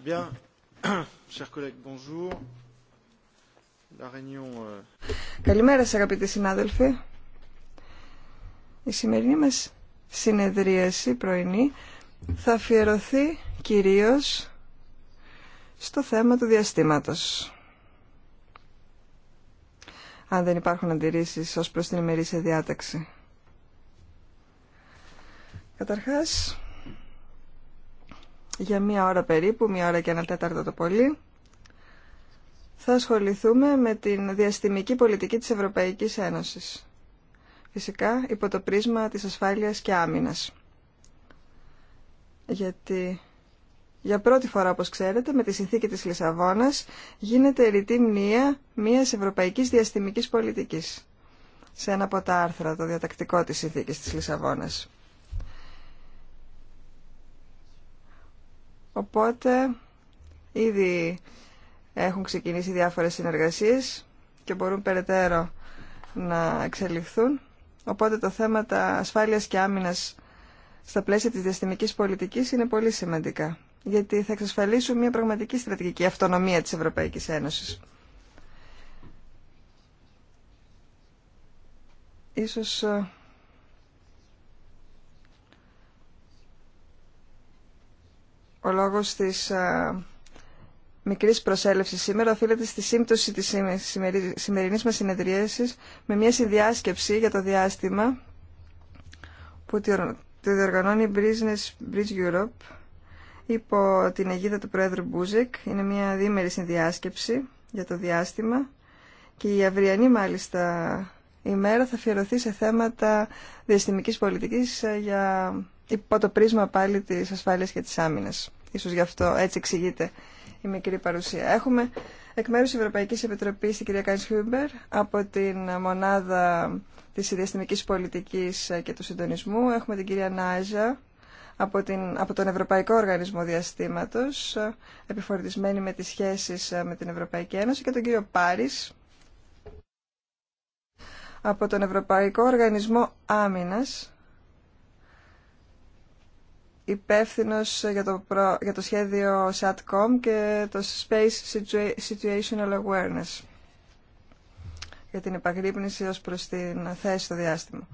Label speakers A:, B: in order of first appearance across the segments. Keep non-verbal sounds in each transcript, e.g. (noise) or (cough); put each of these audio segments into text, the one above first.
A: (clears throat) Euh,
B: Καλημέρα αγαπητοί συνάδελφοι. Η σημερινή μας συνεδρίαση πρωινή θα αφιερωθεί κυρίως στο θέμα του διαστήματος. Αν δεν υπάρχουν αντιρρήσεις ως προς την ημερήσια διάταξη. Καταρχάς, για μία ώρα περίπου, μία ώρα και ένα τέταρτο το πολύ, θα ασχοληθούμε με την διαστημική πολιτική της Ευρωπαϊκής Ένωσης. Φυσικά υπό το πρίσμα της ασφάλειας και άμυνας. Γιατί για πρώτη φορά, όπως ξέρετε, με τη συνθήκη της Λισαβόνας γίνεται ρητή μνήα μιας ευρωπαϊκής διαστημικής πολιτικής. Σε ένα από τα άρθρα, το διατακτικό της συνθήκης της Λισαβόνας. Οπότε ήδη έχουν ξεκινήσει διάφορες συνεργασίες και μπορούν περαιτέρω να εξελιχθούν. Οπότε το θέμα τα ασφάλειας και άμυνας στα πλαίσια της διαστημικής πολιτικής είναι πολύ σημαντικά. Γιατί θα εξασφαλίσουν μια πραγματική στρατηγική αυτονομία της Ευρωπαϊκής Ένωσης. Ίσως ε, Ο λόγος της α, ε, μικρής προσέλευσης σήμερα οφείλεται στη σύμπτωση της σημερινής μας συνεδρίασης με μια συνδιάσκεψη για το διάστημα που το διοργανώνει Business Bridge Europe υπό την αιγίδα του Πρόεδρου Μπούζεκ. Είναι μια διήμερη συνδιάσκεψη για το διάστημα και η αυριανή μάλιστα ημέρα θα αφιερωθεί σε θέματα διαστημικής πολιτικής ε, για υπό το πρίσμα πάλι της ασφάλειας και της άμυνας. Ίσως γι' αυτό έτσι εξηγείται η μικρή παρουσία. Έχουμε εκ μέρους της Ευρωπαϊκής Επιτροπής την κυρία Κάνης Χιούμπερ από την μονάδα της Ιδιαστημικής πολιτικής και του συντονισμού. Έχουμε την κυρία Νάζα από, την, από τον Ευρωπαϊκό Οργανισμό Διαστήματος, επιφορτισμένη με τις σχέσεις με την Ευρωπαϊκή Ένωση και τον κύριο Πάρης από τον Ευρωπαϊκό Οργανισμό Άμυνας, υπεύθυνο για, το για το σχέδιο SATCOM και το Space Situational Awareness για την επαγρύπνηση ως προς την θέση στο διάστημα.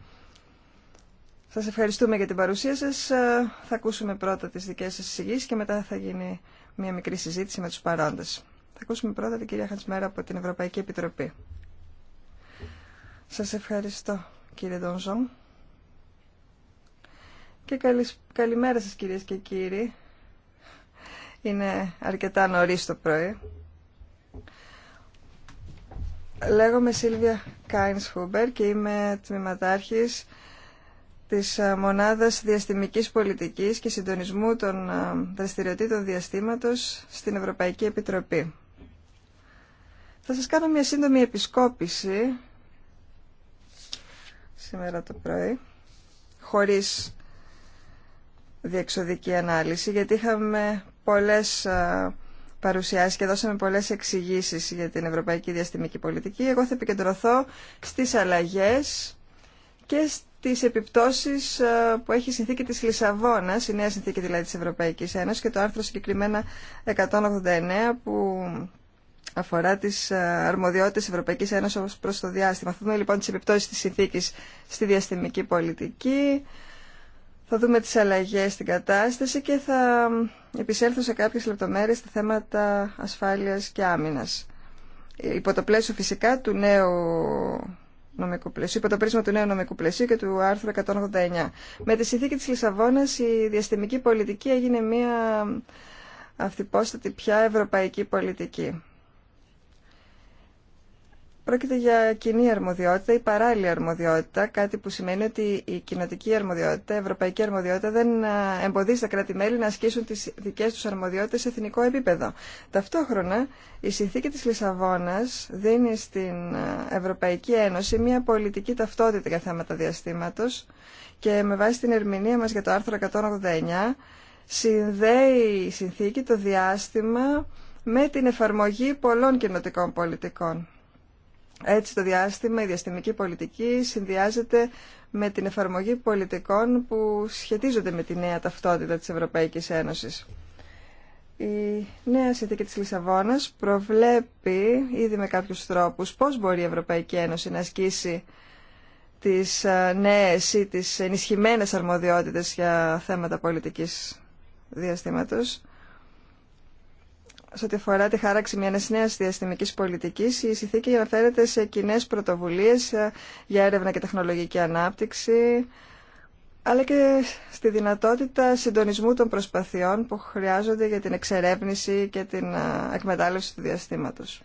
B: Σας ευχαριστούμε για την παρουσία σας. Ε, θα ακούσουμε πρώτα τις δικές σας εισηγήσεις και μετά θα γίνει μια μικρή συζήτηση με τους παρόντες. Θα ακούσουμε πρώτα την κυρία Χατσμέρα από την Ευρωπαϊκή Επιτροπή. Σας ευχαριστώ κύριε Ντονζόν και καλημέρα σας κυρίες και κύριοι. Είναι αρκετά νωρίς το πρωί. Λέγομαι Σίλβια Κάινς Χούμπερ και είμαι τμήματάρχης της ε, Μονάδας Διαστημικής Πολιτικής και Συντονισμού των ε, Δραστηριοτήτων Διαστήματος στην Ευρωπαϊκή Επιτροπή. Θα σας κάνω μια σύντομη επισκόπηση σήμερα το πρωί, χωρίς διεξοδική ανάλυση γιατί είχαμε πολλές ε, παρουσιάσεις και δώσαμε πολλές εξηγήσει για την Ευρωπαϊκή Διαστημική Πολιτική. Εγώ θα επικεντρωθώ στις αλλαγές και στις επιπτώσεις ε, που έχει η συνθήκη της Λισαβόνας, η νέα συνθήκη δηλαδή της Ευρωπαϊκής Ένωσης και το άρθρο συγκεκριμένα 189 που αφορά τις ε, αρμοδιότητες Ευρωπαϊκής Ένωσης προς το διάστημα. Θα δούμε λοιπόν τις επιπτώσεις της συνθήκη στη διαστημική πολιτική, θα δούμε τις αλλαγές στην κατάσταση και θα επισέλθω σε κάποιες λεπτομέρειες στα θέματα ασφάλειας και άμυνας. Υπό το πλαίσιο φυσικά του νέου νομικού πλαισίου, υπό πρίσμα του νέου νομικού πλαισίου και του άρθρου 189. Με τη συνθήκη της Λισαβόνας η διαστημική πολιτική έγινε μια αυθυπόστατη πια ευρωπαϊκή πολιτική. Πρόκειται για κοινή αρμοδιότητα ή παράλληλη αρμοδιότητα, κάτι που σημαίνει ότι η κοινοτική αρμοδιότητα, η ευρωπαϊκή αρμοδιότητα δεν ε, εμποδίζει τα κράτη-μέλη να ασκήσουν τις δικές τους αρμοδιότητες σε εθνικό επίπεδο. Ταυτόχρονα, η ευρωπαικη αρμοδιοτητα δεν εμποδιζει τα κρατη μελη να ασκησουν τι δικε του αρμοδιοτητε σε εθνικο επιπεδο ταυτοχρονα η συνθηκη τη Λισαβόνα δίνει στην ε, Ευρωπαϊκή Ένωση μια πολιτική ταυτότητα για θέματα διαστήματο και με βάση την ερμηνεία μα για το άρθρο 189 συνδέει η συνθήκη το διάστημα με την εφαρμογή πολλών κοινοτικών πολιτικών. Έτσι το διάστημα η διαστημική πολιτική συνδυάζεται με την εφαρμογή πολιτικών που σχετίζονται με τη νέα ταυτότητα της Ευρωπαϊκής Ένωσης. Η νέα συνθήκη της Λισαβόνας προβλέπει ήδη με κάποιους τρόπους πώς μπορεί η Ευρωπαϊκή Ένωση να ασκήσει τις ε, νέες ή τις ενισχυμένες αρμοδιότητες για θέματα πολιτικής διαστήματος σε ό,τι αφορά τη χάραξη μια νέα διαστημική πολιτική, η συνθήκη αναφέρεται σε κοινέ πρωτοβουλίε ε, για έρευνα και τεχνολογική ανάπτυξη, αλλά και στη δυνατότητα συντονισμού των προσπαθειών που χρειάζονται για την εξερεύνηση και την ε, εκμετάλλευση του διαστήματος.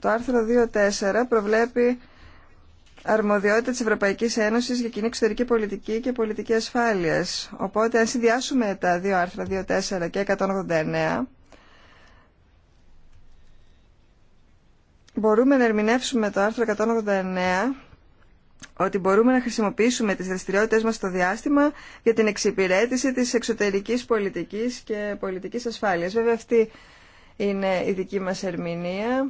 B: Το άρθρο 2.4 προβλέπει αρμοδιότητα της Ευρωπαϊκής Ένωσης για κοινή εξωτερική πολιτική και πολιτική ασφάλεια. Οπότε αν συνδυάσουμε τα δύο άρθρα 2.4 και 189 μπορούμε να ερμηνεύσουμε το άρθρο 189 ότι μπορούμε να χρησιμοποιήσουμε τις δραστηριότητες μας στο διάστημα για την εξυπηρέτηση της εξωτερικής πολιτικής και πολιτικής ασφάλειας. Βέβαια αυτή είναι η δική μας ερμηνεία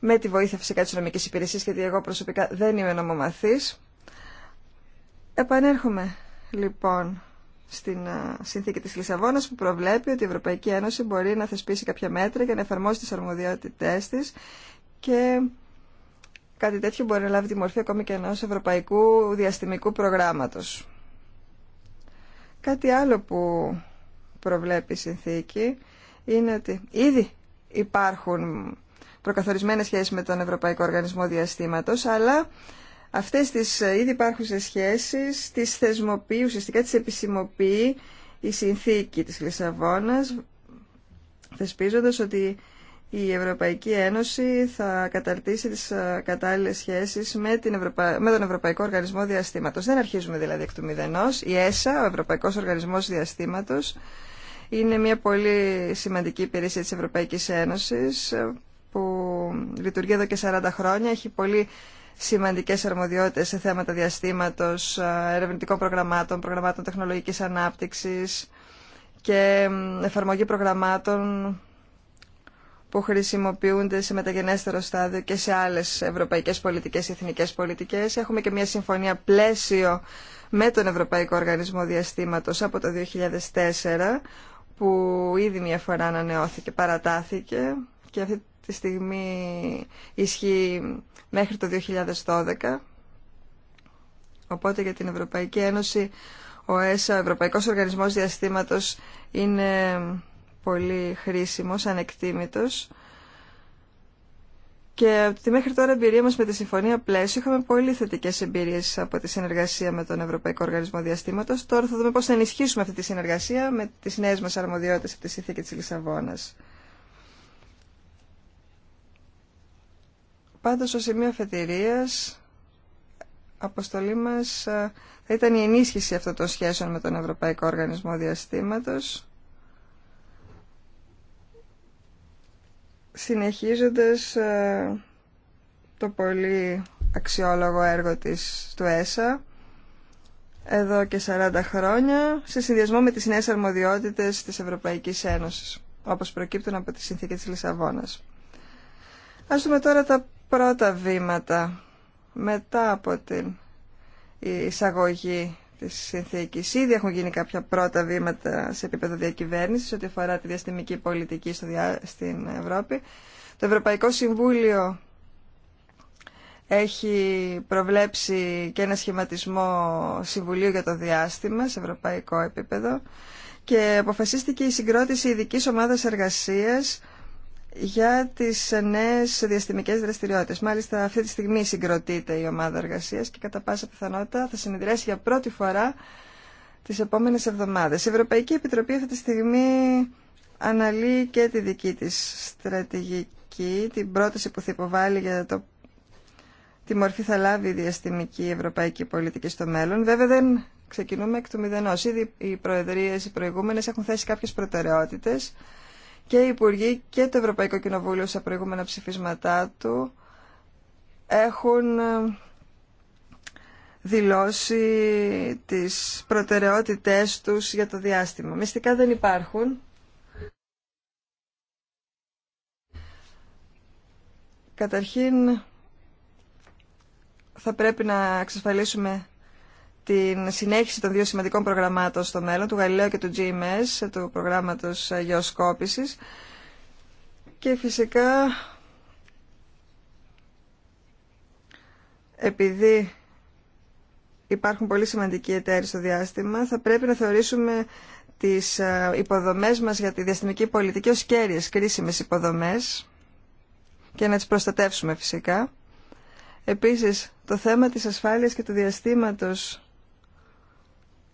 B: με τη βοήθεια φυσικά της νομικής υπηρεσίας, γιατί εγώ προσωπικά δεν είμαι νομομαθής. Επανέρχομαι λοιπόν στην ε, συνθήκη της Λισαβόνας που προβλέπει ότι η Ευρωπαϊκή Ένωση μπορεί να θεσπίσει κάποια μέτρα για να εφαρμόσει τις αρμοδιότητές της και κάτι τέτοιο μπορεί να λάβει τη μορφή ακόμη και ενός ευρωπαϊκού διαστημικού προγράμματος. Κάτι άλλο που προβλέπει η συνθήκη είναι ότι ήδη υπάρχουν προκαθορισμένε σχέσει με τον Ευρωπαϊκό Οργανισμό Διαστήματο, αλλά αυτέ τι ε, ήδη υπάρχουσες σχέσει τι θεσμοποιεί, ουσιαστικά τι επισημοποιεί η συνθήκη τη Λισαβόνα, θεσπίζοντα ότι η Ευρωπαϊκή Ένωση θα καταρτήσει τις ε, κατάλληλες σχέσεις με, την με τον Ευρωπαϊκό Οργανισμό Διαστήματος. Δεν αρχίζουμε δηλαδή εκ του μηδενός. Η ΕΣΑ, ο Ευρωπαϊκός Οργανισμός Διαστήματος, είναι μια πολύ σημαντική υπηρεσία της Ευρωπαϊκής Ένωσης ε, που λειτουργεί εδώ και 40 χρόνια, έχει πολύ σημαντικές αρμοδιότητες σε θέματα διαστήματος, ε, ερευνητικών προγραμμάτων, προγραμμάτων τεχνολογικής ανάπτυξης και εφαρμογή προγραμμάτων που χρησιμοποιούνται σε μεταγενέστερο στάδιο και σε άλλες ευρωπαϊκές πολιτικές, εθνικές πολιτικές. Έχουμε και μια συμφωνία πλαίσιο με τον Ευρωπαϊκό Οργανισμό Διαστήματος από το 2004 που ήδη μια φορά ανανεώθηκε, παρατάθηκε και αυτή τη στιγμή ισχύει μέχρι το 2012. Οπότε για την Ευρωπαϊκή Ένωση ο ΕΣΑ, ο Ευρωπαϊκός Οργανισμός Διαστήματος, είναι πολύ χρήσιμος, ανεκτήμητος. Και από τη μέχρι τώρα εμπειρία μας με τη Συμφωνία Πλαίσιο είχαμε πολύ θετικές εμπειρίες από τη συνεργασία με τον Ευρωπαϊκό Οργανισμό Διαστήματος. Τώρα θα δούμε πώς θα ενισχύσουμε αυτή τη συνεργασία με τις νέες μας αρμοδιότητες από τη Συνθήκη της Λισαβόνας. Πάντως, ως σημείο αφετηρίας, αποστολή μας ε, θα ήταν η ενίσχυση αυτών των σχέσεων με τον Ευρωπαϊκό Οργανισμό Διαστήματος, συνεχίζοντας ε, το πολύ αξιόλογο έργο της του ΕΣΑ εδώ και 40 χρόνια σε συνδυασμό με τις νέες αρμοδιότητες της Ευρωπαϊκής Ένωσης όπως προκύπτουν από τη συνθήκη της Λισαβόνας. Ας δούμε τώρα τα πρώτα βήματα μετά από την εισαγωγή της συνθήκης. Ήδη έχουν γίνει κάποια πρώτα βήματα σε επίπεδο διακυβέρνησης ό,τι αφορά τη διαστημική πολιτική στο στην Ευρώπη. Το Ευρωπαϊκό Συμβούλιο έχει προβλέψει και ένα σχηματισμό συμβουλίου για το διάστημα σε ευρωπαϊκό επίπεδο και αποφασίστηκε η συγκρότηση ειδικής ομάδας εργασίας για τις νέες διαστημικές δραστηριότητες. Μάλιστα αυτή τη στιγμή συγκροτείται η ομάδα εργασίας και κατά πάσα πιθανότητα θα συνεδριάσει για πρώτη φορά τις επόμενες εβδομάδες. Η Ευρωπαϊκή Επιτροπή αυτή τη στιγμή αναλύει και τη δική της στρατηγική, την πρόταση που θα υποβάλει για το τι μορφή θα λάβει η διαστημική ευρωπαϊκή πολιτική στο μέλλον. Βέβαια δεν ξεκινούμε εκ του μηδενός. Ήδη οι προεδρίες, οι προηγούμενες έχουν θέσει κάποιες προτεραιότητες και οι Υπουργοί και το Ευρωπαϊκό Κοινοβούλιο σε προηγούμενα ψηφίσματά του έχουν ε, δηλώσει τις προτεραιότητές τους για το διάστημα. Μυστικά δεν υπάρχουν. Καταρχήν θα πρέπει να εξασφαλίσουμε την συνέχιση των δύο σημαντικών προγραμμάτων στο μέλλον, του Γαλιλαίου και του GMS, του προγράμματος γεωσκόπησης. Και φυσικά, επειδή υπάρχουν πολύ σημαντικοί εταίροι στο διάστημα, θα πρέπει να θεωρήσουμε τις ε, υποδομές μας για τη διαστημική πολιτική ως κέρυες κρίσιμες υποδομές και να τις προστατεύσουμε φυσικά. Επίσης, το θέμα της ασφάλειας και του διαστήματος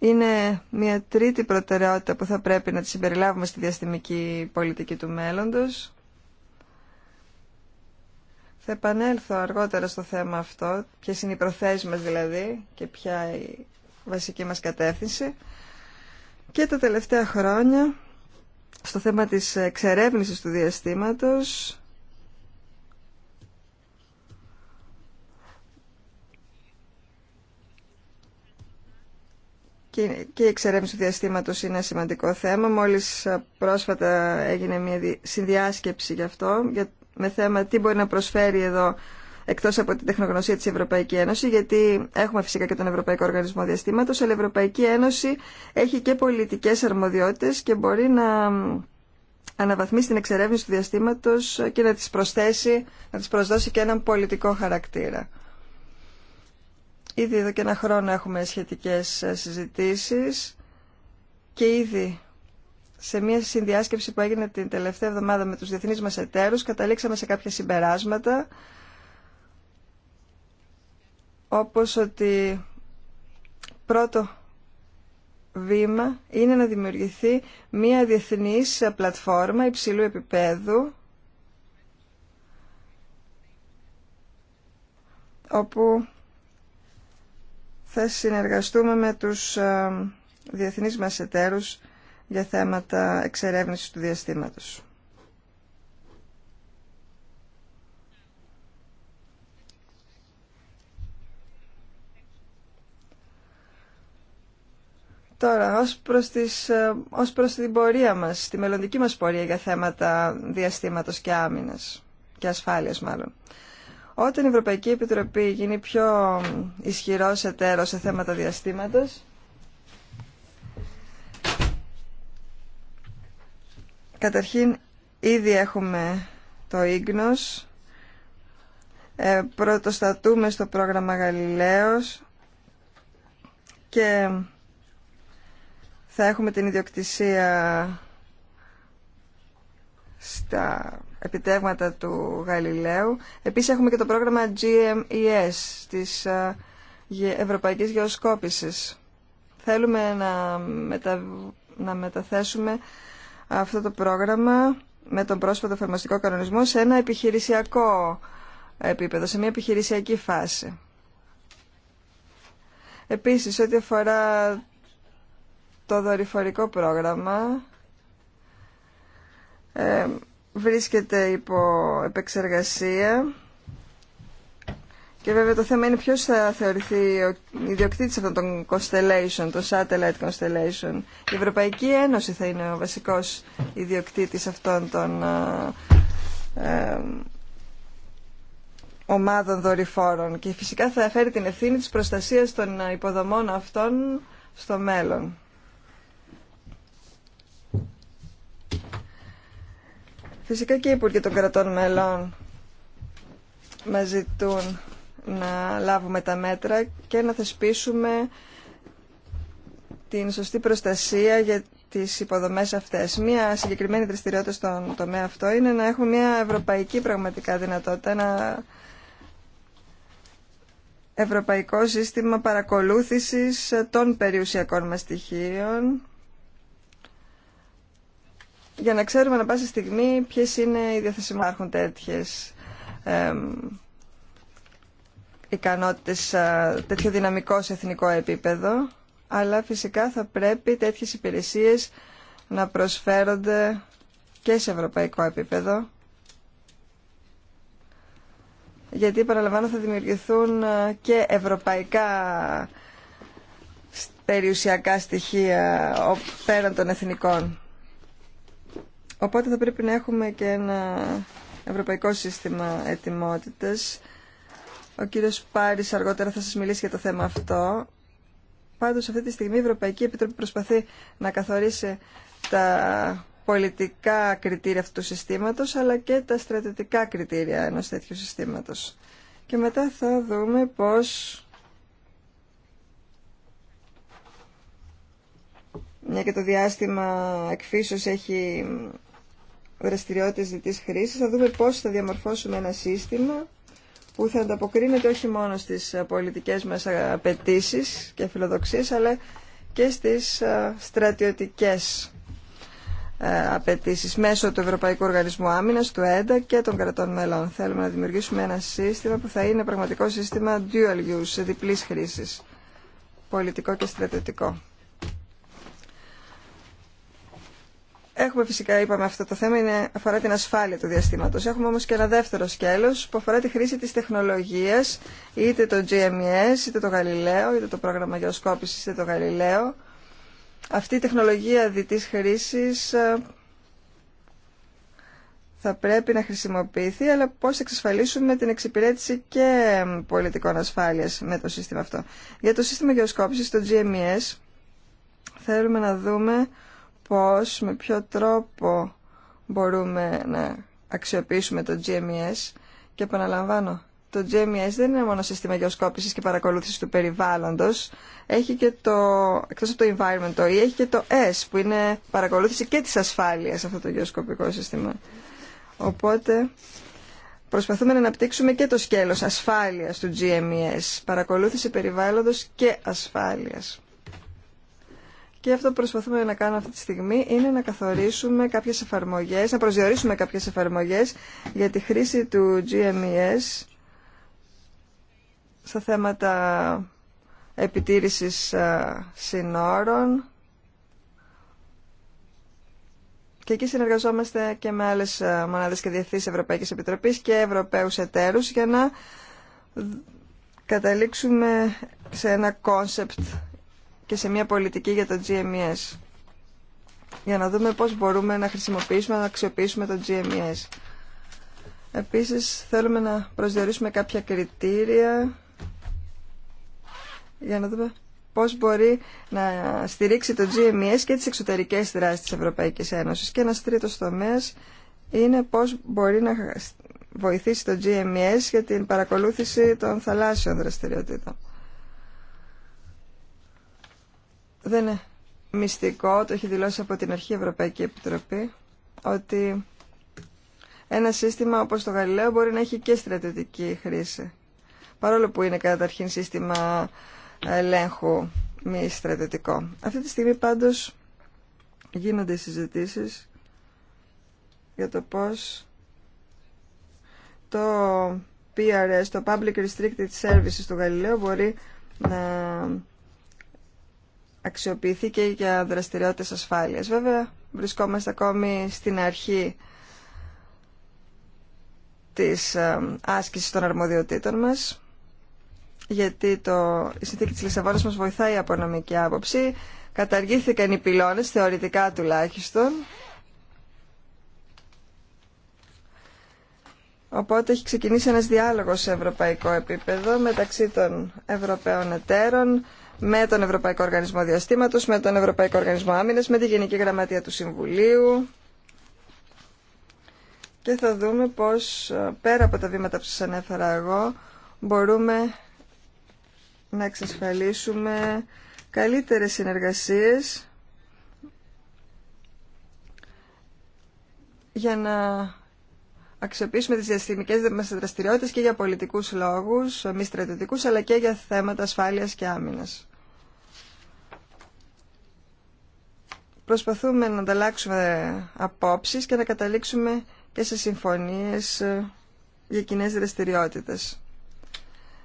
B: είναι μια τρίτη προτεραιότητα που θα πρέπει να τη συμπεριλάβουμε στη διαστημική πολιτική του μέλλοντος. Θα επανέλθω αργότερα στο θέμα αυτό, ποιες είναι οι προθέσεις μας δηλαδή και ποια η βασική μας κατεύθυνση. Και τα τελευταία χρόνια, στο θέμα της εξερεύνησης του διαστήματος, και η εξερεύνηση του διαστήματος είναι σημαντικό θέμα. Μόλις πρόσφατα έγινε μια συνδιάσκεψη γι' αυτό με θέμα τι μπορεί να προσφέρει εδώ εκτός από την τεχνογνωσία της Ευρωπαϊκή Ένωση γιατί έχουμε φυσικά και τον Ευρωπαϊκό Οργανισμό Διαστήματος αλλά η Ευρωπαϊκή Ένωση έχει και πολιτικές αρμοδιότητες και μπορεί να αναβαθμίσει την εξερεύνηση του διαστήματος και να τις να προσδώσει και έναν πολιτικό χαρακτήρα. Ήδη εδώ και ένα χρόνο έχουμε σχετικές ε, συζητήσεις και ήδη σε μια συνδιάσκεψη που έγινε την τελευταία εβδομάδα με τους διεθνείς μας εταίρους καταλήξαμε σε κάποια συμπεράσματα όπως ότι πρώτο βήμα είναι να δημιουργηθεί μια διεθνής πλατφόρμα υψηλού επίπεδου όπου θα συνεργαστούμε με τους ε, διεθνείς μας εταίρους για θέματα εξερεύνησης του διαστήματος. Τώρα, ως προς, τις, ε, ως προς την πορεία μας, τη μελλοντική μας πορεία για θέματα διαστήματος και άμυνας και ασφάλειας μάλλον. Όταν η Ευρωπαϊκή Επιτροπή γίνει πιο ισχυρός εταίρος σε θέματα διαστήματος, καταρχήν ήδη έχουμε το ίγνος, ε, πρωτοστατούμε στο πρόγραμμα Γαλιλαίος και θα έχουμε την ιδιοκτησία στα επιτεύγματα του Γαλιλαίου. Επίσης έχουμε και το πρόγραμμα GMES της ε, Ευρωπαϊκής Γεωσκόπησης. Θέλουμε να, να μεταθέσουμε αυτό το πρόγραμμα με τον πρόσφατο φαρμαστικό κανονισμό σε ένα επιχειρησιακό επίπεδο, σε μια επιχειρησιακή φάση. Επίσης, ό,τι αφορά το δορυφορικό πρόγραμμα, ε, βρίσκεται υπό επεξεργασία και βέβαια το θέμα είναι ποιος θα θεωρηθεί ο ιδιοκτήτης αυτών των constellation, των satellite constellation. Η Ευρωπαϊκή Ένωση θα είναι ο βασικός ιδιοκτήτης αυτών των ε, ε, ομάδων δορυφόρων και φυσικά θα φέρει την ευθύνη της προστασίας των υποδομών αυτών στο μέλλον. Φυσικά και οι Υπουργοί των Κρατών Μελών μα ζητούν να λάβουμε τα μέτρα και να θεσπίσουμε την σωστή προστασία για τις υποδομές αυτές. Μία συγκεκριμένη δραστηριότητα στον τομέα αυτό είναι να έχουμε μια ευρωπαϊκή πραγματικά δυνατότητα, ένα ευρωπαϊκό σύστημα παρακολούθησης των περιουσιακών μας στοιχείων για να ξέρουμε να πάση στιγμή ποιες είναι οι διαθεσιμάρχουν τέτοιες τέτοιε ικανότητες, τέτοιο δυναμικό σε εθνικό επίπεδο, αλλά φυσικά θα πρέπει τέτοιες υπηρεσίες να προσφέρονται και σε ευρωπαϊκό επίπεδο, γιατί παραλαμβάνω θα δημιουργηθούν και ευρωπαϊκά περιουσιακά στοιχεία πέραν των εθνικών. Οπότε θα πρέπει να έχουμε και ένα ευρωπαϊκό σύστημα ετοιμότητες. Ο κύριος Πάρης αργότερα θα σας μιλήσει για το θέμα αυτό. Πάντως αυτή τη στιγμή η Ευρωπαϊκή Επιτροπή προσπαθεί να καθορίσει τα πολιτικά κριτήρια αυτού του συστήματος αλλά και τα στρατιωτικά κριτήρια ενός τέτοιου συστήματος. Και μετά θα δούμε πώς μια και το διάστημα εκφύσεως έχει δραστηριότητες διτής χρήσης, θα δούμε πώς θα διαμορφώσουμε ένα σύστημα που θα ανταποκρίνεται όχι μόνο στις ε, πολιτικές μας ε, απαιτήσει και φιλοδοξίες, αλλά και στις ε, στρατιωτικές απαιτήσει μέσω του Ευρωπαϊκού Οργανισμού Άμυνας, του ΕΝΤΑ και των κρατών μελών. Θέλουμε να δημιουργήσουμε ένα σύστημα που θα είναι πραγματικό σύστημα dual use, διπλής χρήσης, πολιτικό και στρατιωτικό. Έχουμε φυσικά, είπαμε αυτό το θέμα, είναι, αφορά την ασφάλεια του διαστήματος. Έχουμε όμως και ένα δεύτερο σκέλος που αφορά τη χρήση της τεχνολογίας, είτε το GMS, e είτε το Γαλιλαίο, είτε το πρόγραμμα γεωσκόπηση είτε το Γαλιλαίο. Αυτή η τεχνολογία διτής χρήσης ε, θα πρέπει να χρησιμοποιηθεί, αλλά πώς θα εξασφαλίσουμε την εξυπηρέτηση και ε, πολιτικών ασφάλειας με το σύστημα αυτό. Για το σύστημα γεωσκόπησης, το GMS, e θέλουμε να δούμε πώς, με ποιο τρόπο μπορούμε να αξιοποιήσουμε το GMS e και επαναλαμβάνω, το GMS e δεν είναι μόνο σύστημα γεωσκόπησης και παρακολούθησης του περιβάλλοντος, έχει και το, εκτός από το environment, το e, έχει και το S που είναι παρακολούθηση και της ασφάλειας αυτό το γεωσκοπικό σύστημα. Οπότε προσπαθούμε να αναπτύξουμε και το σκέλος ασφάλειας του GMS, παρακολούθηση περιβάλλοντος και ασφάλειας. Και αυτό που προσπαθούμε να κάνουμε αυτή τη στιγμή είναι να καθορίσουμε κάποιες εφαρμογές, να προσδιορίσουμε κάποιες εφαρμογές για τη χρήση του GMES στα θέματα επιτήρησης συνόρων και εκεί συνεργαζόμαστε και με άλλες μονάδες και διευθύνσεις Ευρωπαϊκής Επιτροπής και Ευρωπαίους εταίρους για να καταλήξουμε σε ένα κόνσεπτ και σε μια πολιτική για το GMES για να δούμε πώς μπορούμε να χρησιμοποιήσουμε, να αξιοποιήσουμε το GMES. Επίσης θέλουμε να προσδιορίσουμε κάποια κριτήρια για να δούμε πώς μπορεί να στηρίξει το GMES και τις εξωτερικές δράσεις της Ευρωπαϊκής Ένωσης. Και ένας τρίτος τομέας είναι πώς μπορεί να βοηθήσει το GMES για την παρακολούθηση των θαλάσσιων δραστηριοτήτων. Δεν είναι μυστικό, το έχει δηλώσει από την αρχή η Ευρωπαϊκή Επιτροπή, ότι ένα σύστημα όπως το Γαλιλαίο μπορεί να έχει και στρατιωτική χρήση. Παρόλο που είναι καταρχήν σύστημα ελέγχου μη στρατιωτικό. Αυτή τη στιγμή πάντως γίνονται συζητήσεις για το πώς το PRS, το Public Restricted Services του Γαλιλαίου μπορεί να αξιοποιηθεί και για δραστηριότητες ασφάλειας. Βέβαια, βρισκόμαστε ακόμη στην αρχή της ε, άσκησης των αρμοδιοτήτων μας, γιατί το, η συνθήκη της Λισαβόνας μας βοηθάει από νομική άποψη. Καταργήθηκαν οι πυλώνες, θεωρητικά τουλάχιστον. Οπότε έχει ξεκινήσει ένας διάλογος σε ευρωπαϊκό επίπεδο μεταξύ των Ευρωπαίων εταίρων, με τον Ευρωπαϊκό Οργανισμό Διαστήματος, με τον Ευρωπαϊκό Οργανισμό Άμυνας, με τη Γενική Γραμματεία του Συμβουλίου και θα δούμε πώς πέρα από τα βήματα που σας ανέφερα εγώ μπορούμε να εξασφαλίσουμε καλύτερες συνεργασίες για να αξιοποιήσουμε τις διαστημικές μας δραστηριότητες και για πολιτικούς λόγους, μη στρατιωτικούς, αλλά και για θέματα ασφάλειας και άμυνας. προσπαθούμε να ανταλλάξουμε απόψεις και να καταλήξουμε και σε συμφωνίες ε, για κοινέ δραστηριότητε.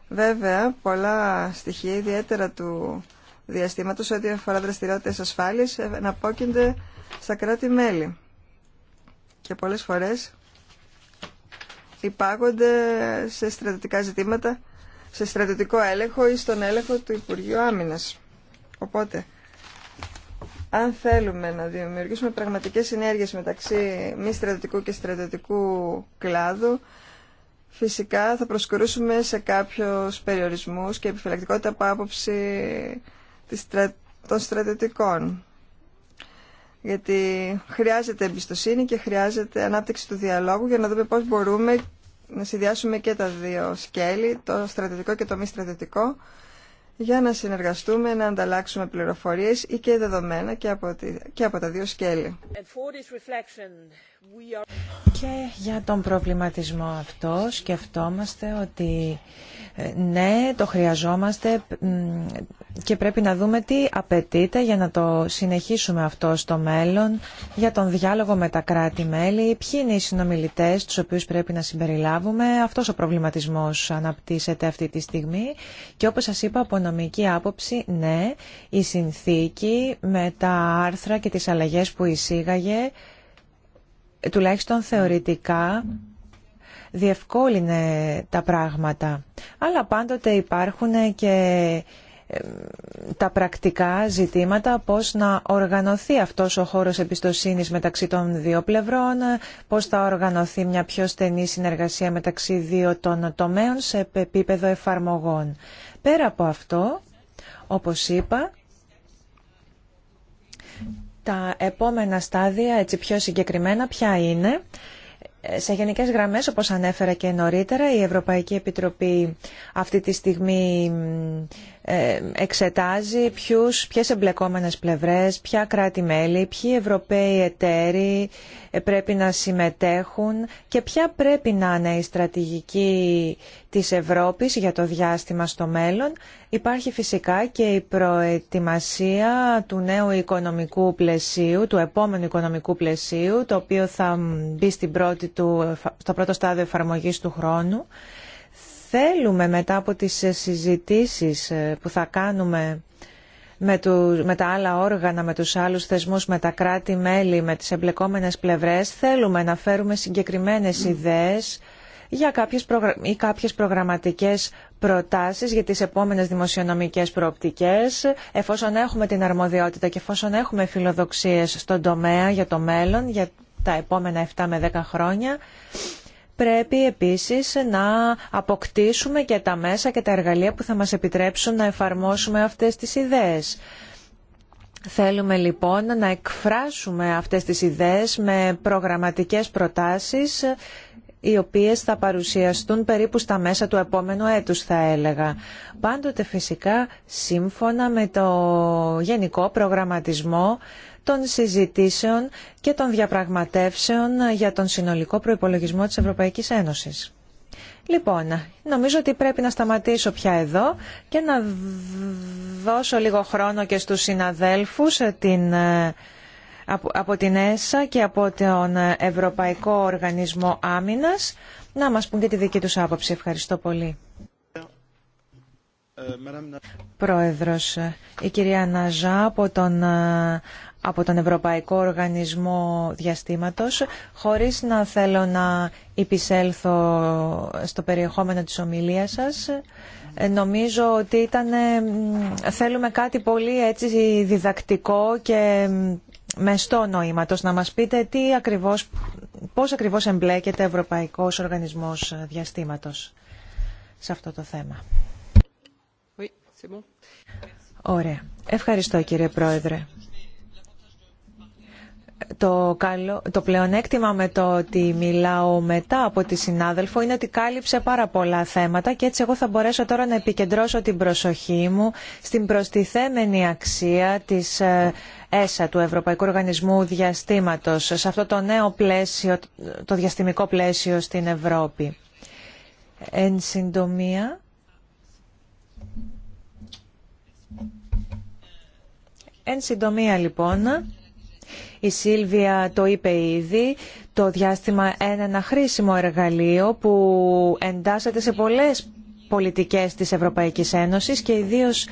B: Βέβαια, πολλά στοιχεία, ιδιαίτερα του διαστήματος, ό,τι αφορά δραστηριότητες ασφάλειας, ε, εναπόκεινται στα κράτη-μέλη. Και πολλές φορές υπάγονται σε στρατιωτικά ζητήματα, σε στρατιωτικό έλεγχο ή στον έλεγχο του Υπουργείου Άμυνας. Οπότε, αν θέλουμε να δημιουργήσουμε πραγματικές συνέργειες μεταξύ μη στρατιωτικού και στρατιωτικού κλάδου, φυσικά θα προσκορούσουμε σε κάποιους περιορισμούς και επιφυλακτικότητα από άποψη των στρατιωτικών. Γιατί χρειάζεται εμπιστοσύνη και χρειάζεται ανάπτυξη του διαλόγου για να δούμε πώς μπορούμε να συνδυάσουμε και τα δύο σκέλη, το στρατιωτικό και το μη στρατιωτικό, για να συνεργαστούμε, να ανταλλάξουμε πληροφορίες ή και δεδομένα και από, και από τα δύο σκέλη.
A: Και για τον προβληματισμό αυτό σκεφτόμαστε ότι ε, ναι, το χρειαζόμαστε και πρέπει να δούμε τι απαιτείται για να το συνεχίσουμε αυτό στο μέλλον, για τον διάλογο με τα κράτη-μέλη, ποιοι είναι οι συνομιλητές τους οποίους πρέπει να συμπεριλάβουμε. Αυτός ο προβληματισμός αναπτύσσεται αυτή τη στιγμή και όπως σας είπα από νομική άποψη, ναι, η συνθήκη με τα άρθρα και τις αλλαγές που εισήγαγε τουλάχιστον θεωρητικά διευκόλυνε τα πράγματα. Αλλά πάντοτε υπάρχουν και ε, τα πρακτικά ζητήματα, πώς να οργανωθεί αυτός ο χώρος εμπιστοσύνης μεταξύ των δύο πλευρών, πώς θα οργανωθεί μια πιο στενή συνεργασία μεταξύ δύο των τομέων σε επίπεδο εφαρμογών. Πέρα από αυτό, όπως είπα, τα επόμενα στάδια, έτσι πιο συγκεκριμένα, ποια είναι. Σε γενικές γραμμές, όπως ανέφερα και νωρίτερα, η Ευρωπαϊκή Επιτροπή αυτή τη στιγμή ε, εξετάζει ποιους, ποιες εμπλεκόμενες πλευρές, ποια κράτη-μέλη, ποιοι Ευρωπαίοι εταίροι ε, πρέπει να συμμετέχουν και ποια πρέπει να είναι η στρατηγική της Ευρώπης για το διάστημα στο μέλλον. Υπάρχει φυσικά και η προετοιμασία του νέου οικονομικού πλαισίου, του επόμενου οικονομικού πλαισίου, το οποίο θα μπει στην του, στο πρώτο στάδιο εφαρμογής του χρόνου θέλουμε μετά από τις συζητήσεις ε, που θα κάνουμε με, με τα άλλα όργανα, με τους άλλους θεσμούς, με τα κράτη-μέλη, με τις εμπλεκόμενες πλευρές, θέλουμε να φέρουμε συγκεκριμένες ιδέες για κάποιες προγρα... ή κάποιες προγραμματικές προτάσεις για τις επόμενες δημοσιονομικές προοπτικές, εφόσον έχουμε την αρμοδιότητα και εφόσον έχουμε φιλοδοξίες στον τομέα για το μέλλον, για τα επόμενα 7 με 10 χρόνια πρέπει επίσης να αποκτήσουμε και τα μέσα και τα εργαλεία που θα μας επιτρέψουν να εφαρμόσουμε αυτές τις ιδέες. Θέλουμε λοιπόν να εκφράσουμε αυτές τις ιδέες με προγραμματικές προτάσεις οι οποίες θα παρουσιαστούν περίπου στα μέσα του επόμενου έτους θα έλεγα. Πάντοτε φυσικά σύμφωνα με το γενικό προγραμματισμό των συζητήσεων και των διαπραγματεύσεων για τον συνολικό προϋπολογισμό της Ευρωπαϊκής Ένωσης. Λοιπόν, νομίζω ότι πρέπει να σταματήσω πια εδώ και να δώσω λίγο χρόνο και στους συναδέλφους την, από, την ΕΣΑ και από τον Ευρωπαϊκό Οργανισμό Άμυνας να μας πούν και τη δική τους άποψη. Ευχαριστώ πολύ. Πρόεδρος, η κυρία Ναζά από τον από τον Ευρωπαϊκό Οργανισμό Διαστήματος, χωρίς να θέλω να υπησέλθω στο περιεχόμενο της ομιλίας σας. Ε, νομίζω ότι ήταν, ε, θέλουμε κάτι πολύ έτσι διδακτικό και μεστό νοήματος. Να μας πείτε τι ακριβώς, πώς ακριβώς εμπλέκεται ο Ευρωπαϊκός Οργανισμός Διαστήματος σε αυτό το θέμα. Oui, bon. Ωραία. Ευχαριστώ κύριε Πρόεδρε. Το, καλό, το πλεονέκτημα με το ότι μιλάω μετά από τη συνάδελφο είναι ότι κάλυψε πάρα πολλά θέματα και έτσι εγώ θα μπορέσω τώρα να επικεντρώσω την προσοχή μου στην προστιθέμενη αξία της ε, ΕΣΑ, του Ευρωπαϊκού Οργανισμού Διαστήματος, σε αυτό το νέο πλαίσιο, το διαστημικό πλαίσιο στην Ευρώπη. Εν συντομία... Εν συντομία λοιπόν, η Σίλβια το είπε ήδη. Το διάστημα είναι ένα χρήσιμο εργαλείο που εντάσσεται σε πολλές πολιτικές της Ευρωπαϊκής Ένωσης και ιδίως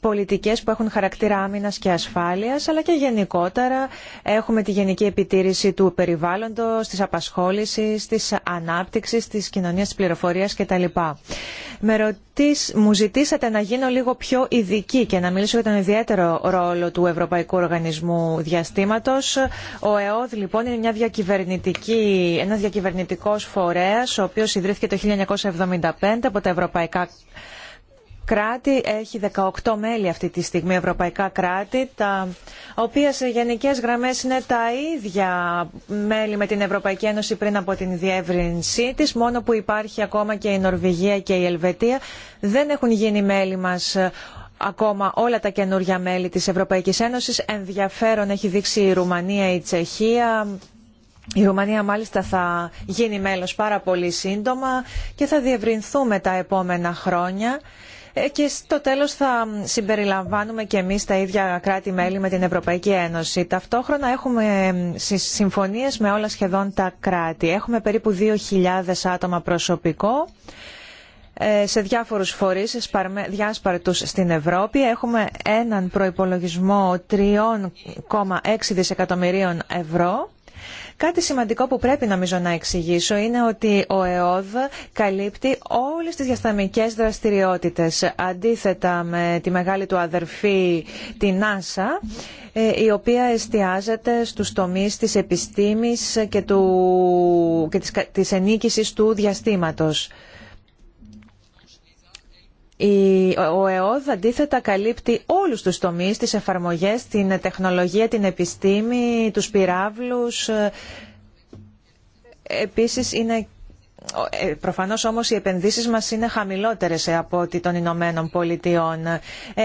A: πολιτικές που έχουν χαρακτήρα άμυνας και ασφάλειας, αλλά και γενικότερα έχουμε τη γενική επιτήρηση του περιβάλλοντος, της απασχόλησης, της ανάπτυξης, της κοινωνίας της πληροφορίας κτλ. Με ρωτήσ, μου ζητήσατε να γίνω λίγο πιο ειδική και να μιλήσω για τον ιδιαίτερο ρόλο του Ευρωπαϊκού Οργανισμού Διαστήματος. Ο ΕΟΔ λοιπόν είναι μια διακυβερνητική, ένας διακυβερνητικός φορέας, ο οποίος ιδρύθηκε το 1975 από τα ευρωπαϊκά κράτη, έχει 18 μέλη αυτή τη στιγμή, ευρωπαϊκά κράτη, τα οποία σε γενικές γραμμές είναι τα ίδια μέλη με την Ευρωπαϊκή Ένωση πριν από την διεύρυνσή της, μόνο που υπάρχει ακόμα και η Νορβηγία και η Ελβετία. Δεν έχουν γίνει μέλη μας ε, ακόμα όλα τα καινούργια μέλη της Ευρωπαϊκής Ένωσης. Ενδιαφέρον έχει δείξει η Ρουμανία, η Τσεχία, η Ρουμανία μάλιστα θα γίνει μέλος πάρα πολύ σύντομα και θα διευρυνθούμε τα επόμενα χρόνια. Ε, και στο τέλος θα συμπεριλαμβάνουμε και εμείς τα ίδια κράτη-μέλη με την Ευρωπαϊκή Ένωση. Ταυτόχρονα έχουμε συμφωνίες με όλα σχεδόν τα κράτη. Έχουμε περίπου 2.000 άτομα προσωπικό ε, σε διάφορους φορείς διάσπαρτους στην Ευρώπη. Έχουμε έναν προϋπολογισμό 3,6 δισεκατομμυρίων ευρώ Κάτι σημαντικό που πρέπει νομίζω να εξηγήσω είναι ότι ο ΕΟΔ καλύπτει όλες τις διασταμικές δραστηριότητες. Αντίθετα με τη μεγάλη του αδερφή την NASA, ε, η οποία εστιάζεται στους τομείς της επιστήμης και, του, και της, της ενίκησης του διαστήματος. Ο ΕΟΔ αντίθετα καλύπτει όλους τους τομείς, τις εφαρμογές, την τεχνολογία, την επιστήμη, τους πυράβλους. Επίσης είναι ε, Προφανώς όμως οι επενδύσεις μας είναι χαμηλότερες από ό,τι των Ηνωμένων Πολιτειών. Ε, ε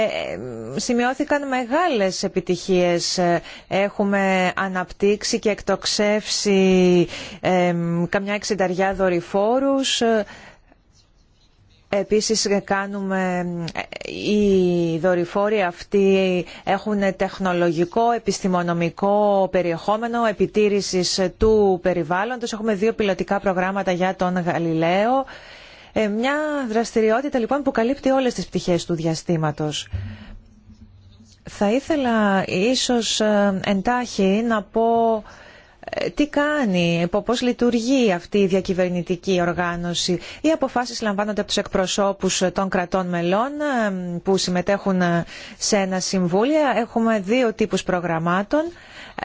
A: σημειώθηκαν μεγάλες επιτυχίες. Έχουμε αναπτύξει και εκτοξεύσει καμιά εξενταριά δορυφόρους. Επίσης κάνουμε, οι δορυφόροι αυτοί έχουν τεχνολογικό, επιστημονομικό περιεχόμενο επιτήρησης του περιβάλλοντος. Έχουμε δύο πιλωτικά προγράμματα για τον Γαλιλαίο. Ε, μια δραστηριότητα λοιπόν που καλύπτει όλες τις πτυχές του διαστήματος. Θα ήθελα ίσως ε, εντάχει να πω ε, τι κάνει, πώς λειτουργεί αυτή η διακυβερνητική οργάνωση. Οι αποφάσεις λαμβάνονται από τους εκπροσώπους των κρατών μελών ε, που συμμετέχουν ε, σε ένα συμβούλιο. Έχουμε δύο τύπους προγραμμάτων.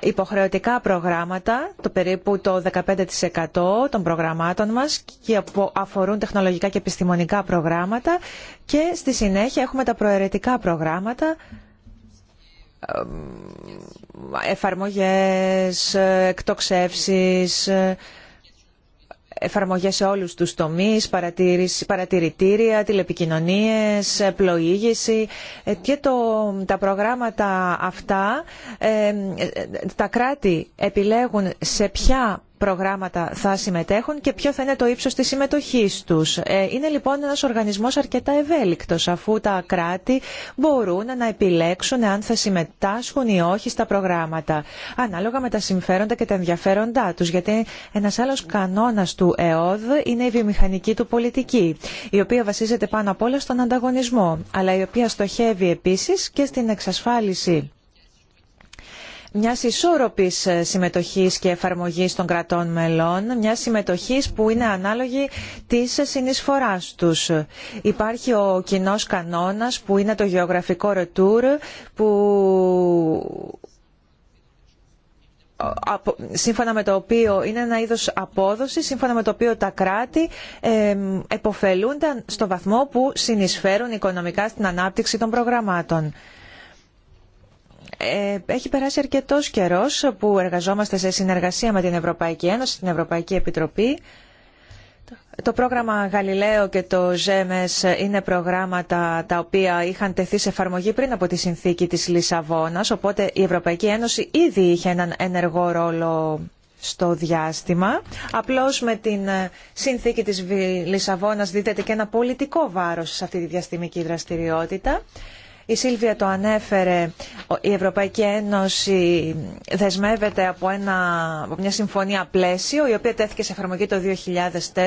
A: Υποχρεωτικά προγράμματα, το περίπου το 15% των προγραμμάτων μας και αφορούν τεχνολογικά και επιστημονικά προγράμματα και στη συνέχεια έχουμε τα προαιρετικά προγράμματα ε, εφαρμογές, ε, εκτοξεύσεις, ε, εφαρμογές σε όλους τους τομείς, παρατηρητήρια, τηλεπικοινωνίες, πλοήγηση και το, τα προγράμματα αυτά τα κράτη επιλέγουν σε ποια προγράμματα θα συμμετέχουν και ποιο θα είναι το ύψος της συμμετοχής τους. Ε, είναι λοιπόν ένας οργανισμός αρκετά ευέλικτος αφού τα κράτη μπορούν να επιλέξουν αν θα συμμετάσχουν ή όχι στα προγράμματα ανάλογα με τα συμφέροντα και τα ενδιαφέροντά τους γιατί ένας άλλος κανόνας του ΕΟΔ είναι η βιομηχανική του πολιτική η οποία βασίζεται πάνω απ' όλα στον ανταγωνισμό αλλά η οποία στοχεύει επίσης και στην εξασφάλιση μιας ισόρροπη ε, συμμετοχής και εφαρμογή των κρατών μελών, μια συμμετοχής που είναι ανάλογη της συνεισφορά τους. Υπάρχει ο κοινός κανόνας που είναι το γεωγραφικό ρετούρ που σύμφωνα με το οποίο είναι ένα είδος απόδοση, σύμφωνα με το οποίο τα κράτη εποφελούνταν στο βαθμό που συνεισφέρουν οικονομικά στην ανάπτυξη των προγραμμάτων. Ε, έχει περάσει αρκετό καιρός που εργαζόμαστε σε συνεργασία με την Ευρωπαϊκή Ένωση, την Ευρωπαϊκή Επιτροπή. Το πρόγραμμα Γαλιλαίο και το ΖΕΜΕΣ είναι προγράμματα τα οποία είχαν τεθεί σε εφαρμογή πριν από τη συνθήκη της Λισαβόνας, οπότε η Ευρωπαϊκή Ένωση ήδη είχε έναν ενεργό ρόλο στο διάστημα. Απλώς με την ε, συνθήκη της Λισαβόνας δίδεται και ένα πολιτικό βάρος σε αυτή τη διαστημική δραστηριότητα. Η Σίλβια το ανέφερε, η Ευρωπαϊκή Ένωση δεσμεύεται από, μια συμφωνία πλαίσιο, η οποία τέθηκε σε εφαρμογή το 2004.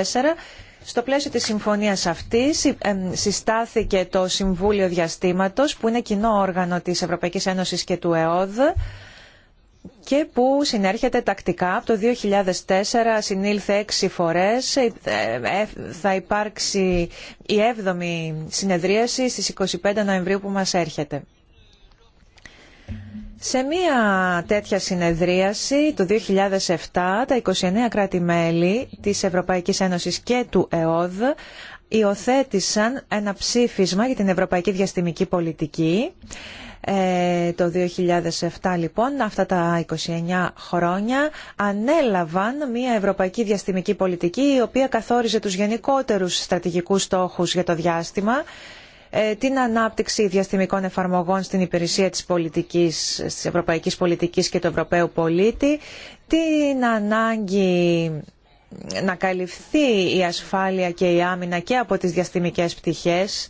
A: Στο πλαίσιο της συμφωνίας αυτής συστάθηκε το Συμβούλιο Διαστήματος, που είναι κοινό όργανο της Ευρωπαϊκής Ένωσης και του ΕΟΔ, και που συνέρχεται τακτικά. Από το 2004 συνήλθε έξι φορές. Ε, ε, ε, θα υπάρξει η έβδομη συνεδρίαση στις 25 Νοεμβρίου που μας έρχεται. Σε μία τέτοια συνεδρίαση το 2007 τα 29 κράτη-μέλη της Ευρωπαϊκής Ένωσης και του ΕΟΔ υιοθέτησαν ένα ψήφισμα για την Ευρωπαϊκή Διαστημική Πολιτική ε, το 2007 λοιπόν, αυτά τα 29 χρόνια, ανέλαβαν μια ευρωπαϊκή διαστημική πολιτική η οποία καθόριζε τους γενικότερους στρατηγικούς στόχους για το διάστημα ε, την ανάπτυξη διαστημικών εφαρμογών στην υπηρεσία της, πολιτικής, της ευρωπαϊκής πολιτικής και του ευρωπαίου πολίτη, την ανάγκη να καλυφθεί η ασφάλεια και η άμυνα και από τις διαστημικές πτυχές,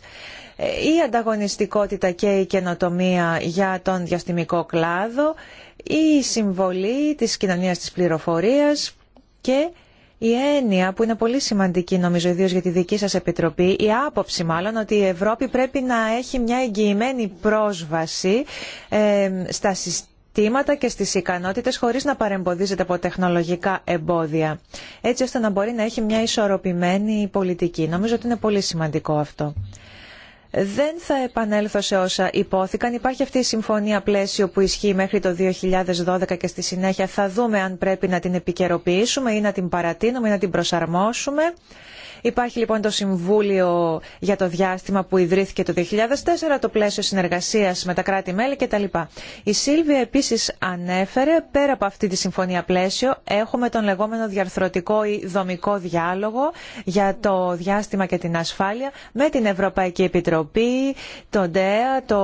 A: ε, η ανταγωνιστικότητα και η καινοτομία για τον διαστημικό κλάδο, η συμβολή της κοινωνίας της πληροφορίας και η έννοια που είναι πολύ σημαντική νομίζω ιδίω για τη δική σας επιτροπή, η άποψη μάλλον ότι η Ευρώπη πρέπει να έχει μια εγγυημένη πρόσβαση ε, στα συστήματα και στις ικανότητες χωρίς να παρεμποδίζεται από τεχνολογικά εμπόδια, έτσι ώστε να μπορεί να έχει μια ισορροπημένη πολιτική. Νομίζω ότι είναι πολύ σημαντικό αυτό. Δεν θα επανέλθω σε όσα υπόθηκαν. Υπάρχει αυτή η συμφωνία πλαίσιο που ισχύει μέχρι το 2012 και στη συνέχεια θα δούμε αν πρέπει να την επικαιροποιήσουμε ή να την παρατείνουμε ή να την προσαρμόσουμε. Υπάρχει λοιπόν το Συμβούλιο για το διάστημα που ιδρύθηκε το 2004, το πλαίσιο συνεργασίας με τα κράτη-μέλη κτλ. Η Σίλβια επίσης ανέφερε, πέρα από αυτή τη συμφωνία πλαίσιο, έχουμε τον λεγόμενο διαρθρωτικό ή δομικό διάλογο για το διάστημα και την ασφάλεια με την Ευρωπαϊκή Επιτροπή, τον ΤΕα, το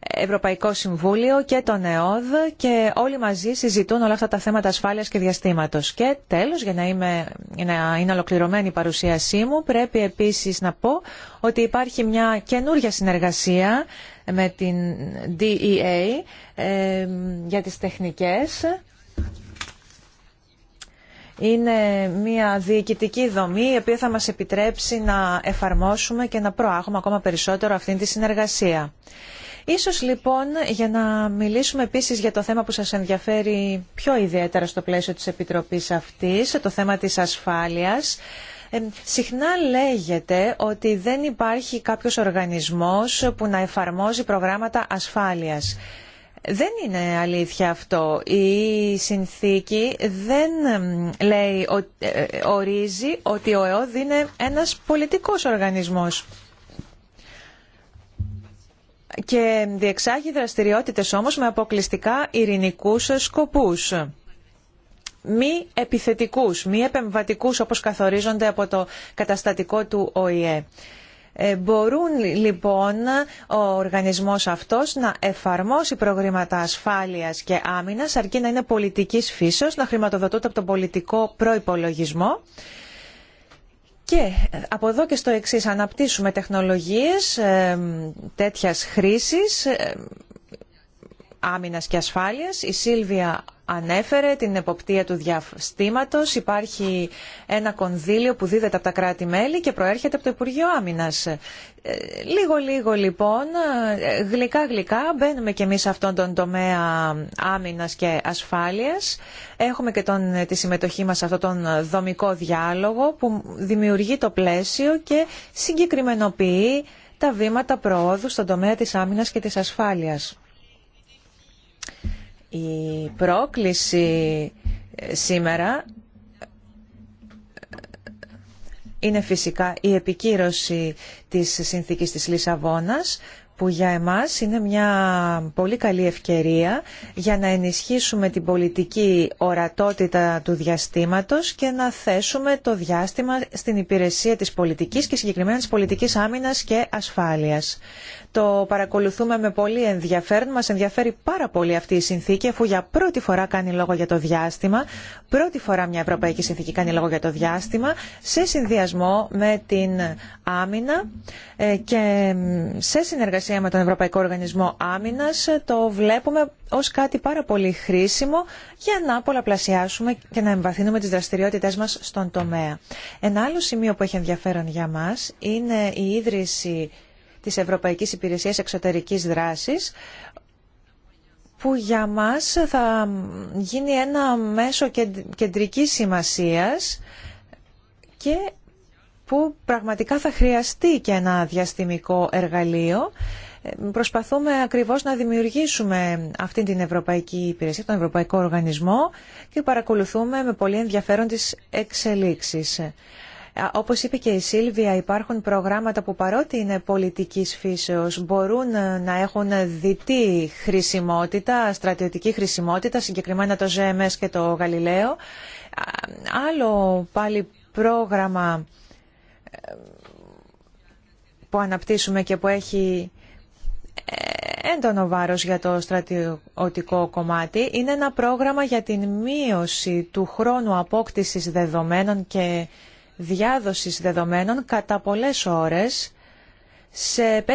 A: Ευρωπαϊκό Συμβούλιο και τον ΕΟΔ και όλοι μαζί συζητούν όλα αυτά τα θέματα ασφάλειας και διαστήματος. Και τέλος, για να, να είναι ολοκληρωμένη η παρουσίασή μου, πρέπει επίσης να πω ότι υπάρχει μια καινούργια συνεργασία με την DEA ε, για τις τεχνικές. Είναι μια διοικητική δομή η οποία θα μας επιτρέψει να εφαρμόσουμε και να προάγουμε ακόμα περισσότερο αυτήν τη συνεργασία. Ίσως λοιπόν για να μιλήσουμε επίσης για το θέμα που σας ενδιαφέρει πιο ιδιαίτερα στο πλαίσιο της Επιτροπής αυτής, το θέμα της ασφάλειας, συχνά λέγεται ότι δεν υπάρχει κάποιος οργανισμός που να εφαρμόζει προγράμματα ασφάλειας. Δεν είναι αλήθεια αυτό. Η συνθήκη δεν λέει, ε, ε, ορίζει ότι ο ΕΟΔ είναι ένας πολιτικός οργανισμός και διεξάγει δραστηριότητες όμως με αποκλειστικά ειρηνικούς σκοπούς μη επιθετικούς, μη επεμβατικούς όπως καθορίζονται από το καταστατικό του ΟΗΕ. Ε, μπορούν λοιπόν ο οργανισμός αυτός να εφαρμόσει προγράμματα ασφάλειας και άμυνας αρκεί να είναι πολιτικής φύσεως, να χρηματοδοτούνται από τον πολιτικό προϋπολογισμό και ε, από εδώ και στο εξής αναπτύσσουμε τεχνολογίες ε, τέτοιας χρήσης ε, Άμυνας και Ασφάλειας. Η Σίλβια ανέφερε την εποπτεία του διαστήματος. Υπάρχει ένα κονδύλιο που δίδεται από τα κράτη-μέλη και προέρχεται από το Υπουργείο Άμυνας. Λίγο-λίγο ε, λοιπόν, γλυκά-γλυκά ε, μπαίνουμε και εμείς σε αυτόν τον τομέα άμυνας και ασφάλειας. Έχουμε και τον, ε, τη συμμετοχή μας σε αυτόν τον δομικό διάλογο που δημιουργεί το πλαίσιο και συγκεκριμενοποιεί τα βήματα προόδου στον τομέα της άμυνας και της ασφάλειας. Η πρόκληση σήμερα είναι φυσικά η επικύρωση της συνθήκης της Λισαβόνας που για εμάς είναι μια πολύ καλή ευκαιρία για να ενισχύσουμε την πολιτική ορατότητα του διαστήματος και να θέσουμε το διάστημα στην υπηρεσία της πολιτικής και συγκεκριμένα της πολιτικής άμυνας και ασφάλειας. Το παρακολουθούμε με πολύ ενδιαφέρον. Μας ενδιαφέρει πάρα πολύ αυτή η συνθήκη αφού για πρώτη φορά κάνει λόγο για το διάστημα. Πρώτη φορά μια Ευρωπαϊκή Συνθήκη κάνει λόγο για το διάστημα σε συνδυασμό με την άμυνα ε, και σε συνεργασία με τον Ευρωπαϊκό Οργανισμό Άμυνας ε, το βλέπουμε ως κάτι πάρα πολύ χρήσιμο για να πολλαπλασιάσουμε και να εμβαθύνουμε τις δραστηριότητες μας στον τομέα. Ένα άλλο σημείο που έχει ενδιαφέρον για μας είναι η ίδρυση της Ευρωπαϊκής Υπηρεσίας Εξωτερικής Δράσης που για μας θα γίνει ένα μέσο κεντρικής σημασίας και που πραγματικά θα χρειαστεί και ένα διαστημικό εργαλείο. Προσπαθούμε ακριβώς να δημιουργήσουμε αυτή την Ευρωπαϊκή Υπηρεσία, τον Ευρωπαϊκό Οργανισμό και παρακολουθούμε με πολύ ενδιαφέρον τις εξελίξεις. Όπως είπε και η Σίλβια, υπάρχουν προγράμματα που παρότι είναι πολιτικής φύσεως μπορούν ε, να έχουν διτή χρησιμότητα, στρατιωτική χρησιμότητα, συγκεκριμένα το ΖΕΜΕΣ και το Γαλιλαίο. Άλλο πάλι πρόγραμμα ε, που αναπτύσσουμε και που έχει ε, έντονο βάρος για το στρατιωτικό κομμάτι είναι ένα πρόγραμμα για την μείωση του χρόνου απόκτησης δεδομένων και διάδοσης δεδομένων κατά πολλές ώρες σε 5-6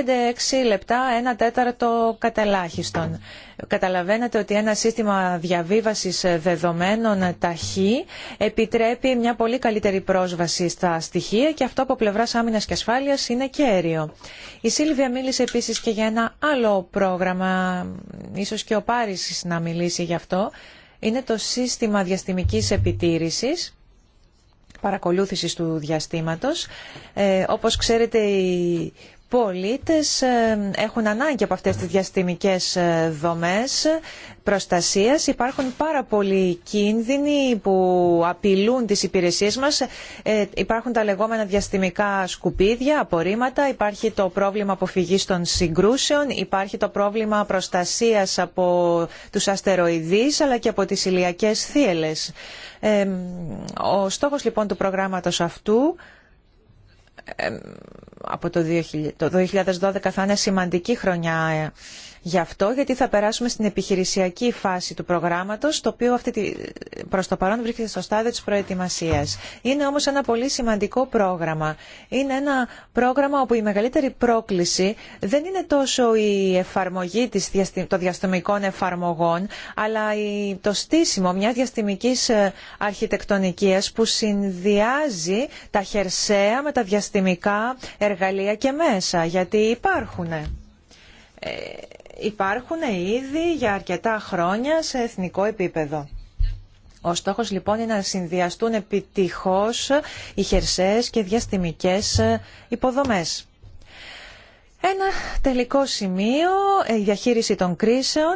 A: λεπτά, 1 τέταρτο κατελάχιστον. Καταλαβαίνετε ότι ένα σύστημα διαβίβασης δεδομένων ταχύ επιτρέπει μια πολύ καλύτερη πρόσβαση στα στοιχεία και αυτό από πλευράς άμυνας και ασφάλειας είναι κέριο. Η Σίλβια μίλησε επίσης και για ένα άλλο πρόγραμμα, ίσως και ο Πάρης να μιλήσει γι' αυτό. Είναι το σύστημα διαστημικής επιτήρησης παρακολούθησης του διαστήματος. Ε, όπως ξέρετε η πολίτες ε, έχουν ανάγκη από αυτές τις διαστημικές ε, δομές προστασίας. Υπάρχουν πάρα πολλοί κίνδυνοι που απειλούν τις υπηρεσίες μας. Ε, υπάρχουν τα λεγόμενα διαστημικά σκουπίδια, απορρίμματα. Υπάρχει το πρόβλημα αποφυγής των συγκρούσεων. Υπάρχει το πρόβλημα προστασίας από τους αστεροειδείς αλλά και από τις ηλιακές θύελες. Ο στόχος λοιπόν του προγράμματος αυτού ε, από το 2012 θα είναι σημαντική χρονιά ε, γι' αυτό, γιατί θα περάσουμε στην επιχειρησιακή φάση του προγράμματος, το οποίο αυτή τη, προς το παρόν βρίσκεται στο στάδιο της προετοιμασίας. Είναι όμω ένα πολύ σημαντικό πρόγραμμα. Είναι ένα πρόγραμμα όπου η μεγαλύτερη πρόκληση δεν είναι τόσο η εφαρμογή της, των διαστημικών εφαρμογών, αλλά το στήσιμο μια διαστημική ε, αρχιτεκτονική που συνδυάζει τα χερσαία με τα διαστημικά εργαλεία και μέσα, γιατί υπάρχουν. Ε, υπάρχουν ήδη για αρκετά χρόνια σε εθνικό επίπεδο. Ο στόχος λοιπόν είναι να συνδυαστούν επιτυχώς οι χερσαίες και διαστημικές υποδομές. Ένα τελικό σημείο, η ε, διαχείριση των κρίσεων.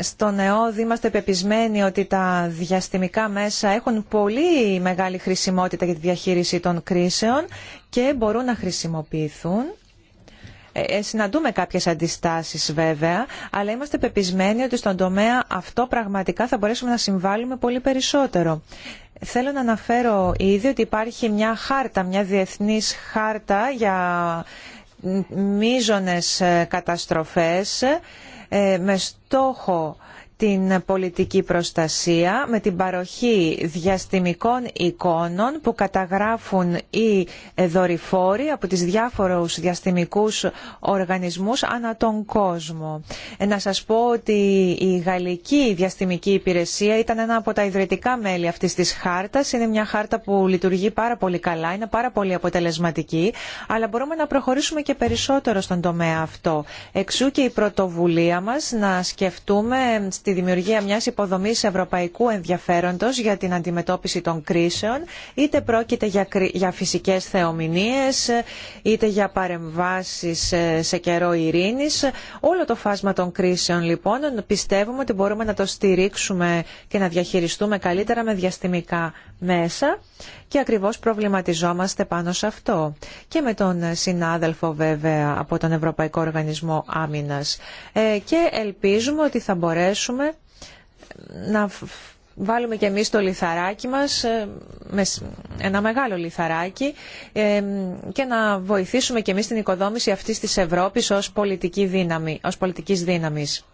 A: Στον ΕΟΔ είμαστε πεπισμένοι ότι τα διαστημικά μέσα έχουν πολύ μεγάλη χρησιμότητα για τη διαχείριση των κρίσεων και μπορούν να χρησιμοποιηθούν ε, ε, συναντούμε κάποιες αντιστάσεις βέβαια, αλλά είμαστε πεπισμένοι ότι στον τομέα αυτό πραγματικά θα μπορέσουμε να συμβάλλουμε πολύ περισσότερο. Θέλω να αναφέρω ήδη ότι υπάρχει μια χάρτα, μια διεθνής χάρτα για μείζονες ε, καταστροφές με στόχο την πολιτική προστασία με την παροχή διαστημικών εικόνων που καταγράφουν οι δορυφόροι από τις διάφορους διαστημικούς οργανισμούς ανά τον κόσμο. Ε, να σας πω ότι η Γαλλική Διαστημική Υπηρεσία ήταν ένα από τα ιδρυτικά μέλη αυτής της χάρτας. Είναι μια χάρτα που λειτουργεί πάρα πολύ καλά, είναι πάρα πολύ αποτελεσματική, αλλά μπορούμε να προχωρήσουμε και περισσότερο στον τομέα αυτό. Εξού και η πρωτοβουλία μας να σκεφτούμε τη δημιουργία μιας υποδομής ευρωπαϊκού ενδιαφέροντος για την αντιμετώπιση των κρίσεων, είτε πρόκειται για φυσικές θεομηνίες, είτε για παρεμβάσεις ε, σε καιρό ειρήνης. Όλο το φάσμα των κρίσεων λοιπόν πιστεύουμε ότι μπορούμε να το στηρίξουμε και να διαχειριστούμε καλύτερα με διαστημικά μέσα και ακριβώς προβληματιζόμαστε πάνω σε αυτό. Και με τον συνάδελφο βέβαια από τον Ευρωπαϊκό Οργανισμό Άμυνας. Ε, και ελπίζουμε ότι θα μπορέσουμε να βάλουμε και εμείς το λιθαράκι μας, ε, ένα μεγάλο λιθαράκι και να βοηθήσουμε και εμείς την οικοδόμηση αυτής της Ευρώπης ως, πολιτική δύναμη, ως πολιτικής δύναμης.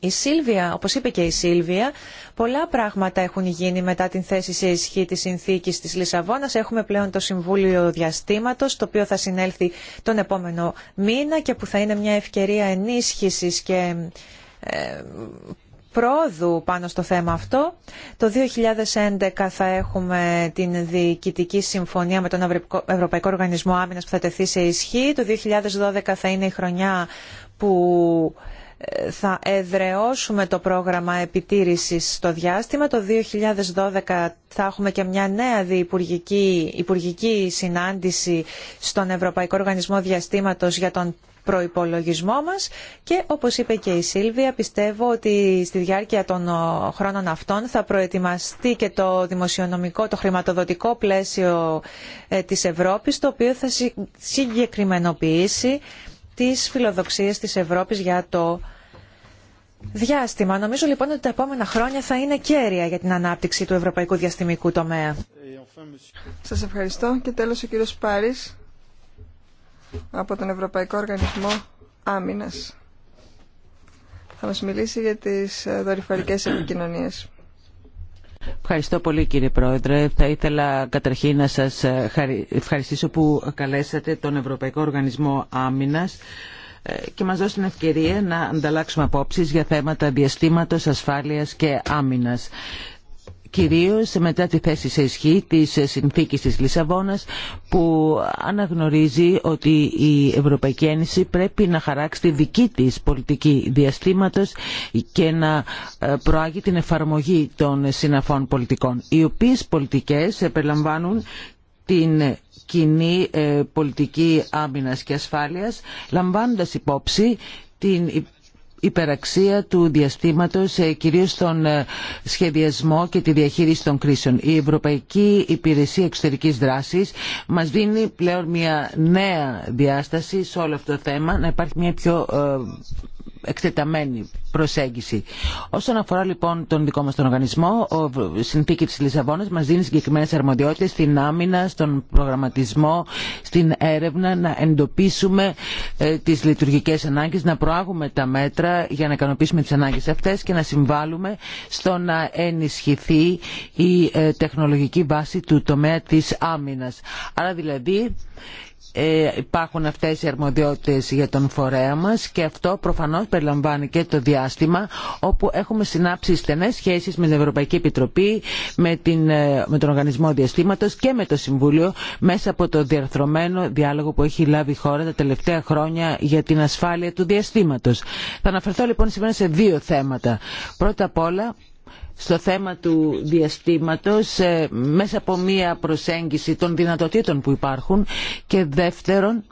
A: Η Σίλβια, όπως είπε και η Σίλβια, πολλά πράγματα έχουν γίνει μετά την θέση σε ισχύ της συνθήκης της Λισαβόνας. Έχουμε πλέον το Συμβούλιο Διαστήματος, το οποίο θα συνέλθει τον επόμενο μήνα και που θα είναι μια ευκαιρία ενίσχυσης και πρόοδου πάνω στο θέμα αυτό. Το 2011 θα έχουμε την διοικητική συμφωνία με τον Ευρωπαϊκό Οργανισμό Άμυνας που θα τεθεί σε ισχύ. Το 2012 θα είναι η χρονιά που ε, θα εδρεώσουμε το πρόγραμμα επιτήρησης στο διάστημα. Το 2012 θα έχουμε και μια νέα διυπουργική συνάντηση στον Ευρωπαϊκό Οργανισμό Διαστήματος για τον προϋπολογισμό μας και όπως είπε και η Σίλβια πιστεύω ότι στη διάρκεια των ε, χρόνων αυτών θα προετοιμαστεί και το δημοσιονομικό, το χρηματοδοτικό πλαίσιο ε, της Ευρώπης το οποίο θα συγκεκριμενοποιήσει τις φιλοδοξίες της Ευρώπης για το διάστημα. Νομίζω λοιπόν ότι τα επόμενα χρόνια θα είναι κέρια για την ανάπτυξη του ευρωπαϊκού διαστημικού τομέα.
B: Σας ευχαριστώ και τέλος ο κύριος Πάρης από τον Ευρωπαϊκό Οργανισμό Άμυνας. Θα μας μιλήσει για τις ε, δορυφορικές επικοινωνίες.
C: Ευχαριστώ πολύ κύριε Πρόεδρε. Θα ήθελα καταρχήν να σας ε, ευχαριστήσω που καλέσατε τον Ευρωπαϊκό Οργανισμό Άμυνας ε, και μας δώσει την ευκαιρία να ανταλλάξουμε απόψεις για θέματα διαστήματος, ασφάλειας και άμυνας κυρίως μετά τη θέση σε ισχύ της συνθήκης της Λισαβόνας που αναγνωρίζει ότι η Ευρωπαϊκή Ένωση πρέπει να χαράξει τη δική της πολιτική διαστήματος και να ε, προάγει την εφαρμογή των συναφών πολιτικών, οι οποίες πολιτικές επελαμβάνουν την κοινή ε, πολιτική άμυνας και ασφάλειας, λαμβάνοντας υπόψη την υπεραξία του διαστήματος ε, κυρίως στον ε, σχεδιασμό και τη διαχείριση των κρίσεων. Η Ευρωπαϊκή Υπηρεσία Εξωτερικής Δράσης μας δίνει πλέον μια νέα διάσταση σε όλο αυτό το θέμα να υπάρχει μια πιο ε, εκτεταμένη προσέγγιση. Όσον αφορά λοιπόν τον δικό μα τον οργανισμό, ο συνθήκη τη Λισαβόνα μας δίνει συγκεκριμένε αρμοδιότητες στην άμυνα, στον προγραμματισμό, στην έρευνα, να εντοπίσουμε ε, τις λειτουργικές ανάγκες, να προάγουμε τα μέτρα για να ικανοποιήσουμε τις ανάγκες αυτές και να συμβάλλουμε στο να ενισχυθεί η ε, τεχνολογική βάση του τομέα τη Άμυνα. Άρα δηλαδή ε, υπάρχουν αυτές οι αρμοδιότητες για τον φορέα μας και αυτό προφανώς περιλαμβάνει και το διάστημα όπου έχουμε συνάψει στενές σχέσεις με την Ευρωπαϊκή Επιτροπή, με, ε, με τον Οργανισμό Διαστήματος και με το Συμβούλιο μέσα από το διαρθρωμένο διάλογο που έχει λάβει η χώρα τα τελευταία χρόνια για την ασφάλεια του διαστήματος. Θα αναφερθώ λοιπόν σήμερα σε δύο θέματα. Πρώτα απ' όλα στο θέμα του διαστήματος ε, μέσα από μία προσέγγιση των δυνατοτήτων που υπάρχουν και δεύτερον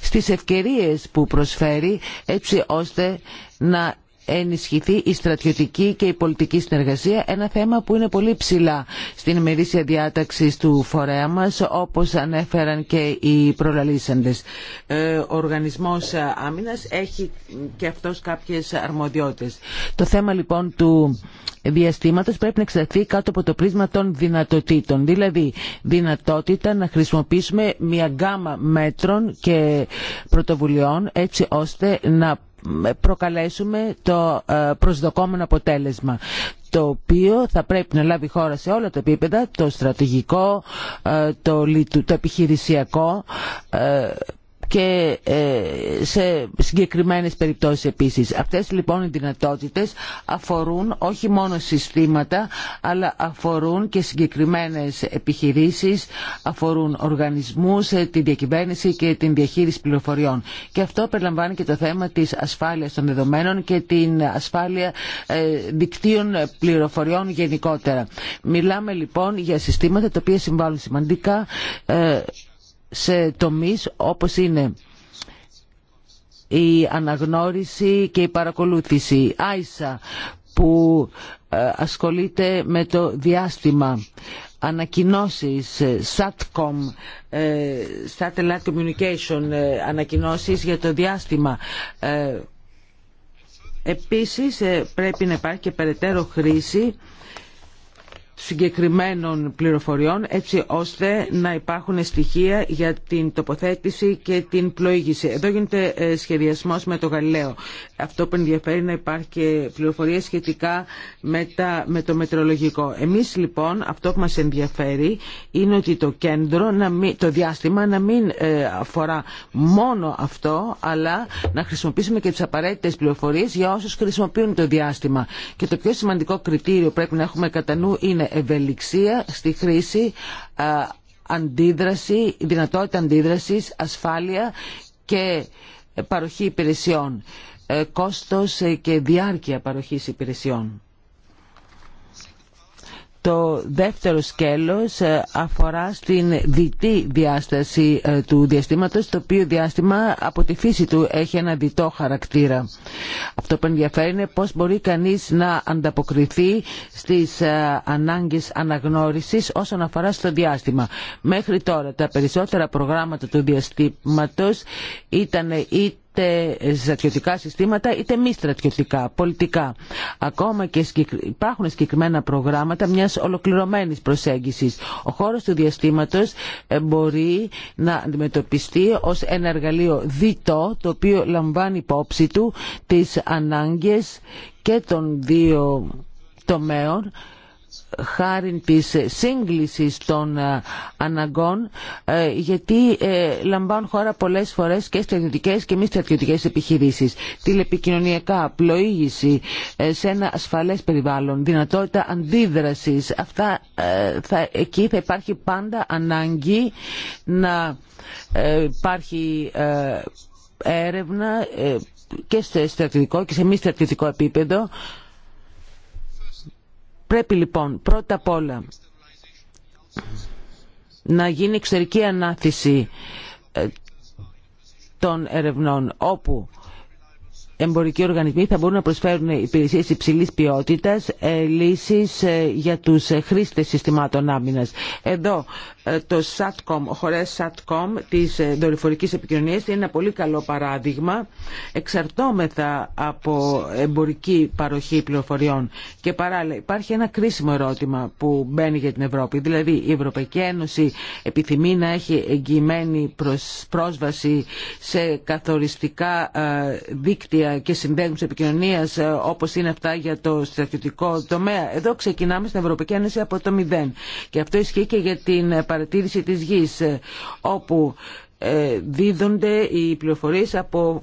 C: στις ευκαιρίες που προσφέρει έτσι ώστε να ενισχυθεί η στρατιωτική και η πολιτική συνεργασία, ένα θέμα που είναι πολύ ψηλά στην ημερήσια διάταξη του φορέα μας, όπως ανέφεραν και οι προλαλήσαντες. Ε, ο Οργανισμός Άμυνας έχει και αυτός κάποιες αρμοδιότητες. Το θέμα λοιπόν του διαστήματος πρέπει να εξαρθεί κάτω από το πρίσμα των δυνατοτήτων, δηλαδή δυνατότητα να χρησιμοποιήσουμε μια γκάμα μέτρων και πρωτοβουλειών έτσι ώστε να προκαλέσουμε το ε, προσδοκόμενο αποτέλεσμα το οποίο θα πρέπει να λάβει χώρα σε όλα τα επίπεδα, το στρατηγικό, ε, το επιχειρησιακό ε, και ε, σε συγκεκριμένες περιπτώσεις επίσης. Αυτές λοιπόν οι δυνατότητες αφορούν όχι μόνο συστήματα αλλά αφορούν και συγκεκριμένες επιχειρήσεις, αφορούν οργανισμούς, ε, τη διακυβέρνηση και την διαχείριση πληροφοριών. Και αυτό περιλαμβάνει και το θέμα της ασφάλειας των δεδομένων και την ασφάλεια ε, δικτύων πληροφοριών γενικότερα. Μιλάμε λοιπόν για συστήματα τα οποία συμβάλλουν σημαντικά σε τομείς όπως είναι η αναγνώριση και η παρακολούθηση. Άισα που ε, ασχολείται με το διάστημα ανακοινώσεις ε, SATCOM ε, Satellite Communication ανακοινώσεις για το διάστημα επίσης πρέπει να υπάρχει και περαιτέρω χρήση συγκεκριμένων πληροφοριών έτσι ώστε να υπάρχουν στοιχεία για την τοποθέτηση και την πλοήγηση. Εδώ γίνεται ε, σχεδιασμός με το Γαλιλαίο. Αυτό που ενδιαφέρει να υπάρχει και πληροφορία σχετικά με, το μετρολογικό. Εμείς λοιπόν αυτό που μας ενδιαφέρει είναι ότι το κέντρο, να το διάστημα να μην ε, αφορά μόνο αυτό αλλά να χρησιμοποιήσουμε και τις απαραίτητες πληροφορίες για όσους χρησιμοποιούν το διάστημα. Και το πιο σημαντικό κριτήριο πρέπει να έχουμε κατά νου είναι ευελιξία στη χρήση, αντίδραση, δυνατότητα αντίδρασης, ασφάλεια και παροχή υπηρεσιών, ε, κόστος ε, και διάρκεια παροχής υπηρεσιών. Το δεύτερο σκέλος ε, αφορά στην διτή διάσταση ε, του διαστήματος, το οποίο διάστημα από τη φύση του έχει ένα διτό χαρακτήρα. Αυτό που ενδιαφέρει είναι πώς μπορεί κανείς να ανταποκριθεί στις ε, ανάγκες αναγνώρισης όσον αφορά στο διάστημα. Μέχρι τώρα τα περισσότερα προγράμματα του διαστήματος ήταν είτε στρατιωτικά συστήματα είτε μη στρατιωτικά, πολιτικά. Ακόμα και υπάρχουν συγκεκριμένα προγράμματα μιας ολοκληρωμένης προσέγγισης. Ο χώρος του διαστήματος ε, μπορεί να αντιμετωπιστεί ως ένα εργαλείο διτό το οποίο λαμβάνει υπόψη του τις ανάγκες και των δύο τομέων χάρη της σύγκλησης των ε, αναγκών ε, γιατί ε, λαμβάνουν χώρα πολλές φορές και στρατιωτικές και μη στρατιωτικές επιχειρήσεις. Τηλεπικοινωνιακά, πλοήγηση σε ένα ασφαλές περιβάλλον, δυνατότητα αντίδρασης. Αυτά θα, εκεί θα υπάρχει πάντα ανάγκη να υπάρχει έρευνα και σε στρατιωτικό και σε μη στρατιωτικό επίπεδο Πρέπει λοιπόν πρώτα απ' όλα να γίνει εξωτερική ανάθεση ε, των ερευνών όπου εμπορικοί οργανισμοί θα μπορούν να προσφέρουν υπηρεσίες υψηλής ποιότητας, ε, λύσεις ε, για τους χρήστες συστημάτων άμυνας. Εδώ ε, το SATCOM, χωρές SATCOM της ε, δορυφορικής επικοινωνίας είναι ένα πολύ καλό παράδειγμα εξαρτώμεθα από εμπορική παροχή πληροφοριών και παράλληλα υπάρχει ένα κρίσιμο ερώτημα που μπαίνει για την Ευρώπη δηλαδή η Ευρωπαϊκή Ένωση επιθυμεί να έχει εγγυημένη πρόσβαση σε καθοριστικά ε, δίκτυα και συνδέγους επικοινωνίας όπως είναι αυτά για το στρατιωτικό τομέα εδώ ξεκινάμε στην Ευρωπαϊκή Ένωση από το μηδέν και αυτό ισχύει και για την παρατήρηση της γης ε, όπου ε, δίδονται οι πληροφορίες από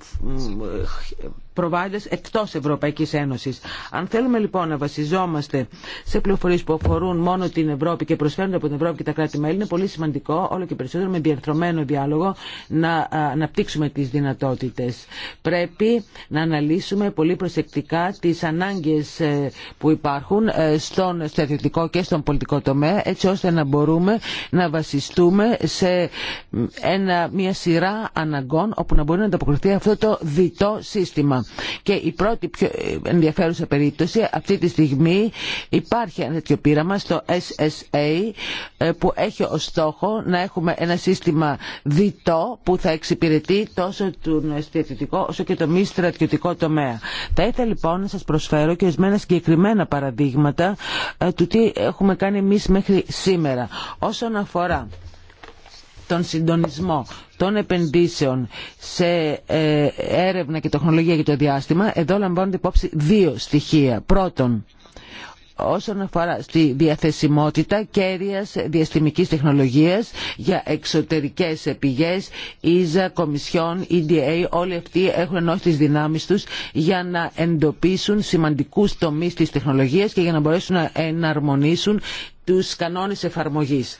C: ε, providers εκτός Ευρωπαϊκής Ένωσης. Αν θέλουμε λοιπόν να βασιζόμαστε σε πληροφορίες που αφορούν μόνο την Ευρώπη και προσφέρονται από την Ευρώπη και τα κράτη-μέλη, είναι πολύ σημαντικό όλο και περισσότερο με διαρθρωμένο διάλογο να αναπτύξουμε τις δυνατότητες. Πρέπει να αναλύσουμε πολύ προσεκτικά τις ανάγκες ε, που υπάρχουν ε, στον στρατιωτικό και στον πολιτικό τομέα, έτσι ώστε να μπορούμε να βασιστούμε σε ε, ένα, μια σειρά αναγκών όπου να μπορεί να ανταποκριθεί αυτό το διτό σύστημα. Και η πρώτη πιο ενδιαφέρουσα περίπτωση, αυτή τη στιγμή υπάρχει ένα τέτοιο πείραμα στο SSA ε, που έχει ως στόχο να έχουμε ένα σύστημα διτό που θα εξυπηρετεί τόσο τον αισθητικό όσο και το μη στρατιωτικό τομέα. Θα ήθελα λοιπόν να σας προσφέρω και ορισμένα συγκεκριμένα παραδείγματα ε, του τι έχουμε κάνει εμείς μέχρι σήμερα. Όσον αφορά τον συντονισμό των επενδύσεων σε ε, έρευνα και τεχνολογία για το διάστημα, εδώ λαμβάνονται υπόψη δύο στοιχεία. Πρώτον, όσον αφορά στη διαθεσιμότητα κέρυας διαστημικής τεχνολογίας για εξωτερικές πηγές, ΙΖΑ, Κομισιόν, EDA, όλοι αυτοί έχουν ενώσει τις δυνάμεις τους για να εντοπίσουν σημαντικούς τομείς της τεχνολογίας και για να μπορέσουν να εναρμονίσουν τους κανόνες εφαρμογής.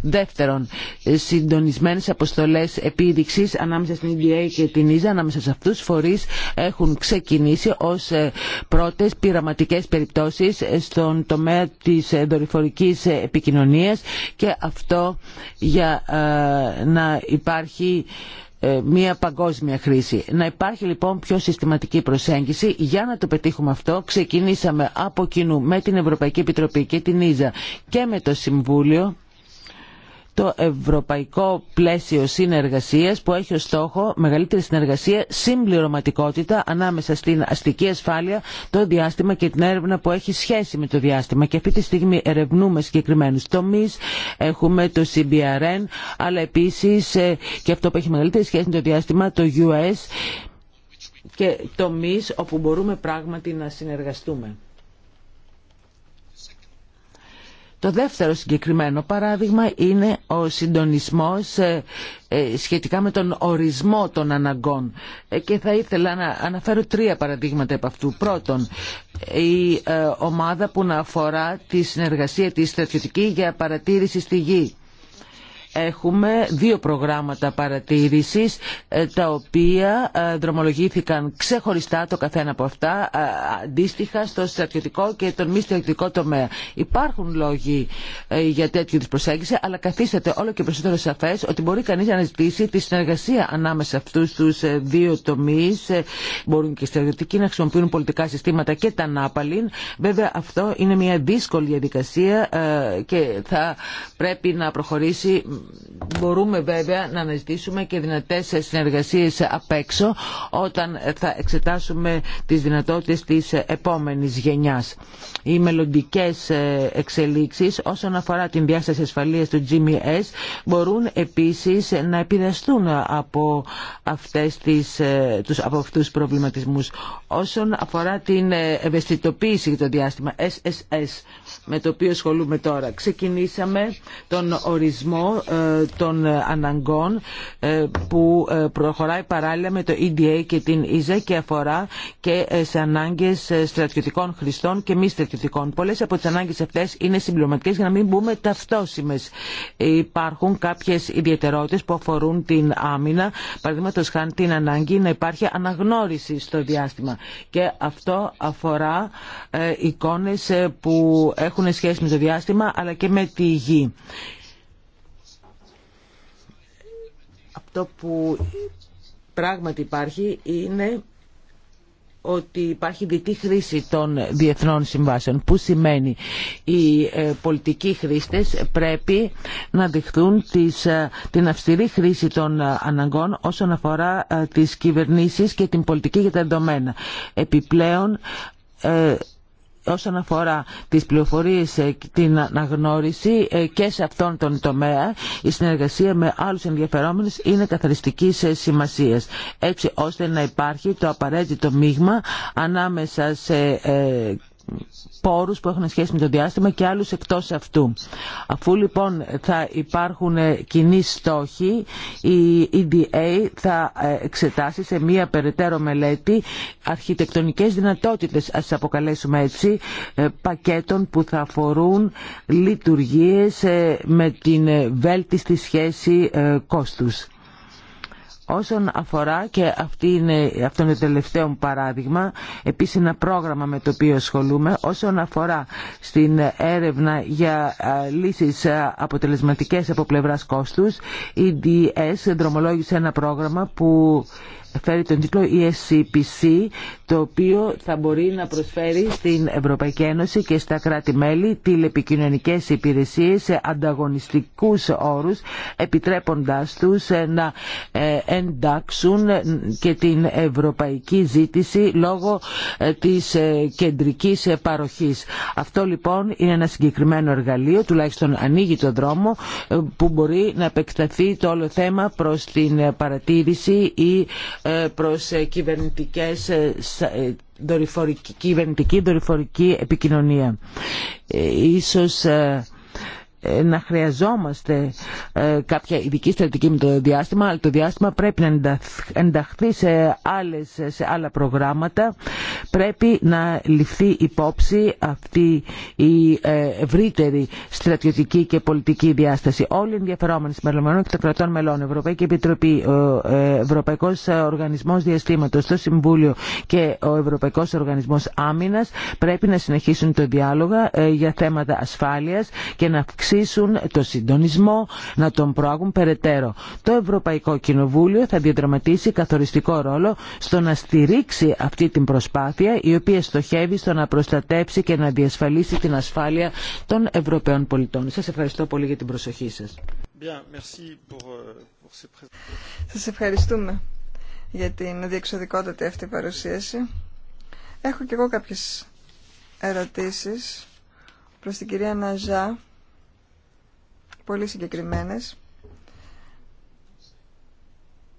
C: Δεύτερον, συντονισμένες αποστολές επίδειξης ανάμεσα στην EDA και την ΙΖΑ, ανάμεσα σε αυτούς φορείς έχουν ξεκινήσει ως ε, πρώτες πειραματικές περιπτώσεις ε, στον τομέα της ε, δορυφορικής επικοινωνίας και αυτό για να υπάρχει μια παγκόσμια χρήση. Να υπάρχει λοιπόν πιο συστηματική προσέγγιση. Για να το πετύχουμε αυτό ξεκινήσαμε από κοινού με την Ευρωπαϊκή Επιτροπή και την Ίζα και με το Συμβούλιο το ευρωπαϊκό πλαίσιο συνεργασίας που έχει ως στόχο μεγαλύτερη συνεργασία, συμπληρωματικότητα ανάμεσα στην αστική ασφάλεια, το διάστημα και την έρευνα που έχει σχέση με το διάστημα. Και αυτή τη στιγμή ερευνούμε συγκεκριμένους τομείς, έχουμε το CBRN, αλλά επίσης ε, και αυτό που έχει μεγαλύτερη σχέση με το διάστημα, το US και τομείς όπου μπορούμε πράγματι να συνεργαστούμε. Το δεύτερο συγκεκριμένο παράδειγμα είναι ο συντονισμός ε, ε, σχετικά με τον ορισμό των αναγκών ε, και θα ήθελα να αναφέρω τρία παραδείγματα από αυτού. Πρώτον, η ομάδα που να αφορά τη συνεργασία της στρατιωτική για παρατήρηση στη γη έχουμε δύο προγράμματα παρατήρησης ε, τα οποία ε, δρομολογήθηκαν ξεχωριστά το καθένα από αυτά ε, αντίστοιχα στο στρατιωτικό και τον μη στρατιωτικό τομέα. Υπάρχουν λόγοι για τέτοιου της προσέγγιση αλλά καθίστατε όλο και περισσότερο σαφές ότι μπορεί κανείς να αναζητήσει τη συνεργασία ανάμεσα αυτούς τους δύο τομείς. Μπορούν και οι στρατιωτικοί να χρησιμοποιούν πολιτικά συστήματα και τα νάπαλιν. Βέβαια αυτό είναι μια δύσκολη διαδικασία και θα πρέπει να προχωρήσει μπορούμε βέβαια να αναζητήσουμε και δυνατές συνεργασίες απ' έξω όταν θα εξετάσουμε τις δυνατότητες της επόμενης γενιάς. Οι μελλοντικέ ε, εξελίξεις όσον αφορά την διάσταση ασφαλείας του GMS μπορούν επίσης να επηρεαστούν από, αυτές τις, ε, τους, από αυτούς τους προβληματισμούς. Όσον αφορά την ε, ευαισθητοποίηση για το διάστημα SSS με το οποίο ασχολούμαι τώρα. Ξεκινήσαμε τον ορισμό ε, των αναγκών ε, που ε, προχωράει παράλληλα με το EDA και την ΙΖΕ και αφορά και σε ανάγκες στρατιωτικών χρηστών και μη στρατιωτικών. Πολλές από τις ανάγκες αυτές είναι συμπληρωματικές για να μην μπούμε ταυτόσιμες. Υπάρχουν κάποιες ιδιαιτερότητες που αφορούν την άμυνα, παραδείγματος χάνει την ανάγκη να υπάρχει αναγνώριση στο διάστημα. Και αυτό αφορά εικόνες που έχουν έχουν σχέση με το διάστημα αλλά και με τη γη. Αυτό που πράγματι υπάρχει είναι ότι υπάρχει δυτή χρήση των διεθνών συμβάσεων που σημαίνει οι ε, πολιτικοί χρήστες πρέπει να δειχθούν ε, την αυστηρή χρήση των ε, αναγκών όσον αφορά τις κυβερνήσεις και την πολιτική για τα δεδομένα. Επιπλέον όσον αφορά τις πληροφορίες ε, και την αναγνώριση ε, και σε αυτόν τον τομέα η συνεργασία με άλλους ενδιαφερόμενους είναι καθαριστικής σημασίας έτσι ώστε να υπάρχει το απαραίτητο μείγμα ανάμεσα σε ε, πόρους που έχουν σχέση με το διάστημα και άλλους εκτός αυτού. Αφού λοιπόν θα υπάρχουν ε, κοινοί στόχοι, η EDA θα ε, εξετάσει σε μία περαιτέρω μελέτη αρχιτεκτονικές δυνατότητες, ας τις αποκαλέσουμε έτσι, ε, πακέτων που θα αφορούν λειτουργίες με την βέλτιστη σχέση κόστους. Όσον αφορά και αυτή είναι, αυτό είναι το τελευταίο μου παράδειγμα, επίσης ένα πρόγραμμα με το οποίο ασχολούμαι, όσον αφορά στην έρευνα για λύσεις αποτελεσματικές από πλευράς κόστους, η DS δρομολόγησε ένα πρόγραμμα που φέρει τον τίτλο ESCPC, το οποίο θα μπορεί να προσφέρει στην Ευρωπαϊκή Ένωση και στα κράτη-μέλη τηλεπικοινωνικές υπηρεσίες σε ανταγωνιστικούς όρους, επιτρέποντάς τους ε, να ε, εντάξουν ε, και την ευρωπαϊκή ζήτηση λόγω της κεντρικής παροχής. Αυτό λοιπόν είναι ένα συγκεκριμένο εργαλείο, τουλάχιστον ανοίγει το δρόμο, που μπορεί να επεκταθεί το όλο θέμα προς την παρατήρηση ή ε, προς ε, κυβερνητικές, ε, δορυφορική, κυβερνητική δορυφορική επικοινωνία. Ίσως ε, να χρειαζόμαστε ε, κάποια ειδική στρατηγική με το διάστημα, αλλά το διάστημα πρέπει να ενταχθεί σε, άλλες, σε άλλα προγράμματα. Πρέπει να ληφθεί υπόψη αυτή η ε, ευρύτερη στρατιωτική και πολιτική διάσταση. Όλοι οι ενδιαφερόμενοι συμπεριλαμβανομένων και των κρατών μελών, Ευρωπαϊκή Επιτροπή, ο Ευρωπαϊκό Οργανισμό Διαστήματο, το Συμβούλιο και ο Ευρωπαϊκό Οργανισμό Άμυνα πρέπει να συνεχίσουν το διάλογο για θέματα ασφάλεια και να αυξήσουν το συντονισμό, να τον προάγουν περαιτέρω. Το Ευρωπαϊκό Κοινοβούλιο θα διαδραματίσει καθοριστικό ρόλο στο να στηρίξει αυτή την προσπάθεια η οποία στοχεύει στο να προστατέψει και να διασφαλίσει την ασφάλεια των Ευρωπαίων πολιτών. Σας
B: ευχαριστώ πολύ για την προσοχή σας. Euh, σας ευχαριστούμε για την διεξοδικότητα αυτή παρουσίαση. Έχω και εγώ κάποιες ερωτήσεις προς την κυρία Ναζά πολύ συγκεκριμένες.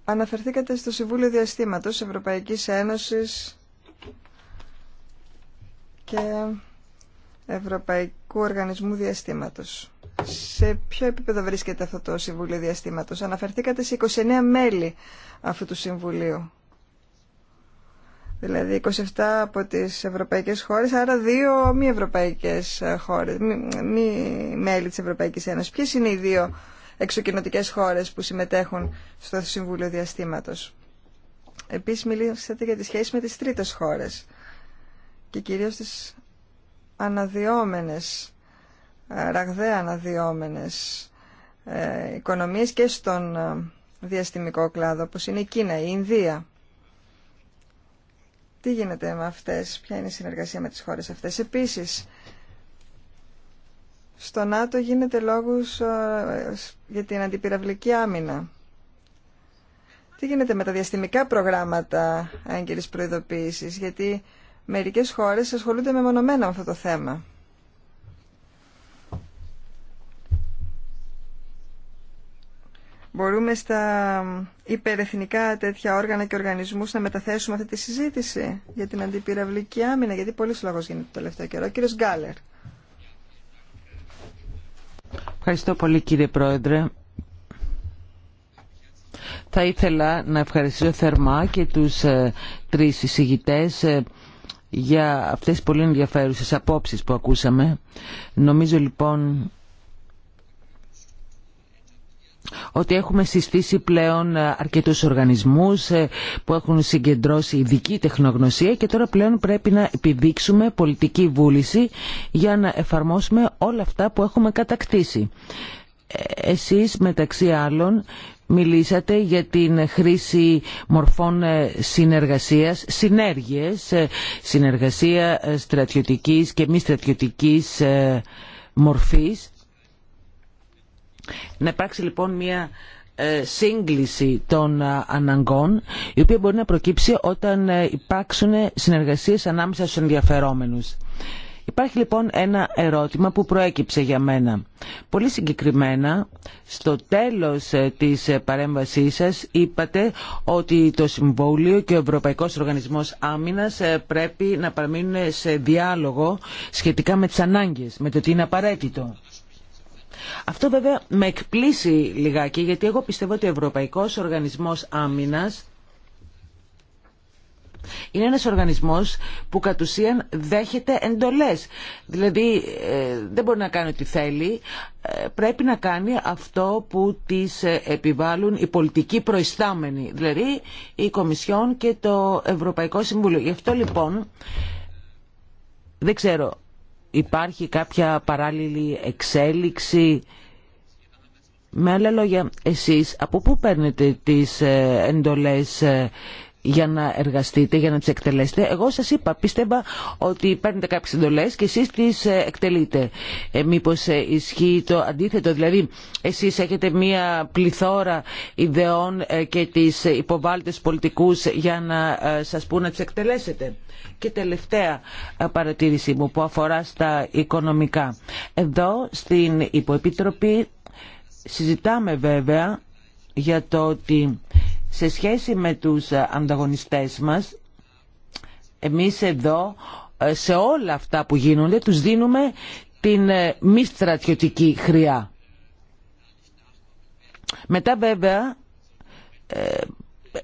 B: Αναφερθήκατε στο Συμβούλιο Διαστήματος Ευρωπαϊκής Ένωσης και Ευρωπαϊκού Οργανισμού Διαστήματος. Σε ποιο επίπεδο βρίσκεται αυτό το Συμβούλιο Διαστήματος. Αναφερθήκατε σε 29 μέλη αυτού του Συμβουλίου. Δηλαδή 27 από τις ευρωπαϊκές χώρες, άρα δύο μη ευρωπαϊκές ε, χώρες, μη, μέλη της Ευρωπαϊκής Ένωσης. Ποιες είναι οι δύο εξοκοινωτικές χώρες που συμμετέχουν στο Συμβούλιο Διαστήματος. Επίσης μιλήσατε για τη σχέση με τις τρίτες χώρες και κυρίως τις αναδυόμενες, ε, ραγδαία αναδυόμενες ε, οικονομίες και στον ε, διαστημικό κλάδο, όπως είναι η Κίνα, η Ινδία. Τι γίνεται με αυτές, ποια είναι η συνεργασία με τις χώρες αυτές. Επίσης, στο ΝΑΤΟ γίνεται λόγους ε, για την αντιπυραυλική άμυνα. Τι γίνεται με τα διαστημικά προγράμματα έγκυρης προειδοποίησης, γιατί μερικές χώρες ασχολούνται μεμονωμένα με αυτό το θέμα. Μπορούμε στα υπερεθνικά τέτοια όργανα και οργανισμούς να μεταθέσουμε αυτή τη συζήτηση για την αντιπυραυλική άμυνα, γιατί πολύ λόγος γίνεται το τελευταίο καιρό. Κύριος Γκάλερ.
C: Ευχαριστώ πολύ κύριε Πρόεδρε. Θα ήθελα να ευχαριστήσω θερμά και τους ε, τρεις εισηγητές ε, για αυτές τις πολύ ενδιαφέρουσες απόψεις που ακούσαμε. Νομίζω λοιπόν ότι έχουμε συστήσει πλέον ε, αρκετούς οργανισμούς ε, που έχουν συγκεντρώσει ειδική τεχνογνωσία και τώρα πλέον πρέπει να επιδείξουμε πολιτική βούληση για να εφαρμόσουμε όλα αυτά που έχουμε κατακτήσει. Ε, εσείς μεταξύ άλλων μιλήσατε για την χρήση μορφών συνεργασίας, συνέργειες, συνεργασία στρατιωτικής και μη στρατιωτικής μορφής να υπάρξει λοιπόν μια ε, σύγκληση των ε, αναγκών η οποία μπορεί να προκύψει όταν ε, υπάρξουν συνεργασίες ανάμεσα στους ενδιαφερόμενους. Υπάρχει λοιπόν ένα ερώτημα που προέκυψε για μένα. Πολύ συγκεκριμένα, στο τέλος της παρέμβασής σας είπατε ότι το Συμβούλιο και ο Ευρωπαϊκός Οργανισμός Άμυνας πρέπει να παραμείνουν σε διάλογο σχετικά με τις ανάγκες, με το τι είναι απαραίτητο. Αυτό βέβαια με εκπλήσει λιγάκι γιατί εγώ πιστεύω ότι ο Ευρωπαϊκός Οργανισμός Άμυνας είναι ένας οργανισμός που κατ' ουσίαν δέχεται εντολές. Δηλαδή ε, δεν μπορεί να κάνει ό,τι θέλει, ε, πρέπει να κάνει αυτό που τις ε, επιβάλλουν οι πολιτικοί προϊστάμενοι, δηλαδή η Κομισιόν και το Ευρωπαϊκό Συμβούλιο. Γι' αυτό λοιπόν δεν ξέρω υπάρχει κάποια παράλληλη εξέλιξη. Με άλλα λόγια, εσείς από πού παίρνετε τις ε, εντολές ε, για να εργαστείτε, για να τι εκτελέσετε. Εγώ σας είπα, πίστευα ότι παίρνετε κάποιε εντολέ και εσείς τις ε, εκτελείτε. Ε, ε, ισχύει το αντίθετο, δηλαδή εσείς έχετε μία πληθώρα ιδεών ε, και τις υποβάλλετε στους πολιτικούς για να σας πούν να τι εκτελέσετε. Και τελευταία παρατήρησή μου που αφορά στα οικονομικά. Εδώ στην Υποεπίτροπη συζητάμε βέβαια για το ότι σε σχέση με τους ε, ανταγωνιστές μας, εμείς εδώ ε, σε όλα αυτά που γίνονται τους δίνουμε την ε, μη στρατιωτική χρειά. Μετά βέβαια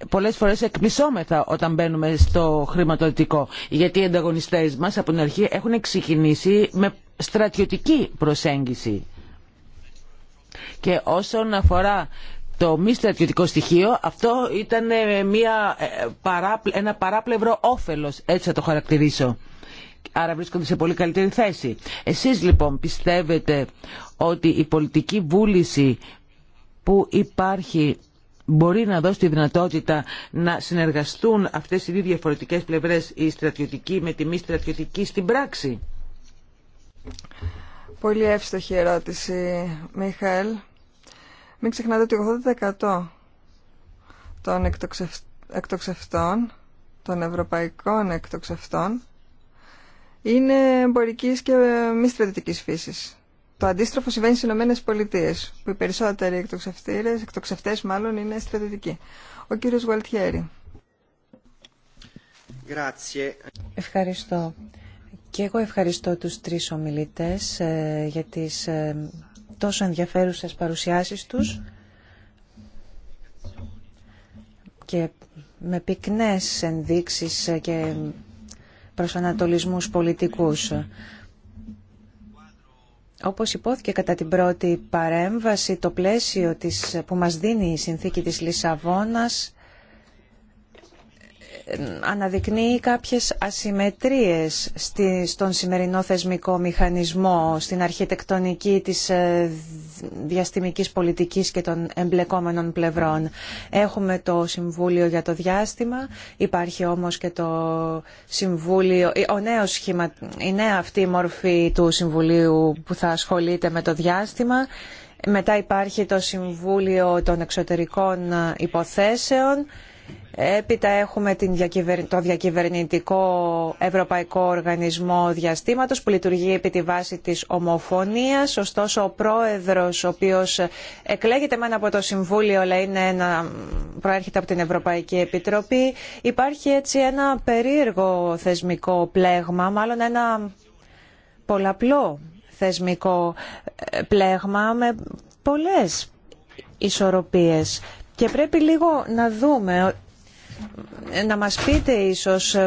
C: πολλές φορές εκπλησόμεθα όταν μπαίνουμε στο χρηματοδοτικό γιατί οι ανταγωνιστές μας από την αρχή έχουν ξεκινήσει με στρατιωτική προσέγγιση. Και όσον αφορά το μη στρατιωτικό στοιχείο αυτό ήταν ε, μια, ε, ένα παράπλευρο όφελος, έτσι θα το χαρακτηρίσω. Άρα βρίσκονται σε πολύ καλύτερη θέση. Εσείς λοιπόν πιστεύετε ότι η πολιτική βούληση που υπάρχει μπορεί να δώσει τη δυνατότητα να συνεργαστούν αυτές οι δύο διαφορετικές πλευρές, η στρατιωτική με τη μη στρατιωτική, στην πράξη.
B: Πολύ εύστοχη ερώτηση, Μιχαήλ. Μην ξεχνάτε ότι 80% των εκτοξευτών, των ευρωπαϊκών εκτοξευτών, είναι εμπορική και μη στρατιωτική φύση. Το αντίστροφο συμβαίνει στι Ηνωμένε Πολιτείε, που οι περισσότεροι εκτοξευτέ μάλλον είναι στρατιωτικοί. Ο κύριο Γουαλτιέρη. Ευχαριστώ.
A: Και εγώ ευχαριστώ τους τρεις ομιλητές ε, για τις ε, τόσο ενδιαφέρουσες παρουσιάσεις τους και με πυκνές ενδείξεις και προσανατολισμούς πολιτικούς. Όπως υπόθηκε κατά την πρώτη παρέμβαση, το πλαίσιο της, που μας δίνει η συνθήκη της Λισαβόνας αναδεικνύει κάποιες ασυμμετρίες στον σημερινό θεσμικό μηχανισμό, στην αρχιτεκτονική της ε, διαστημικής πολιτικής και των εμπλεκόμενων πλευρών. Έχουμε το Συμβούλιο για το Διάστημα, υπάρχει όμως και το Συμβούλιο, ο νέος η νέα αυτή μορφή του Συμβουλίου που θα ασχολείται με το διάστημα. Μετά υπάρχει το Συμβούλιο των Εξωτερικών Υποθέσεων Έπειτα έχουμε το διακυβερνητικό Ευρωπαϊκό Οργανισμό Διαστήματος που λειτουργεί επί τη βάση της ομοφωνίας. Ωστόσο ο πρόεδρος, ο οποίος εκλέγεται μένα από το Συμβούλιο αλλά είναι ένα, προέρχεται από την Ευρωπαϊκή Επιτροπή, υπάρχει έτσι ένα περίεργο θεσμικό πλέγμα, μάλλον ένα πολλαπλό θεσμικό ε, πλέγμα με πολλές ισορροπίες. Και πρέπει λίγο να δούμε, να μας πείτε ίσως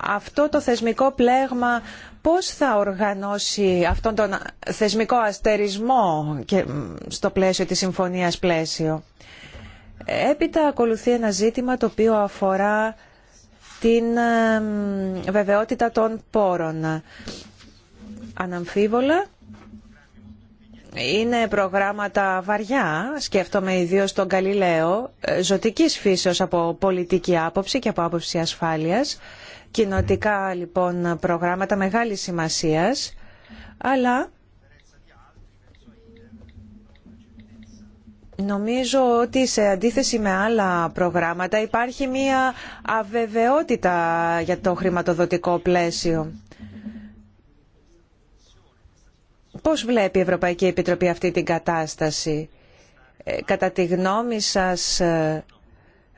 A: αυτό το θεσμικό πλέγμα πώς θα οργανώσει αυτόν τον θεσμικό αστερισμό και στο πλαίσιο της συμφωνίας πλαίσιο. Έπειτα ακολουθεί ένα ζήτημα το οποίο αφορά την βεβαιότητα των πόρων. Αναμφίβολα είναι προγράμματα βαριά, σκέφτομαι ιδίω τον Καλλιλέο, ε, ζωτικής φύσεως από πολιτική άποψη και από άποψη ασφάλειας, κοινοτικά λοιπόν προγράμματα μεγάλης σημασίας, αλλά Νομίζω ότι σε αντίθεση με άλλα προγράμματα υπάρχει μια αβεβαιότητα για το χρηματοδοτικό πλαίσιο. Πώς βλέπει η Ευρωπαϊκή Επιτροπή αυτή την κατάσταση. Ε, κατά τη γνώμη σας ε,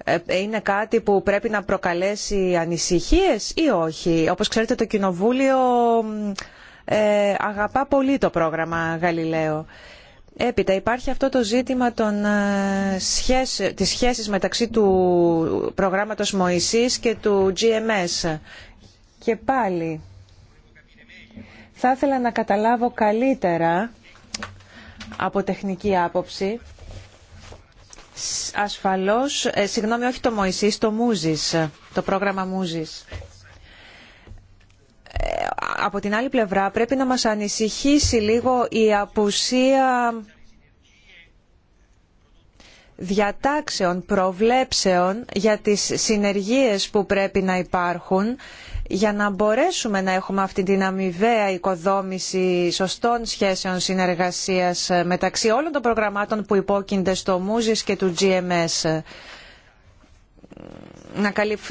A: ε, είναι κάτι που πρέπει να προκαλέσει ανησυχίες ή όχι. Όπως ξέρετε το Κοινοβούλιο αγαπά πολύ το πρόγραμμα Γαλιλαίο. Έπειτα υπάρχει αυτό το ζήτημα των, ε, της σχέσης μεταξύ του προγράμματος Μωυσής και του GMS. Και πάλι θα ήθελα να καταλάβω καλύτερα από τεχνική άποψη. Ασφαλώς, ε, συγγνώμη όχι το Μωυσής, το Μούζης, το πρόγραμμα Μούζης. Ε, από την άλλη πλευρά πρέπει να μας ανησυχήσει λίγο η απουσία διατάξεων, προβλέψεων για τις συνεργίες που πρέπει να υπάρχουν για να μπορέσουμε να έχουμε αυτή την αμοιβαία οικοδόμηση σωστών σχέσεων συνεργασίας μεταξύ όλων των προγραμμάτων που υπόκεινται στο ΜΟΥΖΙΣ και του GMS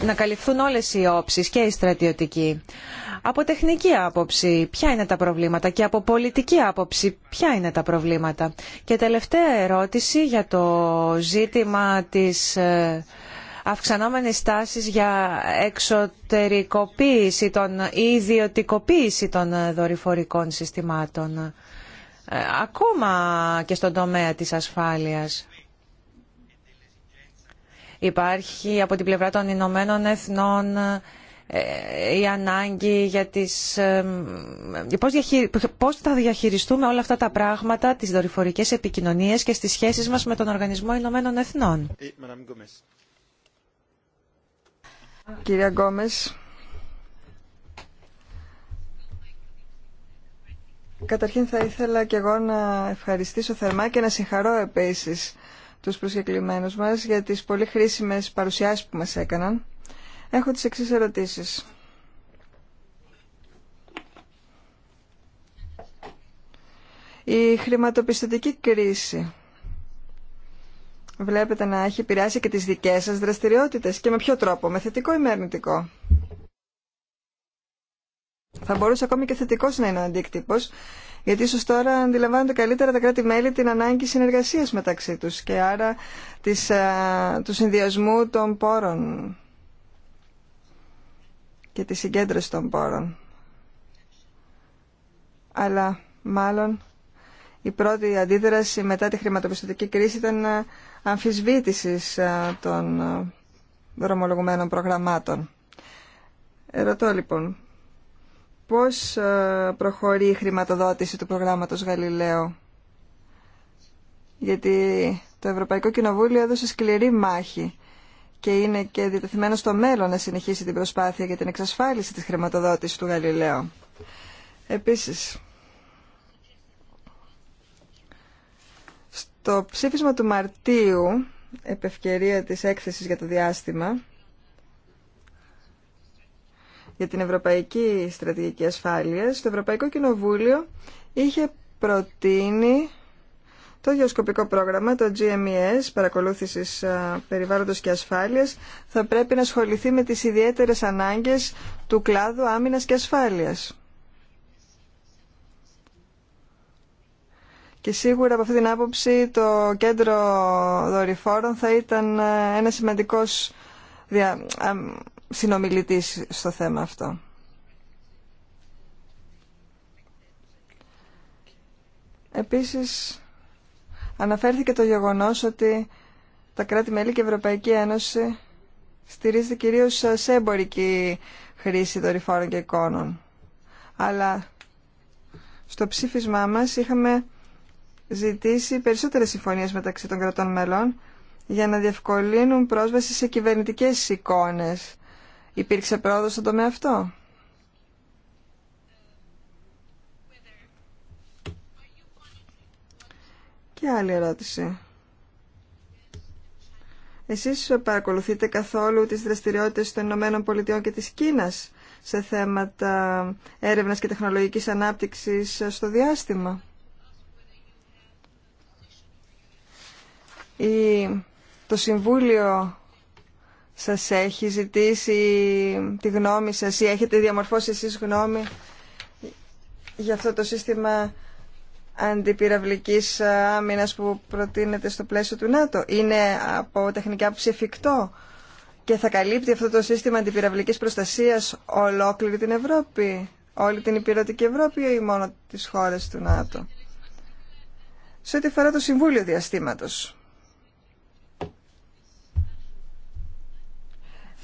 A: να καλυφθούν όλες οι όψεις και οι στρατιωτικοί. Από τεχνική άποψη ποια είναι τα προβλήματα και από πολιτική άποψη ποια είναι τα προβλήματα. Και τελευταία ερώτηση για το ζήτημα της ε, αυξανόμενης τάσης για εξωτερικοποίηση των, ή ιδιωτικοποίηση των ε, δορυφορικών συστημάτων. Ε, ακόμα και στον τομέα της ασφάλειας. Υπάρχει από την πλευρά των Ηνωμένων Εθνών ε, η ανάγκη για τις... Ε, ε, πώς, πώς θα διαχειριστούμε όλα αυτά τα πράγματα, τις δορυφορικές επικοινωνίες και στις σχέσεις μας με τον Οργανισμό Ηνωμένων Εθνών.
B: Κυρία Γκόμες, καταρχήν θα ήθελα και εγώ να ευχαριστήσω θερμά και να συγχαρώ επίσης τους προσκεκλημένους μας για τις πολύ χρήσιμες παρουσιάσεις που μας έκαναν. Έχω τις εξής ερωτήσεις. Η χρηματοπιστωτική κρίση βλέπετε να έχει επηρεάσει και τις δικές σας δραστηριότητες και με ποιο τρόπο, με θετικό ή με αρνητικό. Θα μπορούσε ακόμη και θετικός να είναι ο αντίκτυπος γιατί ίσως τώρα αντιλαμβάνονται καλύτερα τα κράτη-μέλη την ανάγκη συνεργασίας μεταξύ τους και άρα της, ε, του συνδυασμού των πόρων και τη συγκέντρωση των πόρων. Αλλά μάλλον η πρώτη αντίδραση μετά τη χρηματοπιστωτική κρίση ήταν ε, αμφισβήτησης ε, των δρομολογουμένων προγραμμάτων. Ρωτώ λοιπόν, πώς ε, προχωρεί η χρηματοδότηση του προγράμματος Γαλιλαίου. Γιατί το Ευρωπαϊκό Κοινοβούλιο έδωσε σκληρή μάχη και είναι και διτεθειμένο στο μέλλον να συνεχίσει την προσπάθεια για την εξασφάλιση της χρηματοδότησης του Γαλιλαίου. Επίσης, στο ψήφισμα του Μαρτίου, επευκαιρία της έκθεσης για το διάστημα, για την Ευρωπαϊκή Στρατηγική Ασφάλειας, το Ευρωπαϊκό Κοινοβούλιο είχε προτείνει το γεωσκοπικό πρόγραμμα, το GMES, παρακολούθησης περιβάλλοντος και ασφάλειας, θα πρέπει να ασχοληθεί με τις ιδιαίτερες ανάγκες του κλάδου άμυνας και ασφάλειας. Και σίγουρα από αυτή την άποψη το κέντρο δορυφόρων θα ήταν ε, ένα σημαντικός συνομιλητής στο θέμα αυτό. Επίσης, αναφέρθηκε το γεγονός ότι τα κράτη-μέλη και η Ευρωπαϊκή Ένωση στηρίζεται κυρίως σε εμπορική χρήση δορυφόρων και εικόνων. Αλλά στο ψήφισμά μας είχαμε ζητήσει περισσότερες συμφωνίες μεταξύ των κρατών μελών για να διευκολύνουν πρόσβαση σε κυβερνητικές εικόνες Υπήρξε πρόοδο στον τομέα αυτό. Και άλλη ερώτηση. Εσείς παρακολουθείτε καθόλου τις δραστηριότητες των Ηνωμένων Πολιτειών και της Κίνας σε θέματα έρευνας και τεχνολογικής ανάπτυξης στο διάστημα. Η... Το Συμβούλιο σας έχει ζητήσει τη γνώμη σας ή έχετε διαμορφώσει εσείς γνώμη για αυτό το σύστημα αντιπυραυλικής άμυνας που προτείνεται στο πλαίσιο του ΝΑΤΟ. Είναι από τεχνικά άποψη και θα καλύπτει αυτό το σύστημα αντιπυραυλικής προστασίας ολόκληρη την Ευρώπη, όλη την υπηρετική Ευρώπη ή μόνο τις χώρες του ΝΑΤΟ. Σε ό,τι αφορά το Συμβούλιο Διαστήματος.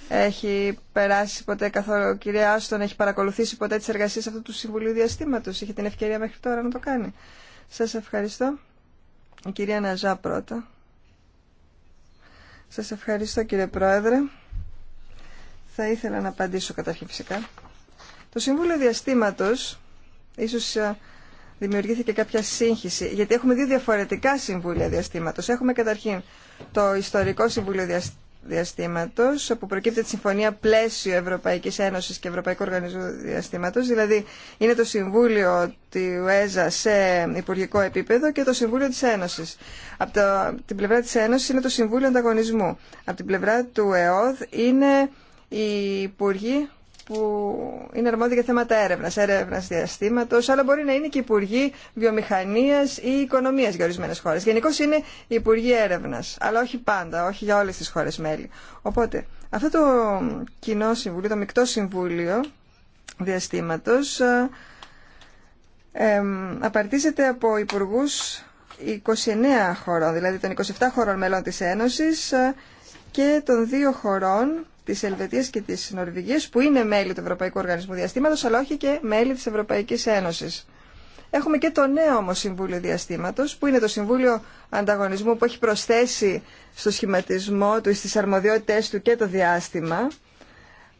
B: έχει περάσει ποτέ καθόλου, κυρία Άστον, έχει παρακολουθήσει ποτέ τις εργασίες αυτού του Συμβουλίου Διαστήματος. Είχε την ευκαιρία μέχρι τώρα να το κάνει. Σας ευχαριστώ. Η κυρία Ναζά πρώτα. Σας ευχαριστώ κύριε Πρόεδρε. Θα ήθελα να απαντήσω καταρχήν φυσικά. Το Συμβούλιο Διαστήματος ίσως ε, δημιουργήθηκε κάποια σύγχυση, γιατί έχουμε δύο διαφορετικά Συμβούλια Διαστήματος. Έχουμε καταρχήν το Ιστορικό Συμβούλιο Διαστήματος, διαστήματος που προκύπτει τη Συμφωνία Πλαίσιο Ευρωπαϊκής Ένωσης και Ευρωπαϊκού Οργανισμού Διαστήματος δηλαδή είναι το Συμβούλιο του ΕΖΑ σε υπουργικό επίπεδο και το Συμβούλιο της Ένωσης από, την πλευρά της Ένωσης είναι το Συμβούλιο Ανταγωνισμού από την πλευρά του ΕΟΔ είναι οι υπουργοί που είναι αρμόδιοι για θέματα έρευνα, έρευνα διαστήματο, αλλά μπορεί να είναι και υπουργοί βιομηχανία ή οικονομία για ορισμένε χώρε. Γενικώ είναι υπουργοί έρευνα, αλλά όχι πάντα, όχι για όλε τι χώρε μέλη. Οπότε, αυτό το κοινό συμβούλιο, το μεικτό συμβούλιο διαστήματο, ε, απαρτίζεται από υπουργού 29 χωρών, δηλαδή των 27 χωρών μελών της Ένωσης ε, και των δύο χωρών Τη Ελβετία και τη Νορβηγία, που είναι μέλη του Ευρωπαϊκού Οργανισμού Διαστήματο, αλλά όχι και μέλη τη Ευρωπαϊκή Ένωση. Έχουμε και το νέο όμω Συμβούλιο Διαστήματο, που είναι το Συμβούλιο Ανταγωνισμού που έχει προσθέσει στο σχηματισμό του στι αρμοδιότητέ του και το διάστημα.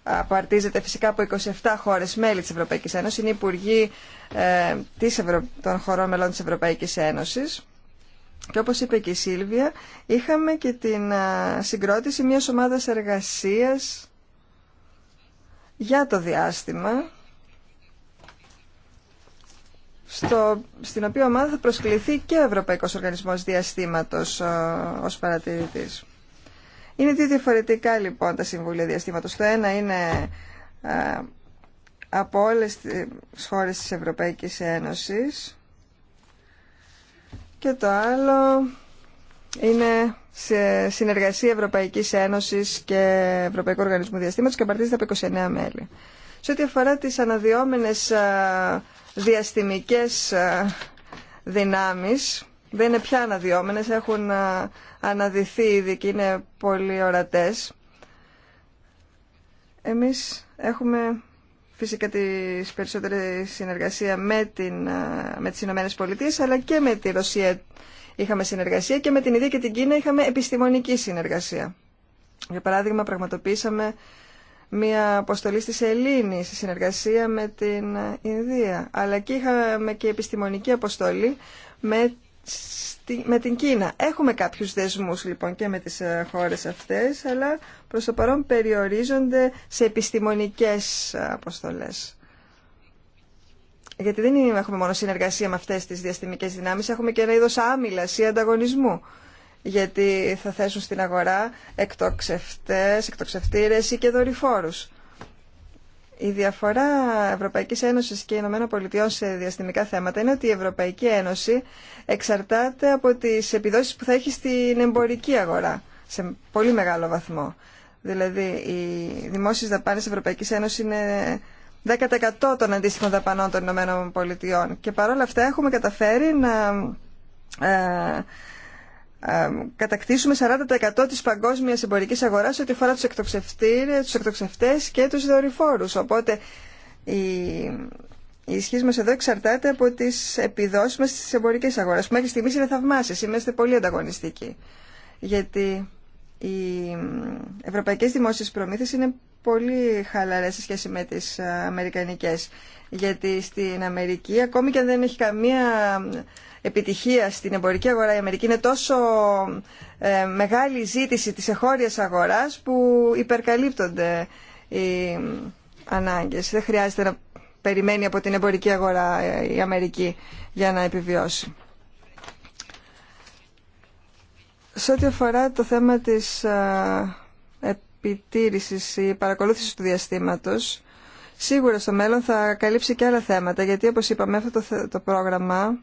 B: Απαρτίζεται φυσικά από 27 χώρε μέλη τη Ευρωπαϊκή Ένωση, είναι υπουργοί ε, των χωρών μελών τη Ευρωπαϊκή Ένωση. Και όπως είπε και η Σίλβια, είχαμε και την συγκρότηση μιας ομάδας εργασίας για το διάστημα, στο, στην οποία ομάδα θα προσκληθεί και ο Ευρωπαϊκός Οργανισμός Διαστήματος ως παρατηρητής. Είναι δύο διαφορετικά λοιπόν τα Συμβούλια Διαστήματος. Το ένα είναι από όλες τις χώρες της Ευρωπαϊκής Ένωσης και το άλλο είναι συνεργασία Ευρωπαϊκή Ένωση και Ευρωπαϊκού Οργανισμού Διαστήματο και απαρτίζεται από 29 μέλη. Σε ό,τι αφορά τι αναδυόμενε διαστημικέ δυνάμει, δεν είναι πια αναδυόμενε, έχουν αναδυθεί ήδη και είναι πολύ ορατέ Εμείς έχουμε φυσικά τη περισσότερη συνεργασία με, την, με τις Ηνωμένες Πολιτείες αλλά και με τη Ρωσία είχαμε συνεργασία και με την Ινδία και την Κίνα είχαμε επιστημονική συνεργασία. Για παράδειγμα πραγματοποιήσαμε μια αποστολή στη Σελήνη σε συνεργασία με την Ινδία αλλά και είχαμε και επιστημονική αποστολή με με την Κίνα. Έχουμε κάποιους δεσμούς λοιπόν και με τις ε, χώρες αυτές, αλλά προς το παρόν περιορίζονται σε επιστημονικές ε, αποστολές. Γιατί δεν έχουμε μόνο συνεργασία με αυτές τις διαστημικές δυνάμεις, έχουμε και ένα είδος άμυλας ή ανταγωνισμού. Γιατί θα θέσουν στην αγορά εκτοξευτές, εκτοξευτήρες ή και δορυφόρους. Η διαφορά Ευρωπαϊκής Ένωσης και Ηνωμένων Πολιτειών σε διαστημικά θέματα είναι ότι η Ευρωπαϊκή Ένωση εξαρτάται από τις επιδόσεις που θα έχει στην εμπορική αγορά σε πολύ μεγάλο βαθμό. Δηλαδή, οι δημόσιε δαπάνε της Ευρωπαϊκής Ένωσης είναι 10% των αντίστοιχων δαπανών των Ηνωμένων Πολιτειών. Και παρόλα αυτά έχουμε καταφέρει να ε, κατακτήσουμε 40% της παγκόσμιας εμπορικής αγοράς ό,τι αφορά τους εκτοξευτήρες, τους εκτοξευτές και τους δορυφόρους. Οπότε η, η ισχύ μας εδώ εξαρτάται από τις επιδόσεις μας στις εμπορικές αγορές που μέχρι στιγμής είναι θαυμάσεις. είμαστε πολύ ανταγωνιστικοί. Γιατί οι ευρωπαϊκές δημόσιες προμήθειες είναι πολύ χαλαρές σε σχέση με τις ε, αμερικανικές. Γιατί στην Αμερική, ακόμη και αν δεν έχει καμία επιτυχία στην εμπορική αγορά η Αμερική είναι τόσο ε, μεγάλη ζήτηση της εχώριας αγοράς που υπερκαλύπτονται οι ανάγκες. Δεν χρειάζεται να περιμένει από την εμπορική αγορά ε, η Αμερική για να επιβιώσει. Σε ό,τι αφορά το θέμα της ε, επιτήρησης ή παρακολούθησης του διαστήματος, σίγουρα στο μέλλον θα καλύψει και άλλα θέματα, γιατί όπως είπαμε αυτό το, το πρόγραμμα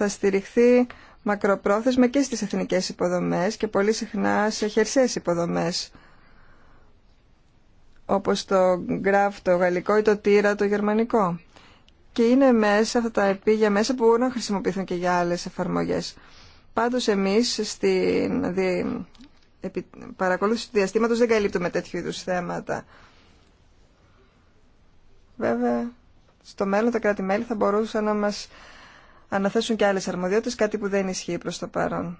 B: θα στηριχθεί μακροπρόθεσμα και στις εθνικές υποδομές και πολύ συχνά σε χερσαίες υποδομές όπως το γκράφ το γαλλικό ή το τύρα το γερμανικό. Και είναι μέσα αυτά τα επίγεια μέσα που μπορούν να χρησιμοποιηθούν και για άλλες εφαρμογές. Πάντως εμείς στην παρακολούθηση του διαστήματος δεν καλύπτουμε τέτοιου είδους θέματα. Βέβαια, στο μέλλον τα κράτη-μέλη θα μπορούσαν να μας αναθέσουν και άλλες αρμοδιότητες, κάτι που δεν ισχύει προς το παρόν.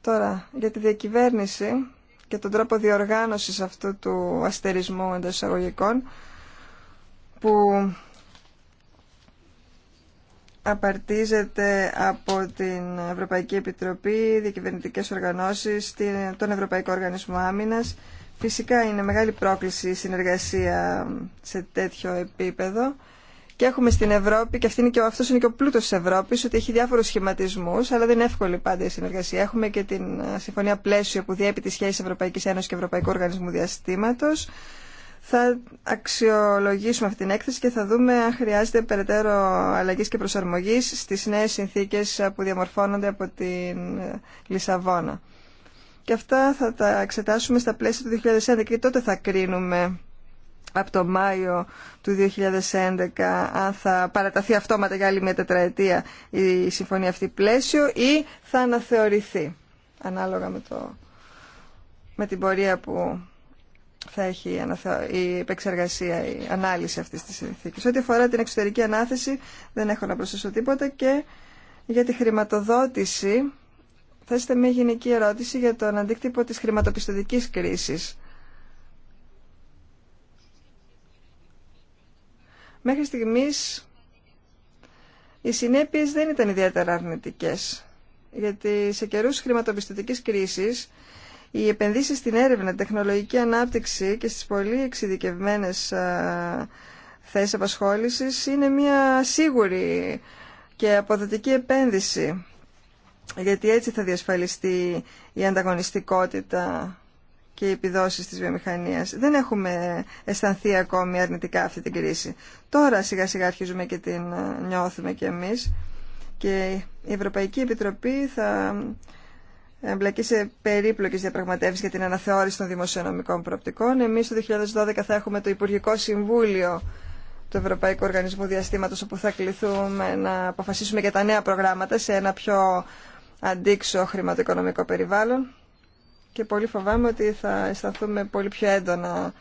B: Τώρα, για τη διακυβέρνηση και τον τρόπο διοργάνωσης αυτού του αστερισμού εντό εισαγωγικών, που απαρτίζεται από την Ευρωπαϊκή Επιτροπή, διακυβερνητικές οργανώσεις, τον Ευρωπαϊκό Οργανισμό Άμυνας. Φυσικά είναι μεγάλη πρόκληση η συνεργασία σε τέτοιο επίπεδο και έχουμε στην Ευρώπη, και είναι και ο, αυτός είναι και ο πλούτος της Ευρώπης, ότι έχει διάφορους σχηματισμούς, αλλά δεν είναι εύκολη πάντα η συνεργασία. Έχουμε και την ε, συμφωνία πλαίσιο που διέπει τις σχέσεις Ευρωπαϊκής Ένωσης και Ευρωπαϊκού Οργανισμού Διαστήματος. Θα αξιολογήσουμε αυτή την έκθεση και θα δούμε αν χρειάζεται περαιτέρω αλλαγής και προσαρμογής στις νέες συνθήκες που διαμορφώνονται από την ε, Λισαβόνα. Και αυτά θα τα εξετάσουμε στα πλαίσια του 2011 και τότε θα κρίνουμε από το Μάιο του 2011 αν θα παραταθεί αυτόματα για άλλη μια τετραετία η συμφωνία αυτή πλαίσιο ή θα αναθεωρηθεί ανάλογα με, το, με την πορεία που θα έχει η, επεξεργασία, η ανάλυση αυτή τη συνθήκη. Ό,τι αφορά την εξωτερική ανάθεση δεν έχω να προσθέσω τίποτα και για τη χρηματοδότηση θα είστε μια γενική ερώτηση για τον αντίκτυπο της χρηματοπιστωτικής κρίσης Μέχρι στιγμής οι συνέπειες δεν ήταν ιδιαίτερα αρνητικές, γιατί σε καιρούς χρηματοπιστωτικής κρίσης οι επενδύσεις στην έρευνα, τεχνολογική ανάπτυξη και στις πολύ εξειδικευμένες θέσεις απασχόλησης είναι μια σίγουρη και αποδοτική επένδυση, γιατί έτσι θα διασφαλιστεί η ανταγωνιστικότητα και οι επιδόσεις της βιομηχανίας. Δεν έχουμε αισθανθεί ακόμη αρνητικά αυτή την κρίση. Τώρα σιγά σιγά αρχίζουμε και την ε, νιώθουμε κι εμείς και η Ευρωπαϊκή Επιτροπή θα εμπλακεί σε περίπλοκες διαπραγματεύσεις για την αναθεώρηση των δημοσιονομικών προοπτικών. Εμείς το 2012 θα έχουμε το Υπουργικό Συμβούλιο του Ευρωπαϊκού Οργανισμού Διαστήματος όπου θα κληθούμε να αποφασίσουμε για τα νέα προγράμματα σε ένα πιο αντίξω χρηματοοικονομικό περιβάλλον και πολύ φοβάμαι ότι θα αισθανθούμε πολύ πιο έντονα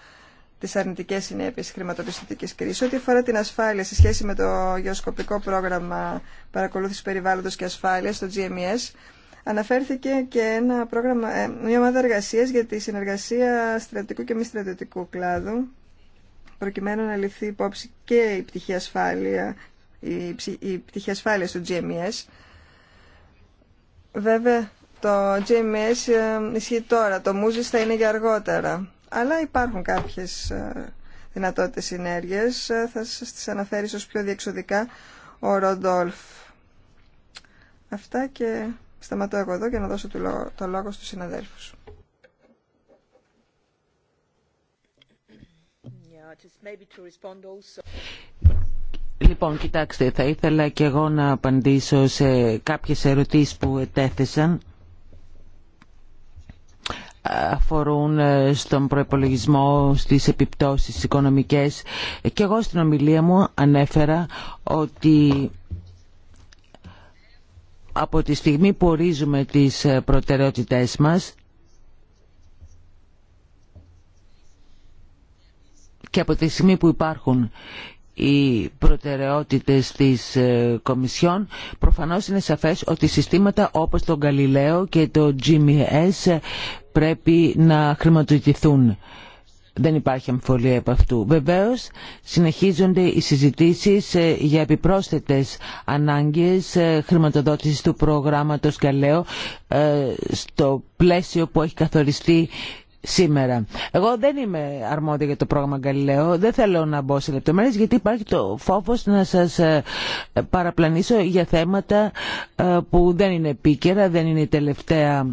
B: τι αρνητικέ συνέπειε τη χρηματοπιστωτική κρίση. Ό,τι αφορά την ασφάλεια σε σχέση με το γεωσκοπικό πρόγραμμα παρακολούθηση περιβάλλοντο και ασφάλεια, το GMS e αναφέρθηκε και ένα πρόγραμμα, ε, μια ομάδα εργασία για τη συνεργασία στρατιωτικού και μη στρατιωτικού κλάδου, προκειμένου να ληφθεί υπόψη και η πτυχή ασφάλεια, η, η ασφάλεια του GMES. Βέβαια, το GMS ε, ισχύει τώρα, το MUSIS θα είναι για αργότερα. Αλλά υπάρχουν κάποιες ε, δυνατότητες συνέργειες. Ε, θα σας τις αναφέρει ως πιο διεξοδικά ο Ροντόλφ. Αυτά και σταματώ εγώ εδώ για να δώσω το λόγο στους συναδέλφους.
C: Λοιπόν, κοιτάξτε, θα ήθελα και εγώ να απαντήσω σε κάποιες ερωτήσεις που ετέθεσαν αφορούν ε, στον προϋπολογισμό, στις επιπτώσεις οικονομικές. Και εγώ στην ομιλία μου ανέφερα ότι από τη στιγμή που ορίζουμε τις ε, προτεραιότητές μας και από τη στιγμή που υπάρχουν οι προτεραιότητες της ε, Κομισιόν προφανώς είναι σαφές ότι συστήματα όπως το Galileo και το GMS πρέπει να χρηματοδοτηθούν. Δεν υπάρχει αμφιβολία από αυτού. Βεβαίως συνεχίζονται οι συζητήσεις ε, για επιπρόσθετες ανάγκες ε, χρηματοδότησης του προγράμματος Καλαίο ε, στο πλαίσιο που έχει καθοριστεί σήμερα. Εγώ δεν είμαι αρμόδια για το πρόγραμμα Γκαλιλαίο, δεν θέλω να μπω σε λεπτομέρειες γιατί υπάρχει το φόβος να σας ε, παραπλανήσω για θέματα ε, που δεν είναι επίκαιρα, δεν είναι η τελευταία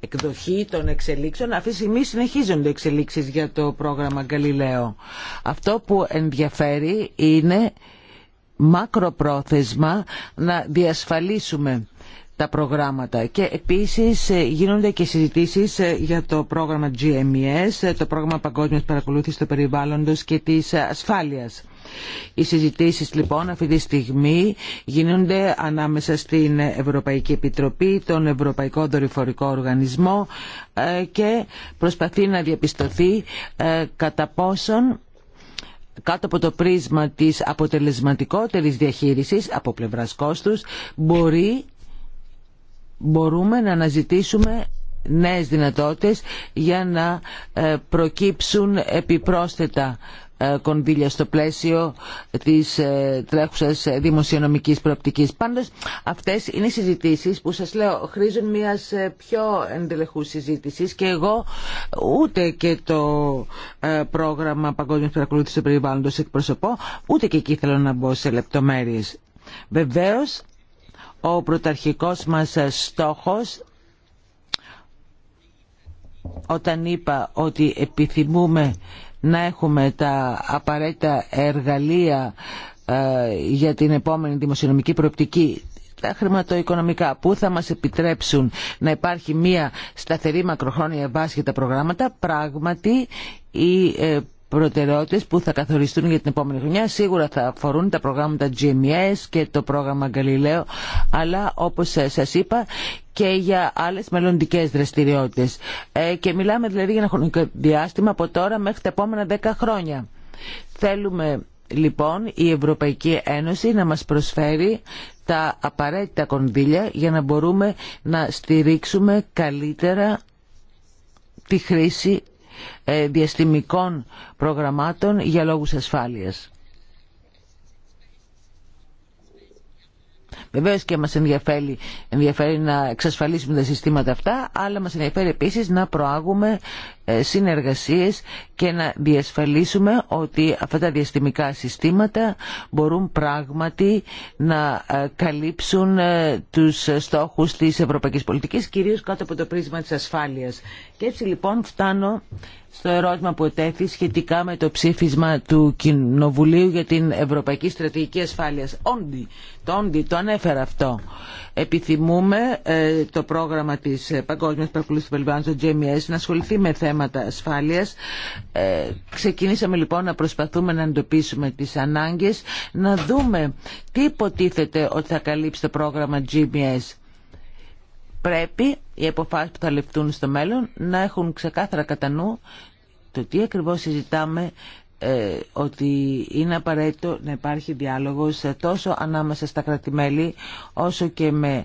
C: εκδοχή των εξελίξεων. Αυτή τη στιγμή συνεχίζονται εξελίξεις για το πρόγραμμα Γκαλιλαίο. Αυτό που ενδιαφέρει είναι μακροπρόθεσμα να διασφαλίσουμε τα προγράμματα. Και επίσης ε, γίνονται και συζητήσεις ε, για το πρόγραμμα GMES, ε, το πρόγραμμα Παγκόσμιας Παρακολούθησης του Περιβάλλοντος και της Ασφάλειας. Οι συζητήσεις λοιπόν αυτή τη στιγμή γίνονται ανάμεσα στην Ευρωπαϊκή Επιτροπή, τον Ευρωπαϊκό Δορυφορικό Οργανισμό και προσπαθεί να διαπιστωθεί κατά πόσον κάτω από το πρίσμα της αποτελεσματικότερης διαχείρισης από πλευράς κόστους μπορεί μπορούμε να αναζητήσουμε νέες δυνατότητες για να ε, προκύψουν επιπρόσθετα ε, κονδύλια στο πλαίσιο της ε, τρέχουσας δημοσιονομικής προοπτικής. Πάντως αυτές είναι συζητήσεις που σας λέω χρήζουν μιας πιο εντελεχούς συζήτησης και εγώ ούτε και το πρόγραμμα Παγκόσμιας Παρακολούθησης του Περιβάλλοντος εκπροσωπώ ούτε και εκεί θέλω να μπω σε λεπτομέρειες. Βεβαίως ο πρωταρχικός μας στόχος όταν είπα ότι επιθυμούμε να έχουμε τα απαραίτητα εργαλεία ε, για την επόμενη δημοσιονομική προοπτική τα χρηματοοικονομικά που θα μας επιτρέψουν να υπάρχει μια σταθερή μακροχρόνια βάση για τα προγράμματα πράγματι η ε, προτεραιότητες που θα καθοριστούν για την επόμενη χρονιά σίγουρα θα αφορούν τα προγράμματα GMS και το πρόγραμμα Galileo αλλά όπως σας είπα και για άλλες μελλοντικές δραστηριότητες ε, και μιλάμε δηλαδή για ένα χρονικό διάστημα από τώρα μέχρι τα επόμενα 10 χρόνια θέλουμε λοιπόν η Ευρωπαϊκή Ένωση να μας προσφέρει τα απαραίτητα κονδύλια για να μπορούμε να στηρίξουμε καλύτερα τη χρήση διαστημικών προγραμμάτων για λόγους ασφάλειας. Βεβαίως και μας ενδιαφέρει, ενδιαφέρει να εξασφαλίσουμε τα συστήματα αυτά, αλλά μας ενδιαφέρει επίσης να προάγουμε ε, συνεργασίες και να διασφαλίσουμε ότι αυτά τα διαστημικά συστήματα μπορούν πράγματι να ε, καλύψουν ε, τους στόχους της ευρωπαϊκής πολιτικής, κυρίως κάτω από το πρίσμα της ασφάλειας. Και έτσι λοιπόν φτάνω στο ερώτημα που ετέθη σχετικά με το ψήφισμα του Κοινοβουλίου για την Ευρωπαϊκή Στρατηγική Ασφάλειας. Όντι, το όντι, το ανέφερα αυτό. Επιθυμούμε το πρόγραμμα της Παγκόσμιας Παρακολούθησης του το GMS, να ασχοληθεί με θέματα ασφάλειας. Ε, ξεκινήσαμε λοιπόν να προσπαθούμε να εντοπίσουμε τις ανάγκες, να δούμε τι υποτίθεται ότι θα καλύψει το πρόγραμμα GMS. Πρέπει οι αποφάσεις που θα λεφτούν στο μέλλον να έχουν ξεκάθαρα κατά νου το τι ακριβώς συζητάμε ε, ότι είναι απαραίτητο να υπάρχει διάλογος τόσο ανάμεσα στα κρατημέλη όσο και με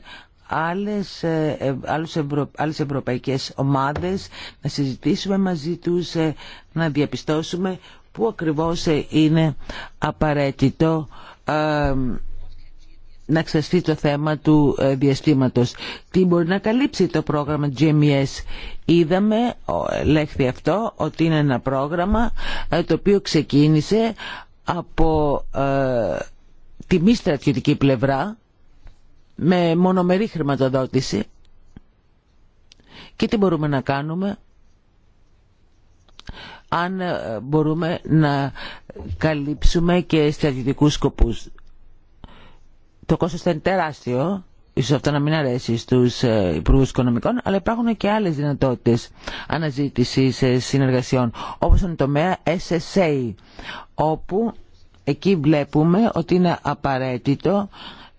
C: άλλες, ε, ε, άλλους ευρω, άλλες ευρωπαϊκές ομάδες, να συζητήσουμε μαζί τους, ε, να διαπιστώσουμε πού ακριβώς είναι απαραίτητο να εξασθεί το θέμα του διαστήματος. Τι μπορεί να καλύψει το πρόγραμμα GMS. E Είδαμε, λέχθη αυτό, ότι είναι ένα πρόγραμμα το οποίο ξεκίνησε από τη μη στρατιωτική πλευρά με μονομερή χρηματοδότηση και τι μπορούμε να κάνουμε αν ε, μπορούμε να καλύψουμε και στρατιωτικούς σκοπούς. Το κόστος θα είναι τεράστιο, ίσως αυτό να μην αρέσει στους ε, υπουργού οικονομικών, αλλά υπάρχουν και άλλες δυνατότητες αναζήτησης ε, συνεργασιών, όπως το τομέα SSA, όπου εκεί βλέπουμε ότι είναι απαραίτητο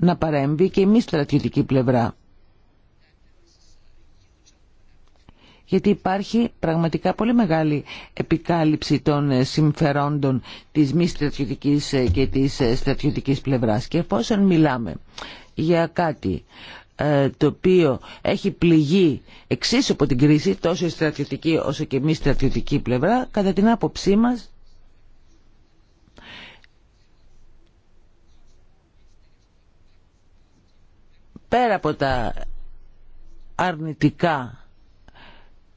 C: να παρέμβει και η μη στρατιωτική πλευρά. γιατί υπάρχει πραγματικά πολύ μεγάλη επικάλυψη των συμφερόντων της μη στρατιωτικής ε, και της ε, στρατιωτικής πλευράς. Και εφόσον μιλάμε για κάτι ε, το οποίο έχει πληγεί εξίσου από την κρίση τόσο η στρατιωτική όσο και η μη στρατιωτική πλευρά, κατά την άποψή μας πέρα από τα αρνητικά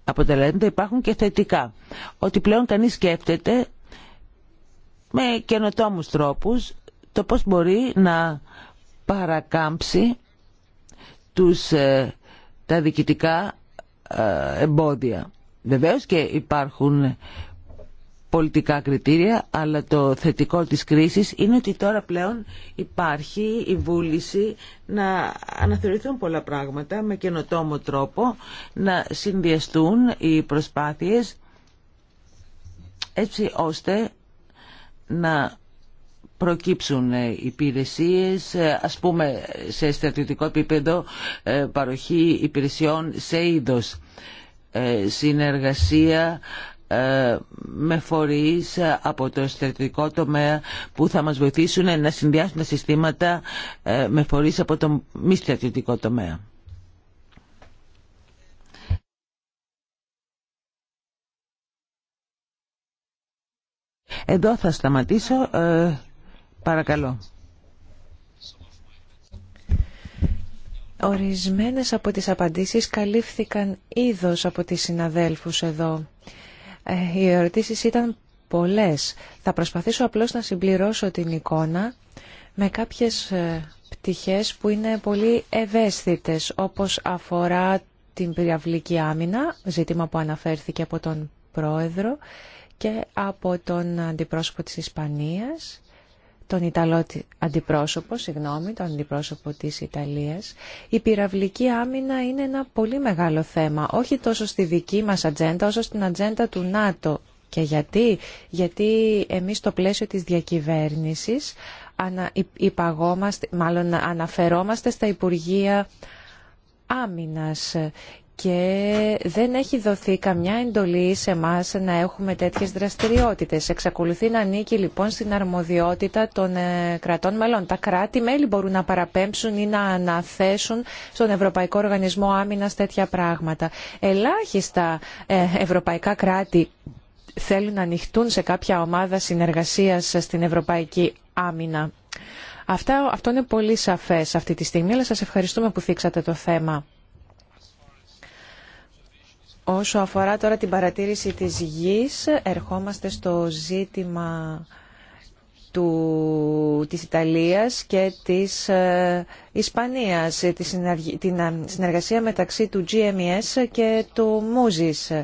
C: αποτελέσματα υπάρχουν και θετικά. Ότι πλέον κανείς σκέφτεται με καινοτόμους τρόπους το πώς μπορεί να παρακάμψει τους, ε, τα διοικητικά ε, εμπόδια. Βεβαίως και υπάρχουν πολιτικά κριτήρια, αλλά το θετικό της κρίσης είναι ότι τώρα πλέον υπάρχει η βούληση να αναθεωρηθούν πολλά πράγματα με καινοτόμο τρόπο, να συνδυαστούν οι προσπάθειες έτσι ώστε να προκύψουν υπηρεσίες, ας πούμε σε στρατιωτικό επίπεδο ε, παροχή υπηρεσιών σε είδος ε, συνεργασία ε, με φορείς ε, από το στρατιωτικό τομέα που θα μας βοηθήσουν να συνδυάσουμε συστήματα ε, με φορείς από το μη στρατιωτικό τομέα. Εδώ θα σταματήσω. Παρακαλώ.
A: Ορισμένες από τις απαντήσεις καλύφθηκαν είδος από τις συναδέλφους εδώ. Ε, οι ερωτήσεις ήταν πολλές. Θα προσπαθήσω απλώς να συμπληρώσω την εικόνα με κάποιες ε, πτυχές που είναι πολύ ευαίσθητες, όπως αφορά την πυραυλική άμυνα, ζήτημα που αναφέρθηκε από τον Πρόεδρο και από τον Αντιπρόσωπο της Ισπανίας τον Ιταλό αντιπρόσωπο, συγγνώμη, τον αντιπρόσωπο της Ιταλίας. Η πυραυλική άμυνα είναι ένα πολύ μεγάλο θέμα, όχι τόσο στη δική μας ατζέντα, όσο στην ατζέντα του ΝΑΤΟ. Και γιατί, γιατί εμείς στο πλαίσιο της διακυβέρνησης ανα, υπαγόμαστε, μάλλον αναφερόμαστε στα Υπουργεία Άμυνας και δεν έχει δοθεί καμιά εντολή σε εμά να έχουμε τέτοιες δραστηριότητες. Εξακολουθεί να ανήκει λοιπόν στην αρμοδιότητα των ε, κρατών μελών. Τα κράτη-μέλη μπορούν να παραπέμψουν ή να αναθέσουν στον Ευρωπαϊκό Οργανισμό Άμυνας τέτοια πράγματα. Ελάχιστα ε, ευρωπαϊκά κράτη θέλουν να ανοιχτούν σε κάποια ομάδα συνεργασίας στην Ευρωπαϊκή Άμυνα. αυτό είναι πολύ σαφές αυτή τη στιγμή, αλλά σας ευχαριστούμε που θίξατε το θέμα. Όσο αφορά τώρα την παρατήρηση της γης, ερχόμαστε στο ζήτημα του, της Ιταλίας και της ε, Ισπανίας, ε, τη ε, συνεργασία μεταξύ του GMES και του MUSIS.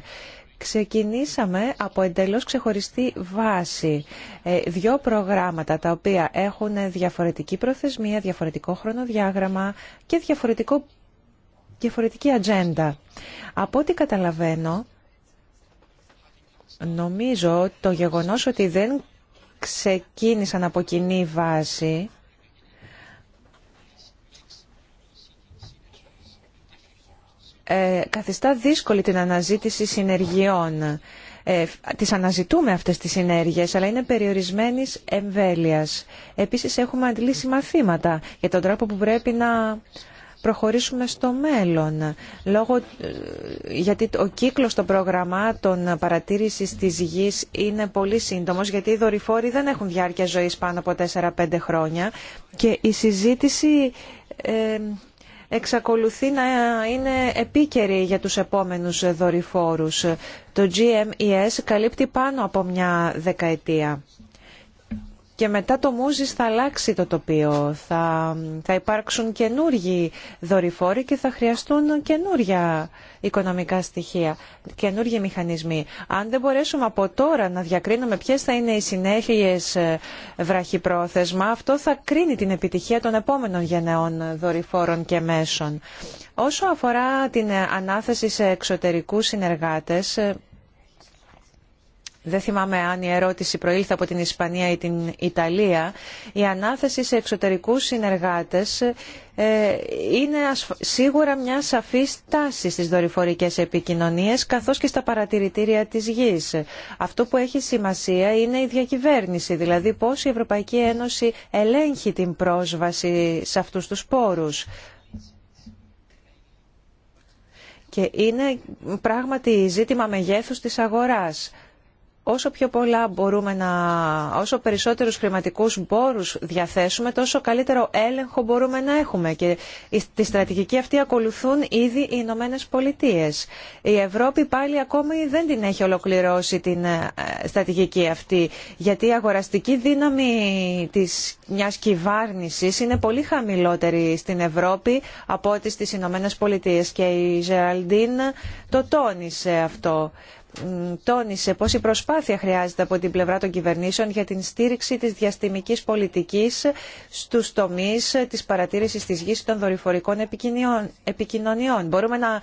A: Ξεκινήσαμε από εντελώς ξεχωριστή βάση. δύο προγράμματα τα οποία έχουν διαφορετική προθεσμία, διαφορετικό χρονοδιάγραμμα και διαφορετικό διαφορετική ατζέντα. Από ό,τι καταλαβαίνω, νομίζω το γεγονός ότι δεν ξεκίνησαν από κοινή βάση ε, καθιστά δύσκολη την αναζήτηση συνεργειών. Ε, τις αναζητούμε αυτές τις συνέργειες, αλλά είναι περιορισμένης εμβέλειας. Επίσης έχουμε αντλήσει μαθήματα για τον τρόπο που πρέπει να προχωρήσουμε στο μέλλον. Λόγω, ε, γιατί ο κύκλος των προγραμμάτων παρατήρησης της γης είναι πολύ σύντομος, γιατί οι δορυφόροι δεν έχουν διάρκεια ζωής πάνω από 4-5 χρόνια και η συζήτηση... Ε, εξακολουθεί να είναι επίκαιρη για τους επόμενους δορυφόρους. Το GMES καλύπτει πάνω από μια δεκαετία και μετά το Μούζης θα αλλάξει το τοπίο. Θα, θα υπάρξουν καινούργιοι δορυφόροι και θα χρειαστούν καινούργια οικονομικά στοιχεία, καινούργιοι μηχανισμοί. Αν δεν μπορέσουμε από τώρα να διακρίνουμε ποιες θα είναι οι συνέχειες ε, βραχυπρόθεσμα, αυτό θα κρίνει την επιτυχία των επόμενων γενεών δορυφόρων και μέσων. Όσο αφορά την ανάθεση σε εξωτερικούς συνεργάτες, ε, δεν θυμάμαι αν η ερώτηση προήλθε από την Ισπανία ή την Ιταλία, η ανάθεση σε εξωτερικούς συνεργάτες ε, είναι σίγουρα μια σαφή στάση στις δορυφορικές επικοινωνίες καθώς και στα παρατηρητήρια της γης. Αυτό που έχει σημασία είναι η διακυβέρνηση, δηλαδή πώς η Ευρωπαϊκή Ένωση ελέγχει την πρόσβαση σε αυτούς τους πόρους. Και είναι πράγματι ζήτημα μεγέθους της αγοράς όσο πιο πολλά μπορούμε να, όσο περισσότερους χρηματικούς μπόρους διαθέσουμε, τόσο καλύτερο έλεγχο μπορούμε να έχουμε. Και τη στρατηγική αυτή ακολουθούν ήδη οι Ηνωμένε Πολιτείε. Η Ευρώπη πάλι ακόμη δεν την έχει ολοκληρώσει την ε, στρατηγική αυτή, γιατί η αγοραστική δύναμη της μιας κυβέρνησης είναι πολύ χαμηλότερη στην Ευρώπη από ό,τι στις Ηνωμένε Πολιτείε. Και η Ζεραλντίν το τόνισε αυτό τόνισε η προσπάθεια χρειάζεται από την πλευρά των κυβερνήσεων για την στήριξη της διαστημικής πολιτικής στους τομείς της παρατήρησης της γης των δορυφορικών επικοινωνιών. Μπορούμε να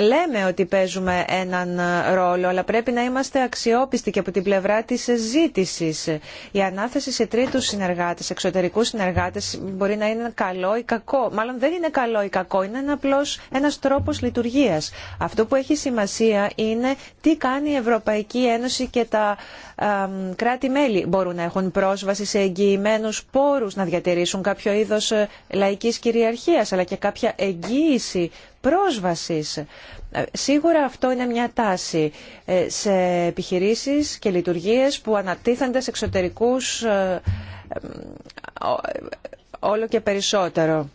A: λέμε ότι παίζουμε έναν ρόλο, αλλά πρέπει να είμαστε αξιόπιστοι και από την πλευρά της ζήτηση. Η ανάθεση σε τρίτους συνεργάτες, εξωτερικούς συνεργάτες, μπορεί να είναι καλό ή κακό. Μάλλον δεν είναι καλό ή κακό, είναι ένα απλώς ένας τρόπος λειτουργίας. Αυτό που έχει σημασία είναι τι κάνει η Ευρωπαϊκή Ένωση και τα κράτη-μέλη. Μπορούν να έχουν πρόσβαση σε εγγυημένους πόρους, να διατηρήσουν κάποιο είδος ε, λαϊκής κυριαρχίας, αλλά και κάποια εγγύηση πρόσβασης. Ε, σίγουρα αυτό είναι μια τάση ε, σε επιχειρήσεις και λειτουργίες που ανατίθενται σε εξωτερικούς ε, όλο και περισσότερο.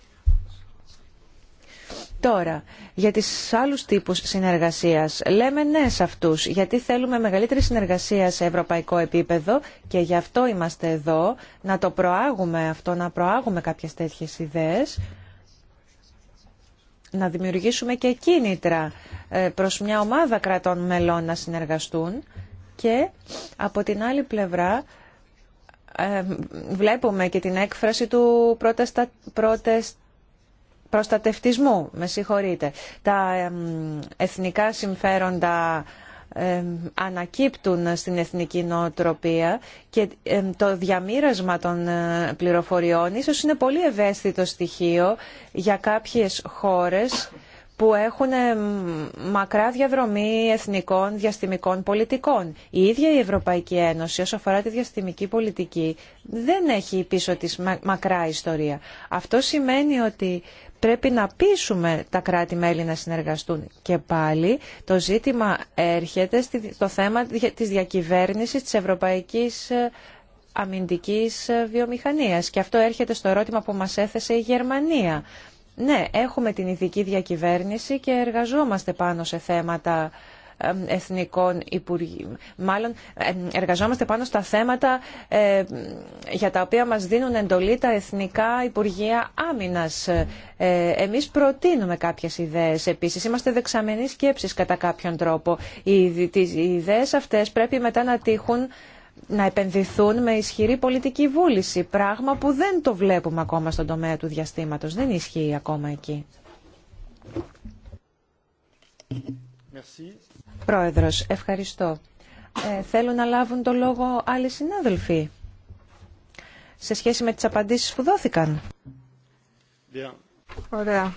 A: Τώρα, για τις άλλους τύπους συνεργασίας, λέμε ναι σε αυτούς, γιατί θέλουμε μεγαλύτερη συνεργασία σε ευρωπαϊκό επίπεδο και γι' αυτό είμαστε εδώ, να το προάγουμε αυτό, να προάγουμε κάποιες τέτοιες ιδέες να δημιουργήσουμε και κίνητρα ε, προς μια ομάδα κρατών μελών να συνεργαστούν και από την άλλη πλευρά ε, βλέπουμε και την έκφραση του προστατευτισμού. Με συγχωρείτε. Τα εθνικά συμφέροντα ανακύπτουν στην εθνική νοοτροπία και το διαμήρασμα των ε, πληροφοριών ίσως είναι πολύ ευαίσθητο στοιχείο για κάποιες χώρες που έχουν μακρά διαδρομή εθνικών διαστημικών πολιτικών. Η ίδια η Ευρωπαϊκή Ένωση όσο αφορά τη διαστημική πολιτική δεν έχει πίσω της μακρά ιστορία. Αυτό σημαίνει ότι πρέπει να πείσουμε τα κράτη-μέλη να συνεργαστούν. Και πάλι το ζήτημα έρχεται στο θέμα της διακυβέρνησης της Ευρωπαϊκής ε, αμυντικής ε, βιομηχανίας. Και αυτό έρχεται στο ερώτημα που μας έθεσε η Γερμανία. Ναι, έχουμε την ειδική διακυβέρνηση και εργαζόμαστε πάνω σε θέματα εθνικών υπουργείων. Μάλλον εργαζόμαστε πάνω στα θέματα για τα οποία μας δίνουν εντολή τα εθνικά υπουργεία άμυνας. Ε, εμείς προτείνουμε κάποιες ιδέες επίσης. Είμαστε δεξαμενοί σκέψεις κατά κάποιον τρόπο. Οι ιδέες αυτές πρέπει μετά να τύχουν να επενδυθούν με ισχυρή πολιτική βούληση, πράγμα που δεν το βλέπουμε ακόμα στον τομέα του διαστήματος. Δεν ισχύει ακόμα εκεί.
B: Merci.
A: Πρόεδρος, ευχαριστώ. Ε, θέλω να λάβουν το λόγο άλλοι συνάδελφοι σε σχέση με τις απαντήσεις που δόθηκαν.
B: Ωραία.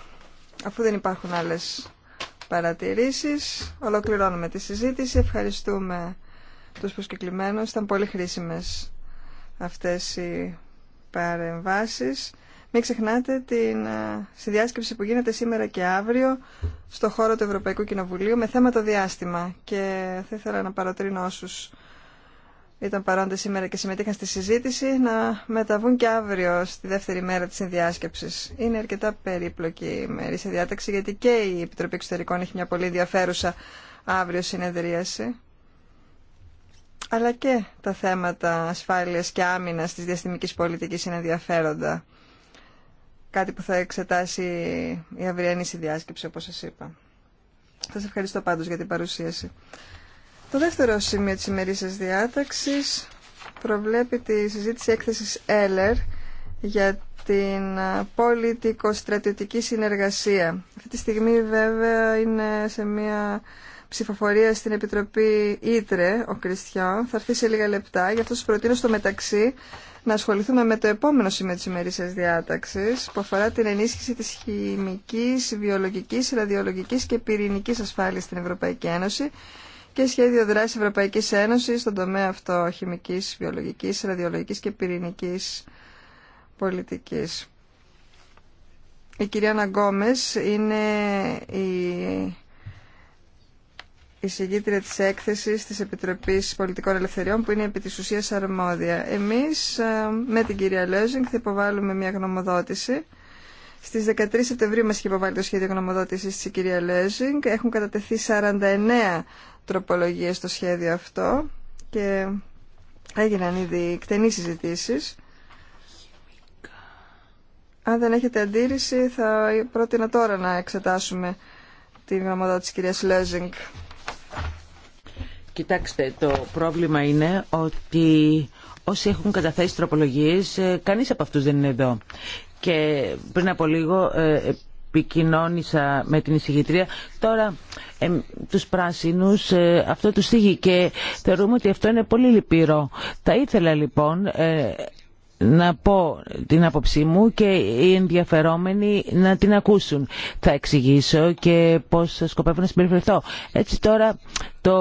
B: Αφού δεν υπάρχουν άλλες παρατηρήσεις, ολοκληρώνουμε τη συζήτηση. Ευχαριστούμε τους προσκεκλημένους. Ήταν πολύ χρήσιμες αυτές οι παρεμβάσεις. Μην ξεχνάτε την ε, συνδιάσκεψη που γίνεται σήμερα και αύριο στο χώρο του Ευρωπαϊκού Κοινοβουλίου με θέμα το διάστημα. Και θα ήθελα να παροτρύνω όσους ήταν παρόντες σήμερα και συμμετείχαν στη συζήτηση να μεταβούν και αύριο στη δεύτερη μέρα της συνδιάσκεψης. Είναι αρκετά περίπλοκη η μέρη σε διάταξη γιατί και η Επιτροπή Εξωτερικών έχει μια πολύ ενδιαφέρουσα αύριο συνεδρίαση αλλά και τα θέματα ασφάλειας και άμυνας της διαστημική πολιτική είναι ενδιαφέροντα κάτι που θα εξετάσει η αυριανή συνδιάσκεψη, όπως σας είπα. Σας ευχαριστώ πάντως για την παρουσίαση. Το δεύτερο σημείο της σας διάταξης προβλέπει τη συζήτηση έκθεσης ΕΛΕΡ για την πολιτικο-στρατιωτική συνεργασία. Αυτή τη στιγμή βέβαια είναι σε μια ψηφοφορία στην Επιτροπή Ήτρε, ο Κριστιαν. Θα έρθει σε λίγα λεπτά, γι' αυτό σας προτείνω στο μεταξύ να ασχοληθούμε με το επόμενο σημείο της ημερήσιας διάταξης που αφορά την ενίσχυση της χημικής, βιολογικής, ραδιολογικής και πυρηνικής ασφάλειας στην Ευρωπαϊκή Ένωση και σχέδιο δράσης Ευρωπαϊκής Ένωσης στον τομέα αυτό χημικής, βιολογικής, ραδιολογικής και πυρηνικής πολιτικής. Η κυρία Ναγκόμες είναι η εισηγήτρια της έκθεσης της Επιτροπής Πολιτικών Ελευθεριών που είναι επί της ουσίας αρμόδια. Εμείς ε, με την κυρία Λέζινγκ θα υποβάλουμε μια γνωμοδότηση. Στις 13 Σεπτεμβρίου μας έχει υποβάλει το σχέδιο γνωμοδότησης της κυρία Λέζινγκ. Έχουν κατατεθεί 49 τροπολογίες στο σχέδιο αυτό και έγιναν ήδη εκτενείς συζητήσεις. Αν δεν έχετε αντίρρηση θα πρότεινα τώρα να εξετάσουμε την γνωμοδότηση της κυρίας Λέζινγκ.
C: Κοιτάξτε, το πρόβλημα είναι ότι όσοι έχουν καταθέσει τροπολογίες, ε, κανείς από αυτούς δεν είναι εδώ. Και πριν από λίγο ε, επικοινώνησα με την εισηγητρία. Τώρα τους πράσινους ε, αυτό τους θίγει και θεωρούμε ότι αυτό είναι πολύ λυπηρό. Θα ήθελα λοιπόν... να πω την άποψή μου και οι ενδιαφερόμενοι να την ακούσουν. Θα εξηγήσω και πώς σκοπεύω να συμπεριφερθώ. Έτσι τώρα το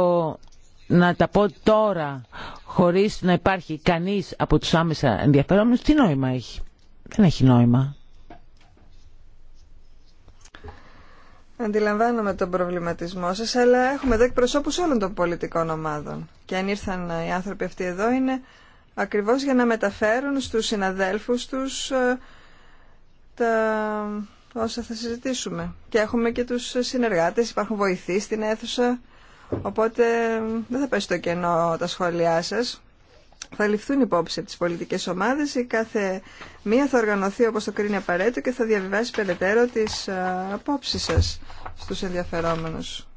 C: να τα πω τώρα χωρίς να υπάρχει κανείς από τους άμεσα ενδιαφερόμενους, τι νόημα έχει. Δεν έχει νόημα.
B: Αντιλαμβάνομαι τον προβληματισμό σας, αλλά έχουμε εδώ εκπροσώπους όλων των πολιτικών ομάδων. Και αν ήρθαν οι άνθρωποι αυτοί εδώ είναι ακριβώς για να μεταφέρουν στους συναδέλφους τους ε, τα όσα θα συζητήσουμε. Και έχουμε και τους συνεργάτες, υπάρχουν βοηθοί στην αίθουσα. Οπότε δεν θα πέσει το κενό τα σχόλιά σας. Θα ληφθούν υπόψη από τις πολιτικές ομάδες, η κάθε μία θα οργανωθεί όπως το κρίνει απαραίτητο και θα διαβιβάσει περαιτέρω τις ε, απόψεις σας στους ενδιαφερόμενους.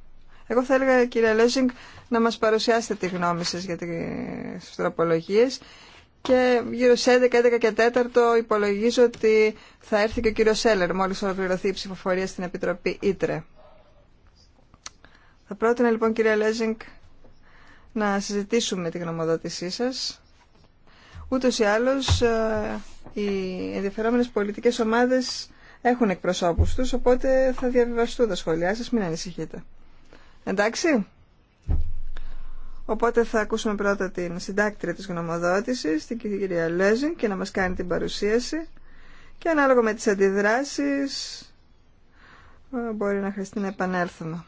B: Εγώ θα έλεγα, κύριε Λέζινγκ, να μας παρουσιάσετε τη γνώμη σας για τις τροπολογίες και γύρω σε 11, 11 και 4 υπολογίζω ότι θα έρθει και ο κύριος Σέλερ μόλις ολοκληρωθεί η ψηφοφορία στην Επιτροπή Ήτρε. Θα πρότεινα λοιπόν κυρία Λέζινγκ να συζητήσουμε τη γνωμοδότησή σας. Ούτως ή άλλως ε, οι ενδιαφερόμενες πολιτικές ομάδες έχουν εκπροσώπους τους, οπότε θα διαβιβαστούν τα σχόλιά σας, μην ανησυχείτε. Εντάξει? Οπότε θα ακούσουμε πρώτα την συντάκτρια της γνωμοδότησης, την κυρία Λέζινγκ, και να μας κάνει την παρουσίαση. Και ανάλογα με τις αντιδράσεις ε, μπορεί να χρειαστεί να επανέλθουμε.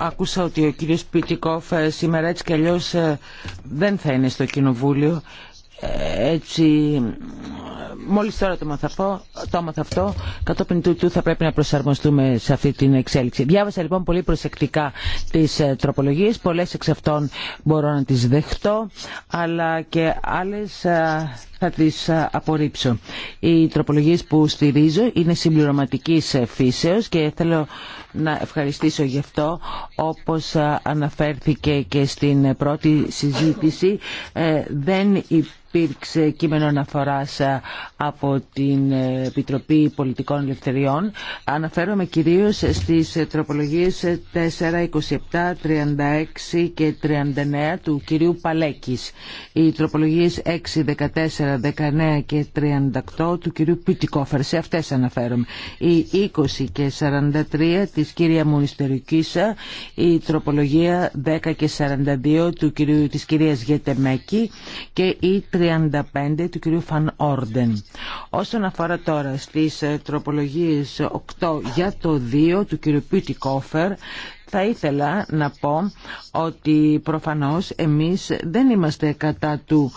C: Άκουσα ότι ο κύριος Πιτικόφ ε, σήμερα έτσι κι αλλιώς ε, δεν θα είναι στο Κοινοβούλιο. Ε, έτσι μόλις τώρα το μαθαφώ, το μαθα αυτό, κατόπιν του, θα πρέπει να προσαρμοστούμε σε αυτή την εξέλιξη. Διάβασα λοιπόν πολύ προσεκτικά τις ε, τροπολογίες, πολλές εξ αυτών μπορώ να τις δεχτώ, αλλά και άλλες ε, θα τις ε, απορρίψω. Οι τροπολογίες που στηρίζω είναι συμπληρωματικής φύσεως και θέλω να ευχαριστήσω γι' αυτό όπως αναφέρθηκε και στην πρώτη συζήτηση δεν υπήρξε κείμενο αναφοράς ε, από την ε, Επιτροπή Πολιτικών Ελευθεριών. Αναφέρομαι κυρίως στις ε, τροπολογίες 4, 27, 36 και 39 του κυρίου Παλέκης. Οι τροπολογίε 6, 14, 19 και 38 του κυρίου Πιτικόφερ. Σε αυτές αναφέρομαι. Οι 20 και 43 της κυρία Μουνιστερικής. η τροπολογία 10 και 42 του κυρίου, της κυρίας Γετεμέκη και η 35 του κ. Φαν Όρντεν. Όσον αφορά τώρα στις ε, τροπολογίες 8 για το 2 του κ. Πίτι Κόφερ, θα ήθελα να πω ότι προφανώς εμείς δεν είμαστε κατά του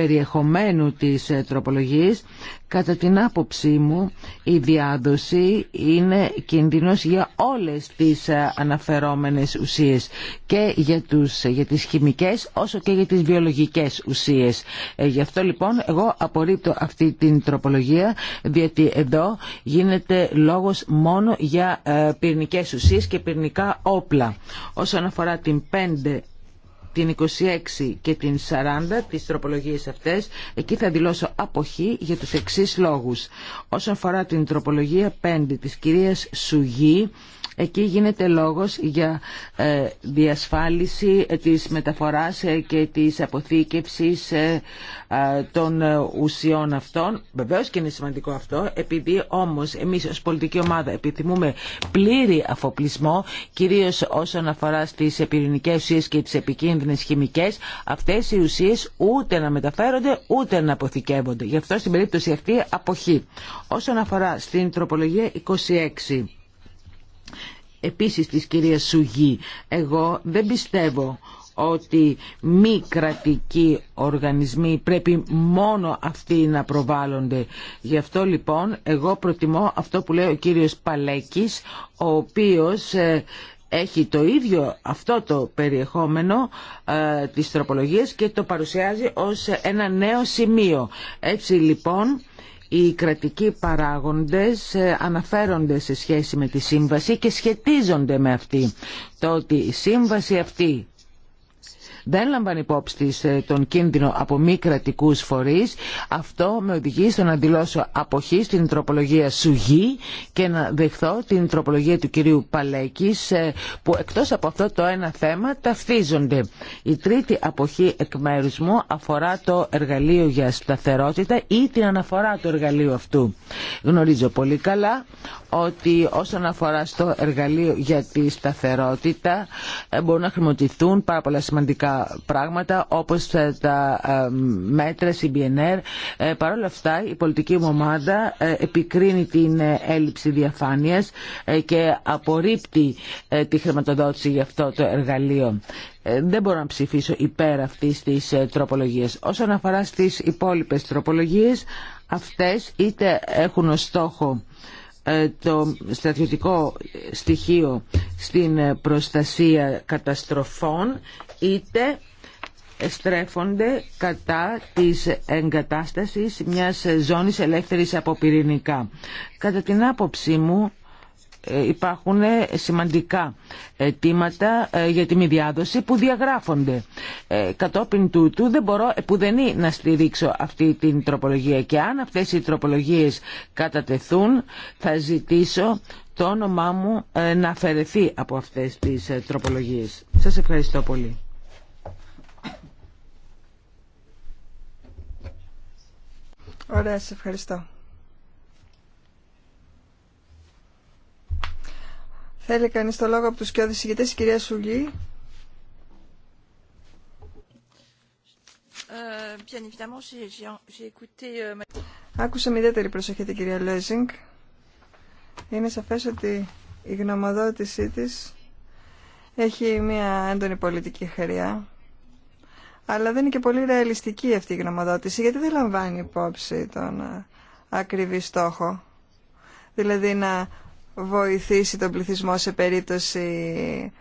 C: περιεχομένου της ε, τροπολογίας κατά την άποψή μου η διάδοση είναι κινδυνός για όλες τις ε, αναφερόμενες ουσίες και για, τους, ε, για τις χημικές όσο και για τις βιολογικές ουσίες. Γι' αυτό λοιπόν εγώ απορρίπτω αυτή την τροπολογία διότι εδώ γίνεται λόγος μόνο για πυρηνικές ουσίες και πυρηνικά όπλα. Όσον αφορά την την 26 και την 40, τις τροπολογίες αυτές, εκεί θα δηλώσω αποχή για τους εξής λόγους. Όσον αφορά την τροπολογία 5 της κυρίας Σουγή, Εκεί γίνεται λόγος για ε, διασφάλιση της μεταφοράς ε, και της αποθήκευσης ε, των ουσιών αυτών. Βεβαίως και είναι σημαντικό αυτό, επειδή όμως εμείς ως πολιτική ομάδα επιθυμούμε πλήρη αφοπλισμό, κυρίως όσον αφορά στις πυρηνικές ουσίες και τις επικίνδυνες χημικές, αυτές οι ουσίες ούτε να μεταφέρονται ούτε να αποθηκεύονται. Γι' αυτό στην περίπτωση αυτή αποχή. Όσον αφορά στην τροπολογία 26 επίσης της κυρίας Σουγή. Εγώ δεν πιστεύω ότι μη κρατικοί οργανισμοί πρέπει μόνο αυτοί να προβάλλονται. Γι' αυτό λοιπόν εγώ προτιμώ αυτό που λέει ο κύριος Παλέκης, ο οποίος ε, έχει το ίδιο αυτό το περιεχόμενο ε, της τροπολογίας και το παρουσιάζει ως ένα νέο σημείο. Έτσι λοιπόν οι κρατικοί παράγοντες ε, αναφέρονται σε σχέση με τη σύμβαση και σχετίζονται με αυτή. Το ότι η σύμβαση αυτή δεν λαμβάνει υπόψη ε, τον κίνδυνο από μη κρατικού φορεί. Αυτό με οδηγεί στο να δηλώσω αποχή στην τροπολογία Σουγή και να δεχθώ την τροπολογία του κυρίου Παλέκης ε, που εκτός από αυτό το ένα θέμα ταυτίζονται. Η τρίτη αποχή εκ μέρου μου αφορά το εργαλείο για σταθερότητα ή την αναφορά του εργαλείου αυτού. Γνωρίζω πολύ καλά ότι όσον αφορά στο εργαλείο για τη σταθερότητα ε, μπορούν να χρηματοδοτηθούν πάρα πολλά σημαντικά πράγματα όπως ε, τα ε, μέτρα CBNR. Παρ' όλα αυτά η πολιτική μου ομάδα επικρίνει την έλλειψη διαφάνειας και απορρίπτει τη χρηματοδότηση για αυτό το εργαλείο δεν μπορώ να ψηφίσω υπέρ αυτής της τροπολογίας. Όσον αφορά στις υπόλοιπες τροπολογίες, αυτές είτε έχουν ως στόχο ε, το στρατιωτικό στοιχείο στην προστασία καταστροφών είτε στρέφονται κατά της εγκατάστασης μιας ζώνης ελεύθερης από πυρηνικά. Κατά την άποψή μου υπάρχουν σημαντικά αιτήματα ε, για τη μη διάδοση που διαγράφονται. Ε, κατόπιν τούτου δεν μπορώ επουδενή να στηρίξω αυτή την τροπολογία και αν αυτές οι τροπολογίες κατατεθούν θα ζητήσω το όνομά μου ε, να αφαιρεθεί από αυτές τις τροπολογίες. Σας ευχαριστώ πολύ.
B: Ωραία, ευχαριστώ. Θέλει κανεί το λόγο από του κοιόδης ηγητέ, η κυρία Σουλή.
A: Ε, euh,
B: Άκουσα με ιδιαίτερη προσοχή την κυρία Λέζινγκ. Είναι σαφές ότι η γνωμοδότησή της έχει μια έντονη πολιτική χαριά. Αλλά δεν είναι και πολύ ρεαλιστική αυτή η γνωμοδότηση, γιατί δεν λαμβάνει υπόψη τον ε, ακριβή στόχο. Δηλαδή να βοηθήσει τον πληθυσμό σε περίπτωση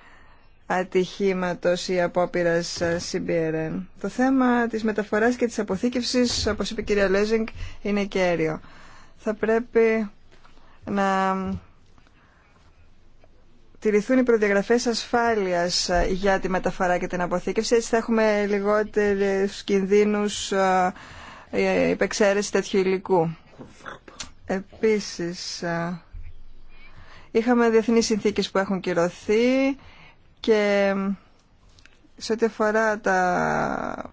B: ατυχήματος ή απόπειρας CBRN. Το θέμα της μεταφοράς και της αποθήκευσης, όπως είπε η κυρία Λέζινγκ, είναι κέριο. Θα πρέπει να τηρηθούν οι προδιαγραφές ασφάλειας για τη μεταφορά και την αποθήκευση. Έτσι θα έχουμε λιγότερους κινδύνους ε, ε, υπεξαίρεση τέτοιου υλικού. Επίσης, ε, Είχαμε διεθνείς συνθήκες που έχουν κυρωθεί και σε ό,τι αφορά τα...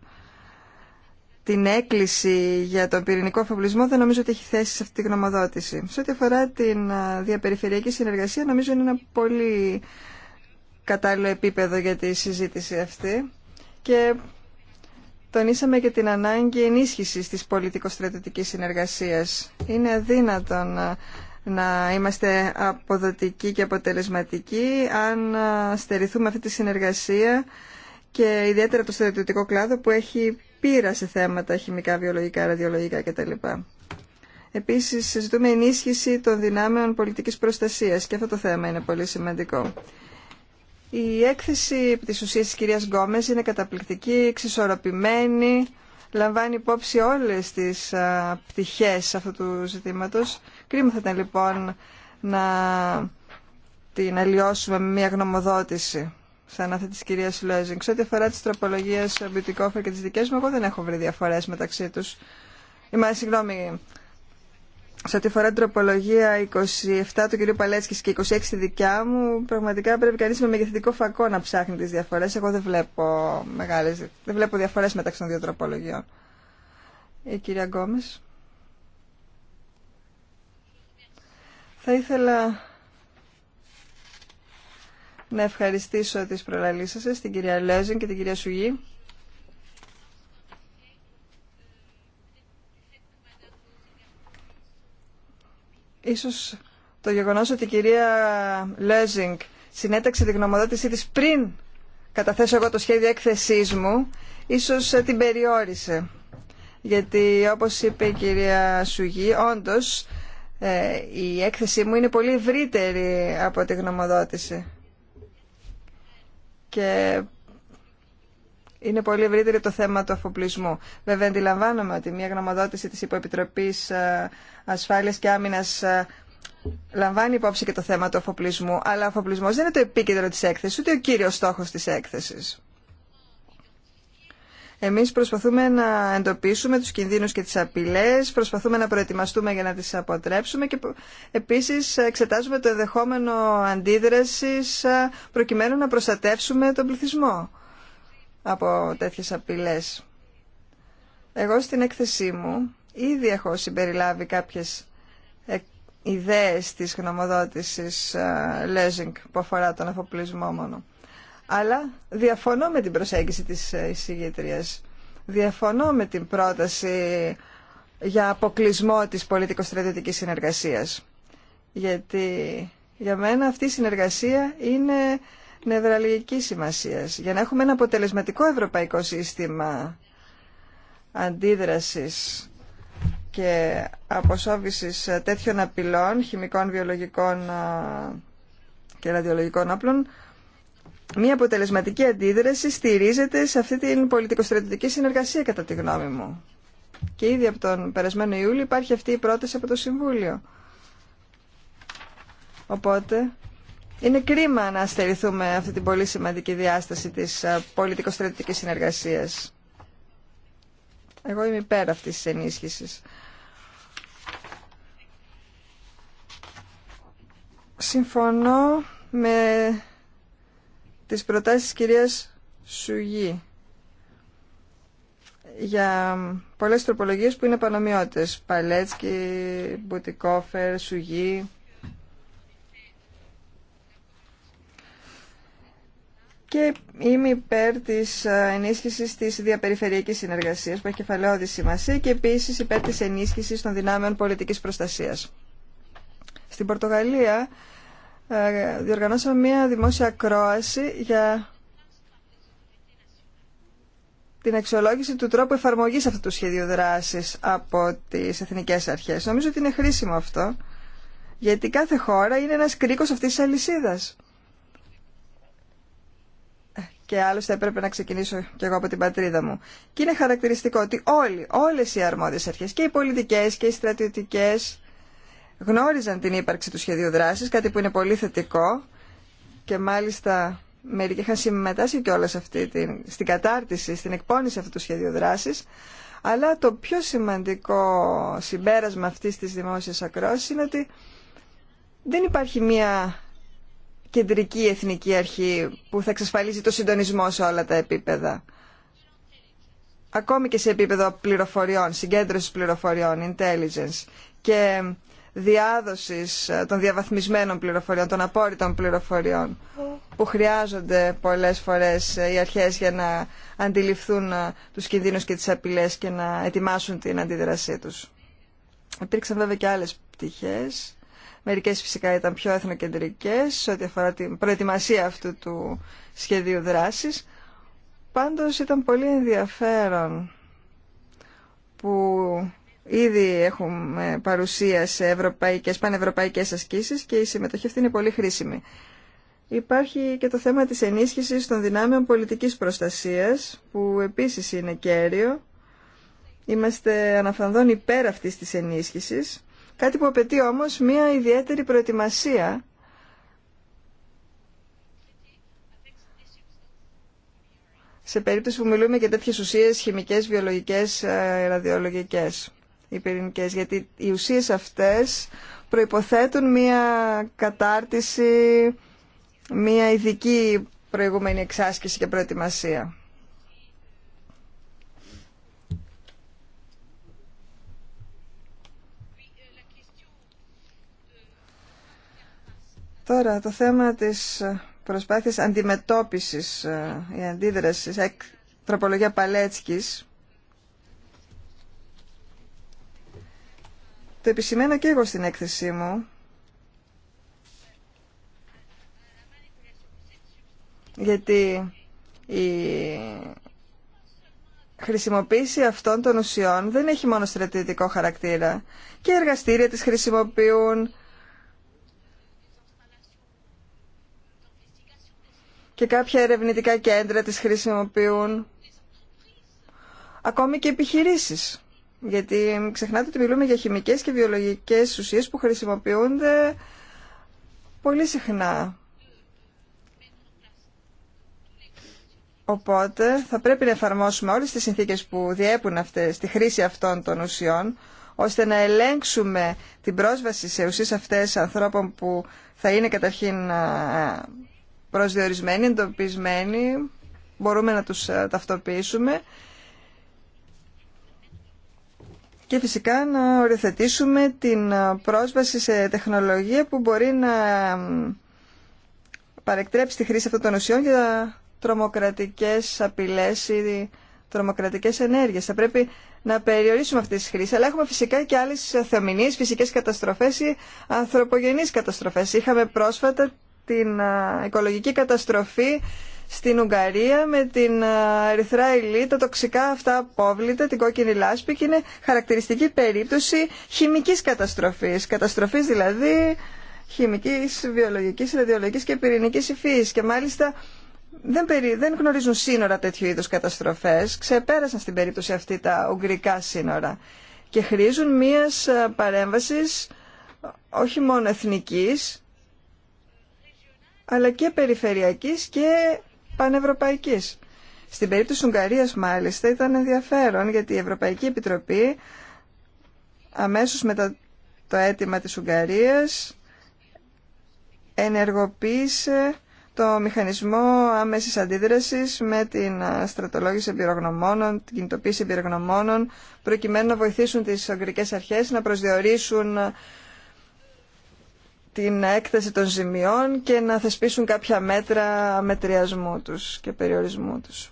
B: την έκκληση για τον πυρηνικό αφοπλισμό δεν νομίζω ότι έχει θέση σε αυτή τη γνωμοδότηση. Σε ό,τι αφορά την διαπεριφερειακή συνεργασία νομίζω είναι ένα πολύ κατάλληλο επίπεδο για τη συζήτηση αυτή και τονίσαμε και την ανάγκη ενίσχυσης της στρατητικη συνεργασίας. Είναι αδύνατον να είμαστε αποδοτικοί και αποτελεσματικοί αν στερηθούμε αυτή τη συνεργασία και ιδιαίτερα το στρατιωτικό κλάδο που έχει πείρα σε θέματα χημικά, βιολογικά, ραδιολογικά κτλ. Επίσης, ζητούμε ενίσχυση των δυνάμεων πολιτικής προστασίας και αυτό το θέμα είναι πολύ σημαντικό. Η έκθεση της ουσίας της κυρίας Γκόμες είναι καταπληκτική, εξισορροπημένη, λαμβάνει υπόψη όλες τις πτυχές αυτού του ζητήματος. Κρίμα θα ήταν λοιπόν να την αλλοιώσουμε με μια γνωμοδότηση σαν αυτή τη κυρία Λέζινγκ. Σε ό,τι αφορά τι τροπολογίε Μπιτικόφερ και τι δικέ μου, εγώ δεν έχω βρει διαφορέ μεταξύ του. Είμαι συγγνώμη, σε ό,τι αφορά την τροπολογία 27 του κυρίου Παλέσκης και 26 τη δικιά μου, πραγματικά πρέπει κανείς με μεγεθυντικό φακό να ψάχνει τις διαφορές. Εγώ δεν βλέπω μεγάλες, δεν βλέπω διαφορές μεταξύ των δύο τροπολογιών. Η κυρία Γκόμες. Θα ήθελα να ευχαριστήσω τις προλαλήσεις σας, την κυρία Λέζιν και την κυρία Σουγή Ίσως το γεγονός ότι η κυρία Λέζινγκ συνέταξε την γνωμοδότησή της πριν καταθέσω εγώ το σχέδιο έκθεσής μου, ίσως ε, την περιόρισε. Γιατί όπως είπε η κυρία Σουγή, όντως ε, η έκθεσή μου είναι πολύ ευρύτερη από τη γνωμοδότηση. Και είναι πολύ ευρύτερη το θέμα του αφοπλισμού. Βέβαια, αντιλαμβάνομαι ότι μια γνωμοδότηση της Υποεπιτροπής ε, Ασφάλειας και Άμυνας ε, λαμβάνει υπόψη και το θέμα του αφοπλισμού, αλλά ο αφοπλισμός δεν είναι το επίκεντρο της έκθεσης, ούτε ο κύριος στόχος της έκθεσης. Εμείς προσπαθούμε να εντοπίσουμε τους κινδύνους και τις απειλές, προσπαθούμε να προετοιμαστούμε για να τις αποτρέψουμε και επίσης εξετάζουμε το ενδεχόμενο αντίδρασης ε, προκειμένου να προστατεύσουμε τον πληθυσμό από τέτοιες απειλές. Εγώ στην έκθεσή μου ήδη έχω συμπεριλάβει κάποιες ε, ιδέες της γνωμοδότησης ε, Λέζινγκ που αφορά τον αφοπλισμό μόνο. Αλλά διαφωνώ με την προσέγγιση της ε, εισηγήτριας. Διαφωνώ με την πρόταση για αποκλεισμό της πολιτικο-στρατιωτικής συνεργασίας. Γιατί για μένα αυτή η συνεργασία είναι νευραλγικής σημασίας. Για να έχουμε ένα αποτελεσματικό ευρωπαϊκό σύστημα αντίδρασης και αποσόβησης τέτοιων απειλών, χημικών, βιολογικών και ραδιολογικών όπλων, μια αποτελεσματική αντίδραση στηρίζεται σε αυτή την πολιτικοστρατητική συνεργασία, κατά τη γνώμη μου. Και ήδη από τον περασμένο Ιούλιο υπάρχει αυτή η πρόταση από το Συμβούλιο. Οπότε είναι κρίμα να αστερηθούμε αυτή την πολύ σημαντική διάσταση της ε, πολιτικο συνεργασίας. Εγώ είμαι υπέρ αυτής της ενίσχυσης. Συμφωνώ με τις προτάσεις της κυρίας Σουγή για πολλές τροπολογίες που είναι πανομοιότητες. Παλέτσκι, Μπουτικόφερ, Σουγή, και είμαι υπέρ τη ε, ενίσχυση τη διαπεριφερειακή συνεργασία που έχει κεφαλαιώδη σημασία και επίση υπέρ τη ενίσχυση των δυνάμεων πολιτική προστασία. Στην Πορτογαλία ε, διοργανώσαμε μία δημόσια ακρόαση για την αξιολόγηση του τρόπου εφαρμογή αυτού του σχεδίου δράση από τι εθνικέ αρχέ. Νομίζω ότι είναι χρήσιμο αυτό, γιατί κάθε χώρα είναι ένα κρίκο αυτή τη αλυσίδα και άλλωστε έπρεπε να ξεκινήσω κι εγώ από την πατρίδα μου. Και είναι χαρακτηριστικό ότι όλοι, όλες οι αρμόδιες αρχές και οι πολιτικές και οι στρατιωτικές γνώριζαν την ύπαρξη του σχεδίου δράσης, κάτι που είναι πολύ θετικό και μάλιστα μερικοί είχαν συμμετάσχει κιόλα αυτή την, στην κατάρτιση, στην εκπόνηση αυτού του σχεδίου δράσης. Αλλά το πιο σημαντικό συμπέρασμα αυτής της δημόσιας ακρόσης είναι ότι δεν υπάρχει μία κεντρική εθνική αρχή που θα εξασφαλίζει το συντονισμό σε όλα τα επίπεδα. Ακόμη και σε επίπεδο πληροφοριών, συγκέντρωση πληροφοριών, intelligence και διάδοσης ε, των διαβαθμισμένων πληροφοριών, των απόρριτων πληροφοριών που χρειάζονται πολλές φορές ε, οι αρχές για να αντιληφθούν ε, τους κινδύνους και τις απειλές και να ετοιμάσουν την αντίδρασή τους. Υπήρξαν βέβαια και άλλες πτυχές Μερικές φυσικά ήταν πιο εθνοκεντρικές ό,τι αφορά την προετοιμασία αυτού του σχεδίου δράσης. Πάντως ήταν πολύ ενδιαφέρον που ήδη έχουμε παρουσία σε ευρωπαϊκές, πανευρωπαϊκές ασκήσεις και η συμμετοχή αυτή είναι πολύ χρήσιμη. Υπάρχει και το θέμα της ενίσχυσης των δυνάμεων πολιτικής προστασίας, που επίσης είναι κέριο. Είμαστε αναφανδόν υπέρ αυτής της ενίσχυσης Κάτι που απαιτεί όμως μία ιδιαίτερη προετοιμασία σε περίπτωση που μιλούμε για τέτοιες ουσίες χημικές, βιολογικές, ε, ραδιολογικές ή πυρηνικές, γιατί οι ουσίες αυτές προϋποθέτουν μία κατάρτιση, μία ειδική προηγούμενη εξάσκηση και προετοιμασία. Τώρα το θέμα της ε, προσπάθειας αντιμετώπισης ή ε, αντίδρασης, τροπολογία Παλέτσκης, το επισημαίνω και εγώ στην έκθεσή μου, γιατί η χρησιμοποίηση αυτών των ουσιών δεν έχει μόνο στρατιωτικό χαρακτήρα και εργαστήρια οι τις χρησιμοποιούν και κάποια ερευνητικά κέντρα τις χρησιμοποιούν. Ακόμη και επιχειρήσεις. Γιατί ξεχνάτε ότι μιλούμε για χημικές και βιολογικές ουσίες που χρησιμοποιούνται πολύ συχνά. Οπότε θα πρέπει να εφαρμόσουμε όλες τις συνθήκες που διέπουν αυτές, τη χρήση αυτών των ουσιών, ώστε να ελέγξουμε την πρόσβαση σε ουσίες αυτές ανθρώπων που θα είναι καταρχήν προσδιορισμένοι, εντοπισμένοι, μπορούμε να τους ε, ταυτοποιήσουμε και φυσικά να οριοθετήσουμε την ε, πρόσβαση σε τεχνολογία που μπορεί να παρεκτρέψει τη χρήση αυτών των ουσιών για τρομοκρατικές απειλές ή τρομοκρατικές ενέργειες. Θα πρέπει να περιορίσουμε αυτή τη χρήση, αλλά έχουμε φυσικά και άλλες θεομηνείς φυσικές καταστροφές ή ανθρωπογενείς καταστροφές. Είχαμε πρόσφατα την οικολογική καταστροφή στην Ουγγαρία με την ερυθρά υλή, τα τοξικά αυτά απόβλητα, την κόκκινη λάσπη και είναι χαρακτηριστική περίπτωση χημικής καταστροφής. Καταστροφής δηλαδή χημικής, βιολογικής, ραδιολογικής και πυρηνικής υφής και μάλιστα δεν, δεν γνωρίζουν σύνορα τέτοιου είδους καταστροφές. Ξεπέρασαν στην περίπτωση αυτή τα ουγγρικά σύνορα και χρήζουν μίας παρέμβασης όχι μόνο εθνικής αλλά και περιφερειακής και πανευρωπαϊκής. Στην περίπτωση της Ουγγαρίας μάλιστα ήταν ενδιαφέρον γιατί η Ευρωπαϊκή Επιτροπή αμέσως μετά το αίτημα της Ουγγαρίας ενεργοποίησε το μηχανισμό άμεσης αντίδρασης με την στρατολόγηση εμπειρογνωμόνων, την κινητοποίηση εμπειρογνωμόνων προκειμένου να βοηθήσουν τις αγγρικές αρχές να προσδιορίσουν την έκθεση των ζημιών και να θεσπίσουν κάποια μέτρα μετριασμού τους και περιορισμού τους.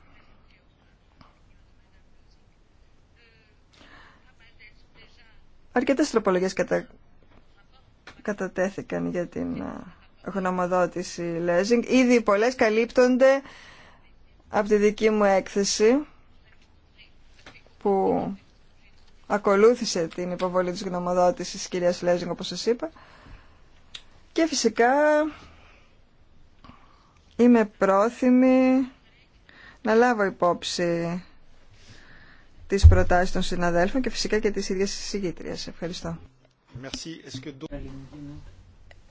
B: Αρκετές τροπολογίες κατα... κατατέθηκαν για την ε, γνωμοδότηση Λέζινγκ. Ήδη πολλές καλύπτονται από τη δική μου έκθεση που ακολούθησε την υποβολή της γνωμοδότησης κυρίας Λέζινγκ όπως σας είπα. Και φυσικά είμαι πρόθυμη να λάβω υπόψη τις προτάσεις των συναδέλφων και φυσικά και της ίδιας συγκήτριας. Ευχαριστώ.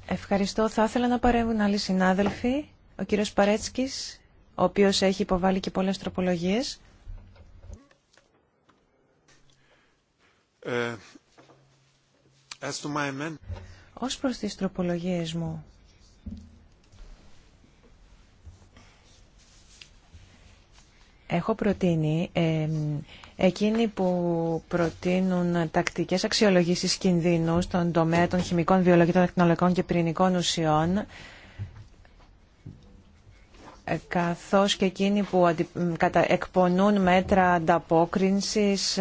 B: Ευχαριστώ. Θα ήθελα να παρέμβουν άλλοι
A: συνάδελφοι. Ο κύριος Παρέτσκης, ο οποίος έχει υποβάλει και πολλές τροπολογίες. Ε, ως προς τις τροπολογίες μου, έχω προτείνει ε, εκείνοι που προτείνουν τακτικές αξιολογήσεις κινδύνου στον τομέα των χημικών, βιολογικών, τεχνολογικών και πυρηνικών ουσιών ε, καθώς και εκείνοι που εκπονούν μέτρα ανταπόκρινσης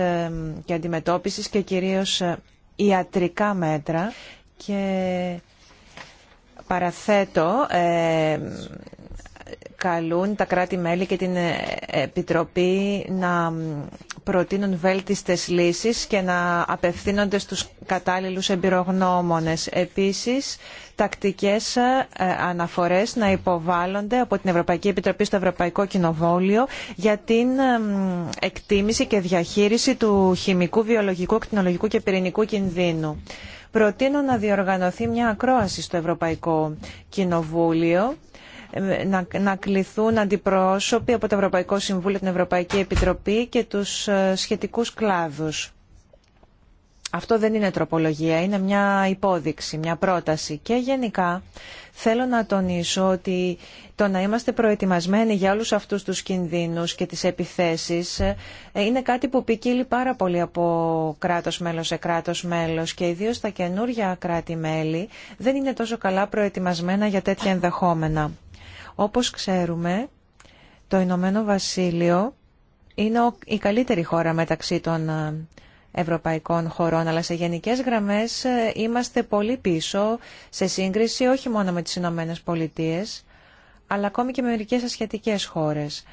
A: και αντιμετώπισης και κυρίως ε, ιατρικά μέτρα και παραθέτω ε, καλούν τα κράτη-μέλη και την ε, Επιτροπή να προτείνουν βέλτιστες λύσεις και να απευθύνονται στους κατάλληλους εμπειρογνώμονες. Επίσης, τακτικές ε, αναφορές να υποβάλλονται από την Ευρωπαϊκή Επιτροπή στο Ευρωπαϊκό Κοινοβόλιο για την εκτίμηση και διαχείριση του χημικού, βιολογικού, κτηνολογικού και πυρηνικού κινδύνου προτείνω να διοργανωθεί μια ακρόαση στο Ευρωπαϊκό Κοινοβούλιο ε, να, να κληθούν αντιπρόσωποι από το Ευρωπαϊκό Συμβούλιο, την Ευρωπαϊκή Επιτροπή και τους ε, σχετικούς κλάδους αυτό δεν είναι τροπολογία, είναι μια υπόδειξη, μια πρόταση. Και γενικά θέλω να τονίσω ότι το να είμαστε προετοιμασμένοι για όλους αυτούς τους κινδύνους και τις επιθέσεις ε, είναι κάτι που ποικίλει πάρα πολύ από κράτος μέλος σε κράτος μέλος και ιδίως τα καινούργια κράτη-μέλη δεν είναι τόσο καλά προετοιμασμένα για τέτοια ενδεχόμενα. Όπως ξέρουμε, το Ηνωμένο Βασίλειο είναι η καλύτερη χώρα μεταξύ των ε, ευρωπαϊκών χωρών, αλλά σε γενικές γραμμές ε, είμαστε πολύ πίσω σε σύγκριση όχι μόνο με τις Ηνωμένε Πολιτείε, αλλά ακόμη και με μερικές ασιατικές χώρες.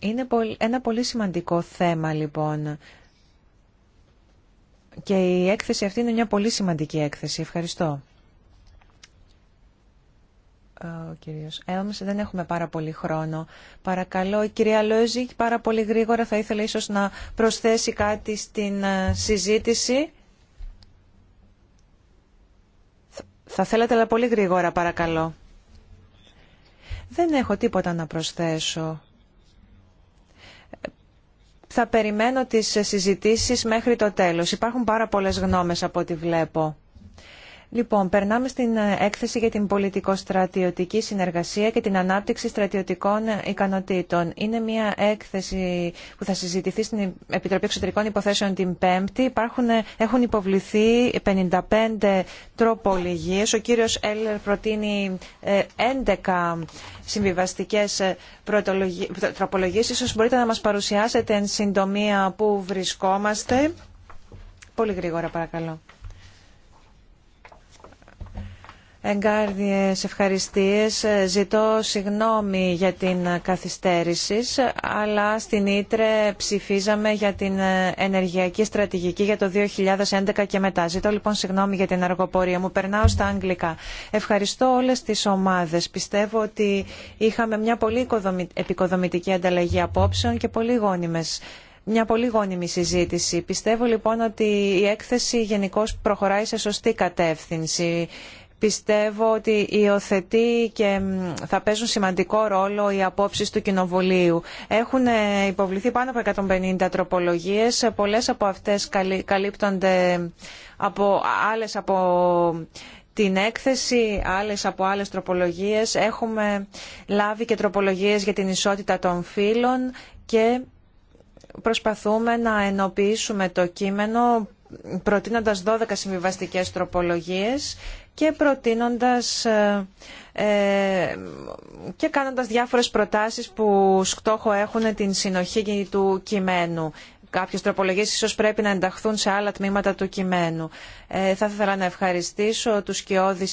A: Είναι ένα πολύ σημαντικό θέμα λοιπόν και η έκθεση αυτή είναι μια πολύ σημαντική έκθεση. Ευχαριστώ. Ε, ο κύριος Έλμς. Δεν έχουμε πάρα πολύ χρόνο. Παρακαλώ, η κυρία Λόζη πάρα πολύ γρήγορα θα ήθελε ίσως να προσθέσει κάτι στην ε, συζήτηση. Θα θέλατε, αλλά πολύ γρήγορα, παρακαλώ. Δεν έχω τίποτα να προσθέσω. Θα περιμένω τις συζητήσεις μέχρι το τέλος. Υπάρχουν πάρα πολλές γνώμες από ό,τι βλέπω. Λοιπόν, περνάμε στην ε, έκθεση για την πολιτικο-στρατιωτική συνεργασία και την ανάπτυξη στρατιωτικών ε, ικανοτήτων. Είναι μια έκθεση που θα συζητηθεί στην Επιτροπή Εξωτερικών Υποθέσεων την Πέμπτη. Υπάρχουν, ε, έχουν υποβληθεί 55 τροπολογίες. Ο κύριος Έλλερ προτείνει 11 συμβιβαστικές τροπολογίες. Ίσως μπορείτε να μας παρουσιάσετε εν συντομία που βρισκόμαστε. Πολύ γρήγορα παρακαλώ. εγκάρδιες ευχαριστίες. Ε, ζητώ συγνώμη για την ε, καθυστέρηση, αλλά στην Ήτρε ψηφίζαμε για την ε, ενεργειακή στρατηγική για το 2011 και μετά. Ζητώ λοιπόν συγνώμη για την αργοπορία μου. Περνάω στα αγγλικά. Ευχαριστώ όλες τις ομάδες. Πιστεύω ότι είχαμε μια πολύ επικοδομητική ανταλλαγή απόψεων και πολύ γόνιμες μια πολύ γόνιμη συζήτηση. Πιστεύω λοιπόν ότι η έκθεση γενικώ προχωράει σε σωστή κατεύθυνση πιστεύω ότι υιοθετεί και θα παίζουν σημαντικό ρόλο οι απόψεις του Κοινοβουλίου. Έχουν ε, υποβληθεί πάνω από 150 τροπολογίες, πολλές από αυτές καλύπτονται από άλλες από την έκθεση, άλλες από άλλες τροπολογίες. Έχουμε λάβει και τροπολογίες για την ισότητα των φύλων και προσπαθούμε να ενοποιήσουμε το κείμενο προτείνοντας 12 συμβιβαστικές τροπολογίες και προτείνοντας ε, ε, και κάνοντας διάφορες προτάσεις που στόχο έχουν την συνοχή του κειμένου. Κάποιε τροπολογίε ίσω πρέπει να ενταχθούν σε άλλα τμήματα του κειμένου. Ε, θα ήθελα να ευχαριστήσω του κοιόδη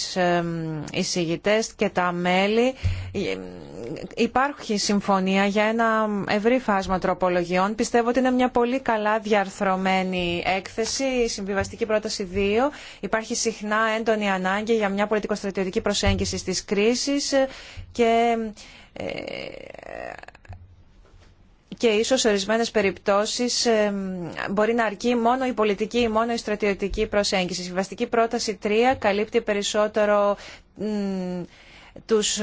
A: εισηγητέ και τα μέλη υπάρχει συμφωνία για ένα ευρύ φάσμα τροπολογιών. Πιστεύω ότι είναι μια πολύ καλά διαρθρωμένη έκθεση, η συμβιβαστική πρόταση 2. Υπάρχει συχνά έντονη ανάγκη για μια πολιτικοστρατιωτική προσέγγιση στις κρίσεις και ε, και ίσως σε ορισμένες περιπτώσεις ε, μπορεί να αρκεί μόνο η πολιτική ή μόνο η στρατιωτική προσέγγιση. Η συμβαστική συμβιβαστικη προταση 3 καλύπτει περισσότερο τους,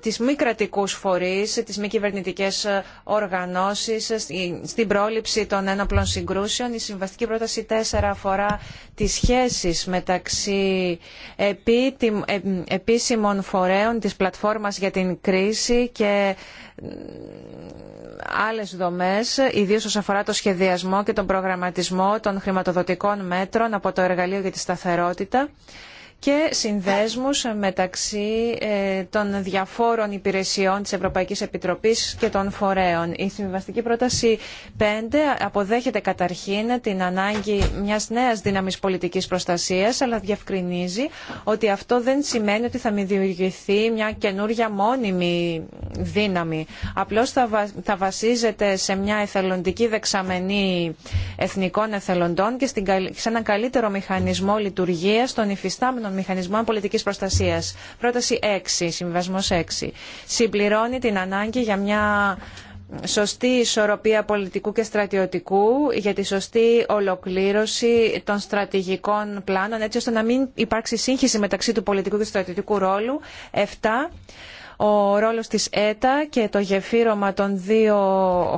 A: τις μη κρατικούς φορείς, τις μη κυβερνητικές ε, οργανώσεις ε, στην πρόληψη των έναπλων συγκρούσεων. Η συμβαστική πρόταση 4 αφορά τις σχέσεις μεταξύ ε, επίσημων φορέων της πλατφόρμας για την κρίση και άλλες δομές, ιδίως όσον αφορά το σχεδιασμό και τον προγραμματισμό των χρηματοδοτικών μέτρων από το Εργαλείο για τη Σταθερότητα και συνδέσμους μεταξύ ε, των διαφόρων υπηρεσιών της Ευρωπαϊκής Επιτροπής και των φορέων. Η συμβιβαστική πρόταση 5 αποδέχεται καταρχήν την ανάγκη μιας νέας δύναμης πολιτικής προστασίας, αλλά διευκρινίζει ότι αυτό δεν σημαίνει ότι θα δημιουργηθεί μια καινούργια μόνιμη δύναμη. Απλώς θα βασίζεται σε μια εθελοντική δεξαμενή εθνικών εθελοντών και σε έναν καλύτερο μηχανισμό λειτουργίας των υφιστάμενων των μηχανισμών πολιτικής προστασίας. Πρόταση 6, συμβιβασμός 6. Συμπληρώνει την ανάγκη για μια σωστή ισορροπία πολιτικού και στρατιωτικού για τη σωστή ολοκλήρωση των στρατηγικών πλάνων έτσι ώστε να μην υπάρξει σύγχυση μεταξύ του πολιτικού και στρατιωτικού ρόλου. 7 ο ρόλος της ΕΤΑ και το γεφύρωμα των δύο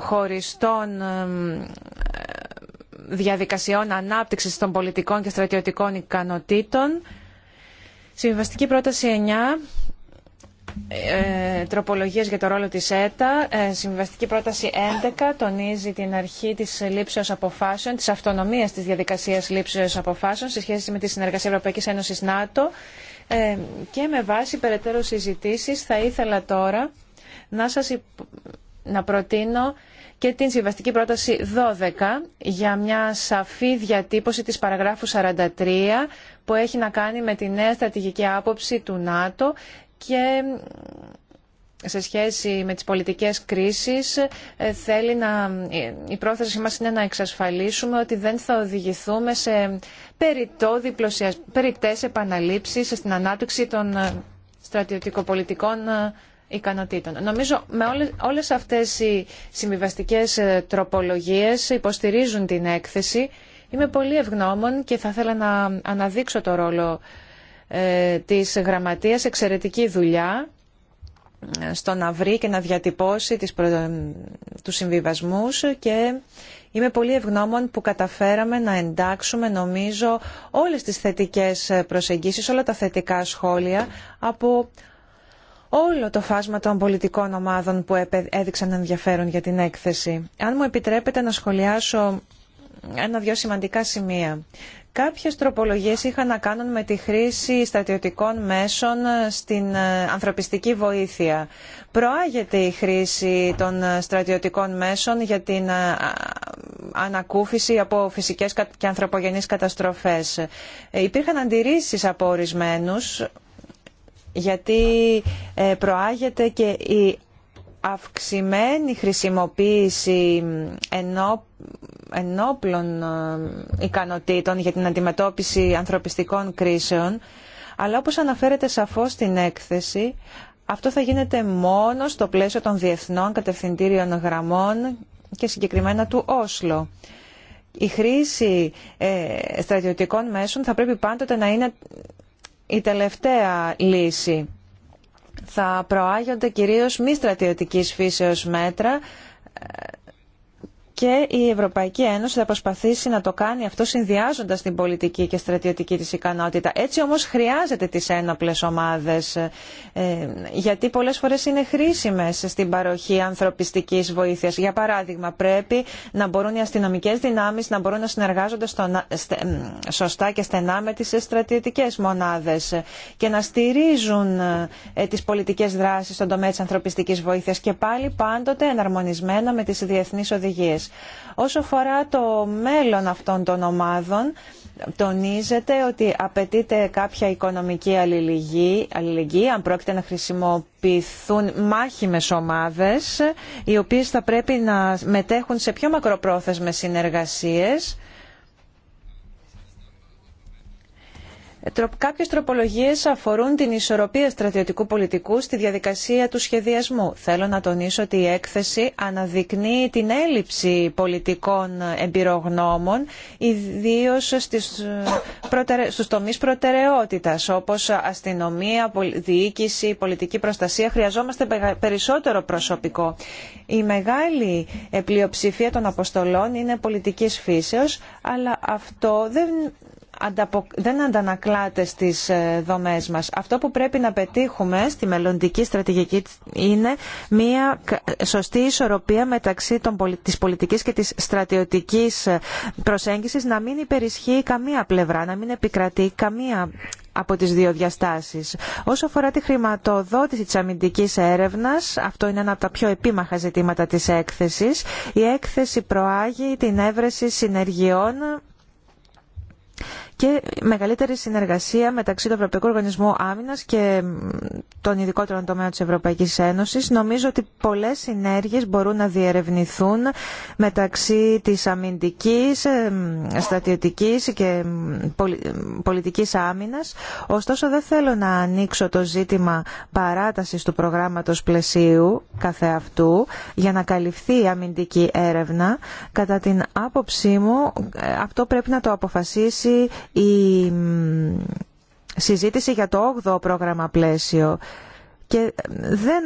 A: χωριστών διαδικασιών ανάπτυξης των πολιτικών και στρατιωτικών ικανοτήτων Συμβαστική πρόταση 9 ε, τροπολογίες για το ρόλο της ΕΤΑ. Ε, συμβαστική πρόταση 11 τονίζει την αρχή της λήψεως αποφάσεων, της αυτονομίας της διαδικασίας λήψεως αποφάσεων σε σχέση με τη συνεργασία Ευρωπαϊκής Ένωσης ΝΑΤΟ ε, και με βάση περαιτέρω συζητήσεις θα ήθελα τώρα να σας να προτείνω και την συμβαστική πρόταση 12 για μια σαφή διατύπωση της παραγράφου 43 που έχει να κάνει με τη νέα στρατηγική άποψη του ΝΑΤΟ και σε σχέση με τις πολιτικές κρίσεις ε, θέλει να, ε, η πρόθεση μας είναι να εξασφαλίσουμε ότι δεν θα οδηγηθούμε σε περιττό επαναλήψεις στην ανάπτυξη των ε, στρατιωτικοπολιτικών ικανοτήτων. Νομίζω με όλες, όλες αυτές οι συμβιβαστικέ ε, τροπολογίες υποστηρίζουν την έκθεση. Είμαι πολύ ευγνώμων και θα ήθελα να αναδείξω το ρόλο ε, της γραμματείας. Εξαιρετική δουλειά ε, στο να βρει και να διατυπώσει τις προ... τους συμβιβασμούς και είμαι πολύ ευγνώμων που καταφέραμε να εντάξουμε νομίζω όλες τις θετικές προσεγγίσεις, όλα τα θετικά σχόλια από όλο το φάσμα των πολιτικών ομάδων που έδειξαν ενδιαφέρον για την έκθεση. Αν μου επιτρέπετε να σχολιάσω ένα-δυο σημαντικά σημεία. Κάποιες τροπολογίες είχαν να κάνουν με τη χρήση στρατιωτικών μέσων στην ε, ανθρωπιστική βοήθεια. Προάγεται η χρήση των ε, στρατιωτικών μέσων για την ε, ανακούφιση από φυσικές και ανθρωπογενείς καταστροφές. Υπήρχαν αντιρρήσεις από ορισμένους γιατί ε, προάγεται και η αυξημένη χρησιμοποίηση ενόπλων ε, ικανοτήτων για την αντιμετώπιση ανθρωπιστικών κρίσεων, αλλά όπως αναφέρεται σαφώς στην έκθεση, αυτό θα γίνεται μόνο στο πλαίσιο των διεθνών κατευθυντήριων γραμμών και συγκεκριμένα του Όσλο. Η χρήση ε, στρατιωτικών μέσων θα πρέπει πάντοτε να είναι η τελευταία λύση. Θα προάγονται κυρίως μη στρατιωτικής φύσεως μέτρα και η Ευρωπαϊκή Ένωση θα προσπαθήσει να το κάνει αυτό συνδυάζοντα την πολιτική και στρατιωτική τη ικανότητα. Έτσι όμω χρειάζεται τις ένοπλες ομάδες, ε, γιατί πολλέ φορέ είναι χρήσιμε στην παροχή ανθρωπιστική βοήθεια. Για παράδειγμα, πρέπει να μπορούν οι αστυνομικέ δυνάμει να μπορούν να συνεργάζονται σωστά και στενά με τι στρατιωτικέ μονάδε και να στηρίζουν ε, τι πολιτικέ δράσει στον τομέα τη ανθρωπιστική βοήθεια και πάλι πάντοτε εναρμονισμένα με τι διεθνεί οδηγίες. Όσο αφορά το μέλλον αυτών των ομάδων, τονίζεται ότι απαιτείται κάποια οικονομική αλληλεγγύη, αλληλεγγύη αν πρόκειται να χρησιμοποιηθούν μάχημες ομάδες, οι οποίες θα πρέπει να μετέχουν σε πιο μακροπρόθεσμες συνεργασίες Κάποιες τροπολογίες αφορούν την ισορροπία στρατιωτικού πολιτικού στη διαδικασία του σχεδιασμού. Θέλω να τονίσω ότι η έκθεση αναδεικνύει την έλλειψη πολιτικών εμπειρογνώμων, ιδίως στις, στους τομείς προτεραιότητας, όπως αστυνομία, διοίκηση, πολιτική προστασία. Χρειαζόμαστε περισσότερο προσωπικό. Η μεγάλη πλειοψηφία των αποστολών είναι πολιτικής φύσεως, αλλά αυτό δεν δεν αντανακλάται στις ε, δομές μας. Αυτό που πρέπει να πετύχουμε στη μελλοντική στρατηγική είναι μια σωστή ισορροπία μεταξύ των, της και της στρατιωτικής ε, προσέγγισης να μην υπερισχύει καμία πλευρά, να μην επικρατεί καμία από τις δύο διαστάσεις. Όσο αφορά τη χρηματοδότηση της αμυντικής έρευνας, αυτό είναι ένα από τα πιο επίμαχα ζητήματα της έκθεσης. Η έκθεση προάγει την έβρεση συνεργειών και μεγαλύτερη συνεργασία μεταξύ του Ευρωπαϊκού Οργανισμού Άμυνα και των ειδικότερων τομέων της Ευρωπαϊκής Ένωσης. Νομίζω ότι πολλές συνέργειες μπορούν να διερευνηθούν μεταξύ της αμυντικής, ε, στρατιωτική και ε, πολιτικής άμυνα. Ωστόσο δεν θέλω να ανοίξω το ζήτημα παράτασης του προγράμματος πλαισίου καθεαυτού για να καλυφθεί η αμυντική έρευνα. Κατά την άποψή μου ε, αυτό πρέπει να το αποφασίσει η συζήτηση για το 8ο πρόγραμμα πλαίσιο και δεν,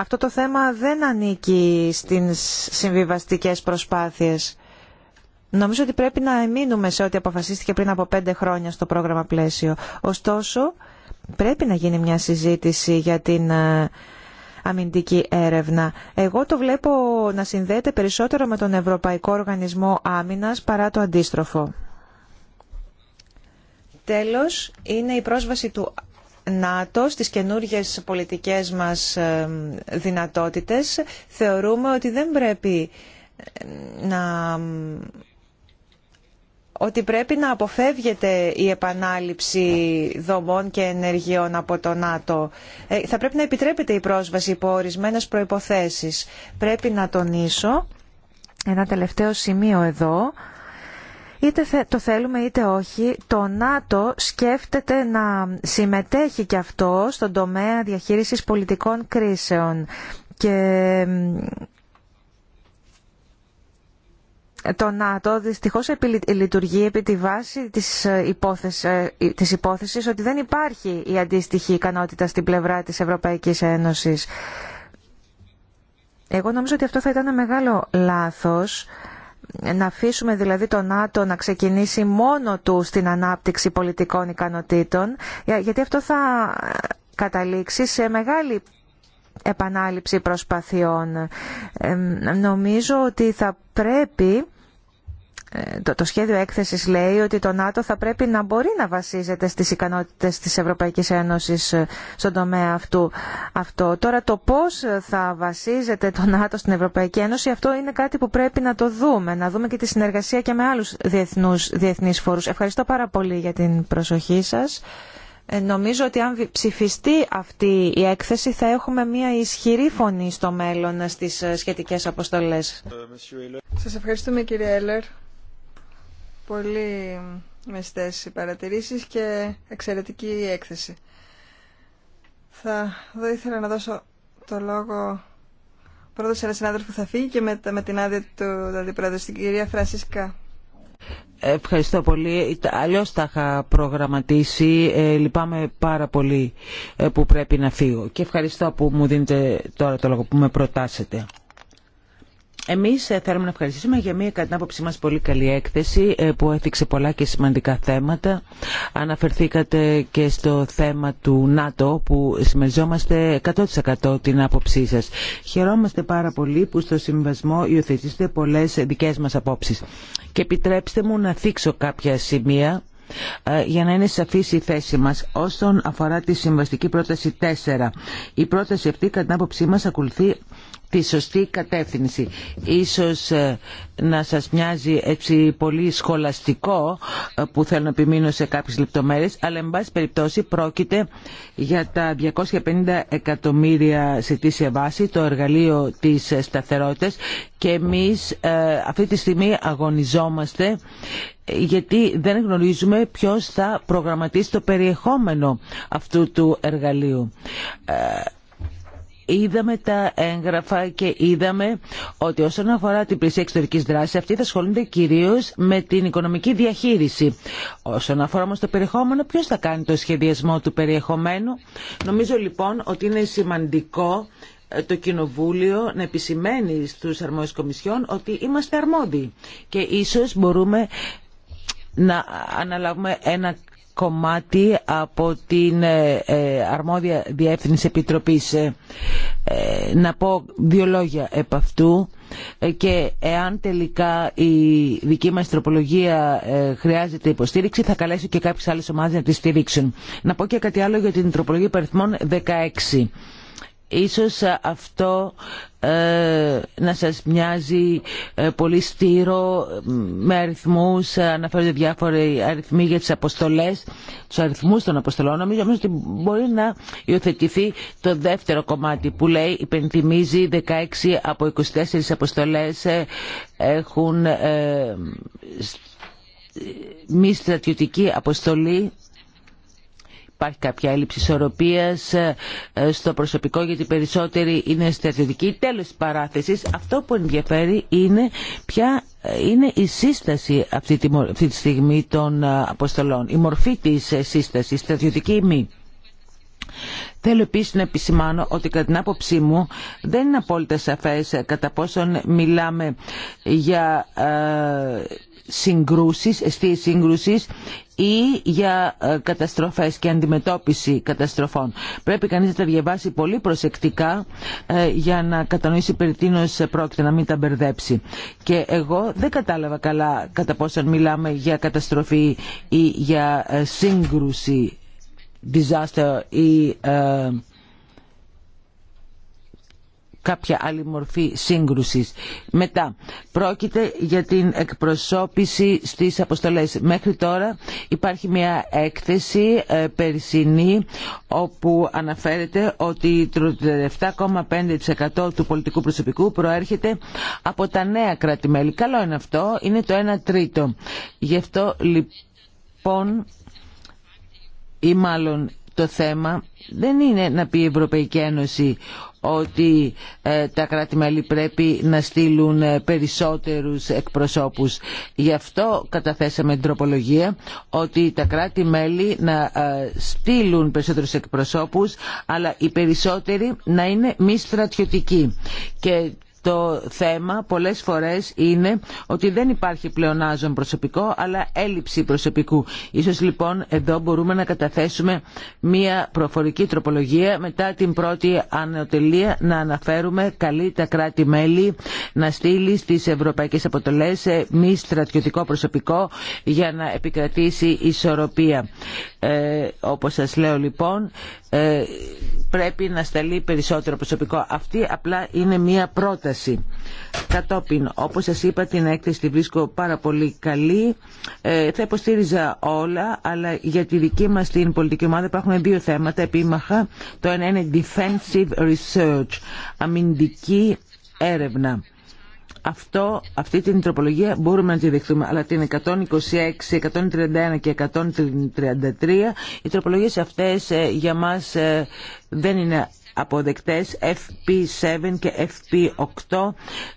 A: αυτό το θέμα δεν ανήκει στις συμβιβαστικές προσπάθειες. Νομίζω ότι πρέπει να εμείνουμε σε ό,τι αποφασίστηκε πριν από πέντε χρόνια στο πρόγραμμα πλαίσιο. Ωστόσο, πρέπει να γίνει μια συζήτηση για την ε, αμυντική έρευνα. Εγώ το βλέπω να συνδέεται περισσότερο με τον Ευρωπαϊκό Οργανισμό Άμυνας παρά το αντίστροφο. Τέλος, είναι η πρόσβαση του ΝΑΤΟ στις καινούργιες πολιτικές μας ε, δυνατότητες. Θεωρούμε ότι δεν πρέπει ε, να ότι πρέπει να αποφεύγεται η επανάληψη δομών και ενεργειών από το ΝΑΤΟ. Ε, θα πρέπει να επιτρέπεται η πρόσβαση υπό ορισμένε προϋποθέσεις. Πρέπει να τονίσω ένα τελευταίο σημείο εδώ Είτε το θέλουμε είτε όχι, το ΝΑΤΟ σκέφτεται να συμμετέχει και αυτό στον τομέα διαχείρισης πολιτικών κρίσεων. Και το ΝΑΤΟ δυστυχώς λειτουργεί επί τη βάση της ε, υπόθεσης, ε, της υπόθεσης ότι δεν υπάρχει η αντίστοιχη ικανότητα στην πλευρά της Ευρωπαϊκής Ένωσης. Εγώ νομίζω ότι αυτό θα ήταν ένα μεγάλο λάθος να αφήσουμε δηλαδή το ΝΑΤΟ να ξεκινήσει μόνο του στην ανάπτυξη πολιτικών ικανοτήτων, γιατί αυτό θα καταλήξει σε μεγάλη επανάληψη προσπαθειών. νομίζω ότι θα πρέπει ε, το, το σχέδιο έκθεσης λέει ότι το ΝΑΤΟ θα πρέπει να μπορεί να βασίζεται στις ικανότητες της Ευρωπαϊκής Ένωσης ε, στον τομέα αυτού. Αυτό. Τώρα το πώς θα βασίζεται το ΝΑΤΟ στην Ευρωπαϊκή Ένωση αυτό είναι κάτι που πρέπει να το δούμε. Να δούμε και τη συνεργασία και με άλλους διεθνούς, διεθνείς φόρους. Ευχαριστώ πάρα πολύ για την προσοχή σας. Ε, νομίζω ότι αν ψηφιστεί αυτή η έκθεση θα έχουμε μια ισχυρή φωνή στο μέλλον στις σχετικές αποστολές.
B: Σας ευχαριστούμε κύριε Έλερ. Πολύ μεστές οι παρατηρήσεις και εξαιρετική η έκθεση. Θα ήθελα να δώσω το λόγο πρώτος σε ένα συνάδελφο που θα φύγει και με, με την άδεια του αντιπρόεδρου, στην κυρία Φρασίσκα.
C: Ευχαριστώ πολύ. Αλλιώς τα είχα προγραμματίσει. Ε, λυπάμαι πάρα πολύ ε, που πρέπει να φύγω. Και ευχαριστώ που μου δίνετε τώρα το λόγο που με προτάσετε. Εμεί ε, θέλουμε να ευχαριστήσουμε για μια κατά την άποψή μας πολύ καλή έκθεση ε, που έθιξε πολλά και σημαντικά θέματα. Αναφερθήκατε και στο θέμα του ΝΑΤΟ που συμμεριζόμαστε 100% την άποψή σα. Χαιρόμαστε πάρα πολύ που στο συμβασμό υιοθετήσετε πολλέ δικέ μας απόψεις. Και επιτρέψτε μου να θίξω κάποια σημεία ε, για να είναι σαφή η θέση μας όσον αφορά τη συμβαστική πρόταση 4. Η πρόταση αυτή κατά την άποψή μας ακολουθεί τη σωστή κατεύθυνση. Ίσως ε, να σας μοιάζει έτσι πολύ σχολαστικό ε, που θέλω να επιμείνω σε κάποιες λεπτομέρειες αλλά εν πάση περιπτώσει πρόκειται για τα 250 εκατομμύρια σε τήσια βάση το εργαλείο της σταθερότητας και εμείς ε, αυτή τη στιγμή αγωνιζόμαστε γιατί δεν γνωρίζουμε ποιος θα προγραμματίσει το περιεχόμενο αυτού του εργαλείου είδαμε τα έγγραφα και είδαμε ότι όσον αφορά την πλησία εξωτερική δράση, αυτή θα ασχολούνται κυρίω με την οικονομική διαχείριση. Όσον αφορά όμω το περιεχόμενο, ποιο θα κάνει το σχεδιασμό του περιεχομένου. Νομίζω λοιπόν ότι είναι σημαντικό ε, το Κοινοβούλιο να επισημαίνει στους αρμόδιους κομισιών ότι είμαστε αρμόδιοι και ίσως μπορούμε να αναλάβουμε ένα κομμάτι από την ε, ε, αρμόδια διεύθυνση επιτροπής. Ε, να πω δύο λόγια επ' αυτού και εάν τελικά η δική μας τροπολογία χρειάζεται υποστήριξη θα καλέσω και κάποιες άλλες ομάδες να τη στηρίξουν. Να πω και κάτι άλλο για την τροπολογία υπεριθμών 16 Ίσως αυτό ε, να σας μοιάζει ε, πολύ στήρο με αριθμούς, ε, αναφέρονται διάφοροι αριθμοί για τις αποστολές, τους αριθμούς των αποστολών. Νομίζω ότι μπορεί να υιοθετηθεί το δεύτερο κομμάτι που λέει υπενθυμίζει 16 από 24 αποστολές ε, έχουν μη στρατιωτική αποστολή υπάρχει κάποια έλλειψη ισορροπίας ε, ε, στο προσωπικό γιατί περισσότεροι είναι στρατιωτικοί. Τέλος της παράθεσης, αυτό που ενδιαφέρει είναι ποια ε, είναι η σύσταση αυτή τη, στιγμή των αποστολών, η μορφή της σύστασης, στρατιωτική ή μη. Θέλω επίσης να επισημάνω ότι κατά την άποψή μου δεν είναι απόλυτα σαφές κατά πόσον μιλάμε για συγκρούσεις, αιστείες σύγκρουσης ή για ε, καταστροφές και αντιμετώπιση καταστροφών. Πρέπει κανείς να τα διαβάσει πολύ προσεκτικά ε, για να κατανοήσει περί τίνος ε, πρόκειται να μην τα μπερδέψει. Και εγώ δεν κατάλαβα καλά κατά πόσο μιλάμε για καταστροφή ή για σύγκρουση disaster ή κάποια άλλη μορφή σύγκρουσης. Μετά, πρόκειται για την εκπροσώπηση στις αποστολές. Μέχρι τώρα υπάρχει μια έκθεση ε, περσινή όπου αναφέρεται ότι το 37,5% του πολιτικού προσωπικού προέρχεται από τα νέα κράτη-μέλη. Καλό είναι αυτό, είναι το 1 τρίτο. Γι' αυτό λοιπόν ή μάλλον το θέμα δεν είναι να πει η Ευρωπαϊκή Ένωση ότι ε, τα κράτη-μέλη πρέπει να στείλουν ε, περισσότερους εκπροσώπους. Γι' αυτό καταθέσαμε την τροπολογία ότι τα κράτη-μέλη να ε, στείλουν περισσότερους εκπροσώπους αλλά οι περισσότεροι να είναι μη στρατιωτικοί. Το θέμα πολλές φορές είναι ότι δεν υπάρχει πλεονάζον προσωπικό αλλά έλλειψη προσωπικού. Ίσως λοιπόν εδώ μπορούμε να καταθέσουμε μία προφορική τροπολογία μετά την πρώτη ανατελεία να αναφέρουμε καλή τα κράτη-μέλη να στείλει στις ευρωπαϊκές αποτολές ε, μη στρατιωτικό προσωπικό για να επικρατήσει ισορροπία. Ε, όπως σας λέω λοιπόν ε, πρέπει να σταλεί περισσότερο προσωπικό. Αυτή απλά είναι μία πρόταση. Κατόπιν, όπως σας είπα την έκθεση τη βρίσκω πάρα πολύ καλή. Ε, θα υποστήριζα όλα, αλλά για τη δική μας την πολιτική ομάδα υπάρχουν δύο θέματα επίμαχα. Το ένα είναι defensive research, αμυντική έρευνα. Αυτό, αυτή την τροπολογία μπορούμε να τη δεχτούμε, αλλά την 126, 131 και 133, οι τροπολογίες αυτές ε, για μας ε, δεν είναι αποδεκτές FP7 και FP8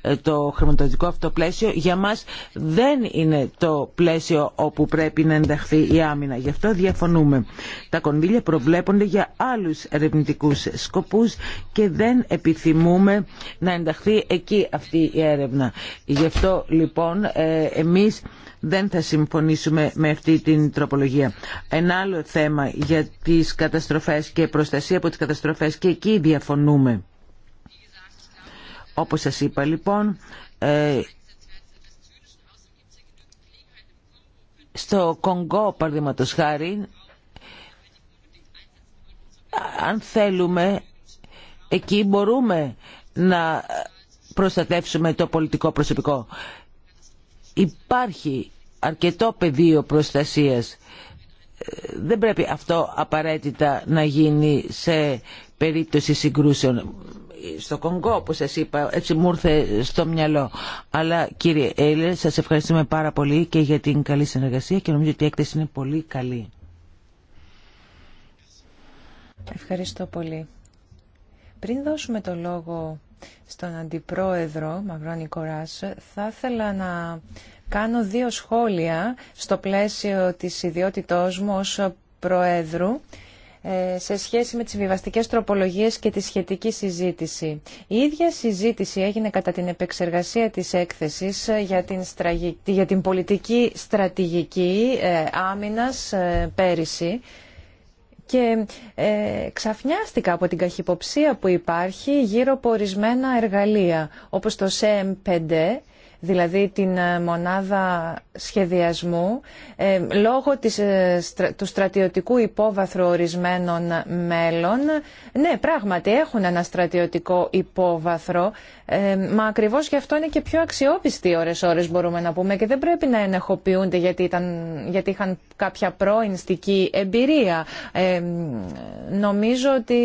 C: ε, το χρηματοδοτικό αυτό πλαίσιο για μας δεν είναι το πλαίσιο όπου πρέπει να ενταχθεί η άμυνα. Γι' αυτό διαφωνούμε. Τα κονδύλια προβλέπονται για άλλους ερευνητικούς σκοπούς και δεν επιθυμούμε να ενταχθεί εκεί αυτή η έρευνα. Γι' αυτό λοιπόν ε, εμείς δεν θα συμφωνήσουμε με αυτή την τροπολογία. Ένα άλλο θέμα για τις καταστροφές και προστασία από τις καταστροφές και εκεί διαφωνούμε. Όπως σας είπα λοιπόν, ε, στο Κονγκό παραδείγματος χάρη, αν θέλουμε, εκεί μπορούμε να προστατεύσουμε το πολιτικό προσωπικό. Υπάρχει αρκετό πεδίο προστασίας. Δεν πρέπει αυτό απαραίτητα να γίνει σε περίπτωση συγκρούσεων στο Κονγκό που σας είπα έτσι μου ήρθε στο μυαλό αλλά κύριε Έιλερ σας ευχαριστούμε πάρα πολύ και για την καλή συνεργασία και νομίζω ότι η έκθεση είναι πολύ καλή
A: Ευχαριστώ πολύ Πριν δώσουμε το λόγο στον Αντιπρόεδρο Μαυρό Κοράς. Θα ήθελα να κάνω δύο σχόλια στο πλαίσιο της ιδιότητός μου ως Προέδρου ε, σε σχέση με τις βιβαστικές τροπολογίες και τη σχετική συζήτηση. Η ίδια συζήτηση έγινε κατά την επεξεργασία της έκθεσης ε, για την, για την πολιτική στρατηγική ε, άμυνας πέρυσι και ε, ξαφνιάστηκα από την καχυποψία που υπάρχει γύρω από ορισμένα εργαλεία όπως το CM5 δηλαδή την ε, μονάδα σχεδιασμού, ε, λόγω της, ε, του στρατιωτικού υπόβαθρου ορισμένων μέλων, ναι, πράγματι έχουν ένα στρατιωτικό υπόβαθρο, μα ακριβώς γι' αυτό είναι και πιο αξιόπιστοι ώρες-ώρες μπορούμε να πούμε και δεν πρέπει να ενεχοποιούνται γιατί, ήταν, γιατί είχαν κάποια προϊνστική εμπειρία. Ε, νομίζω ότι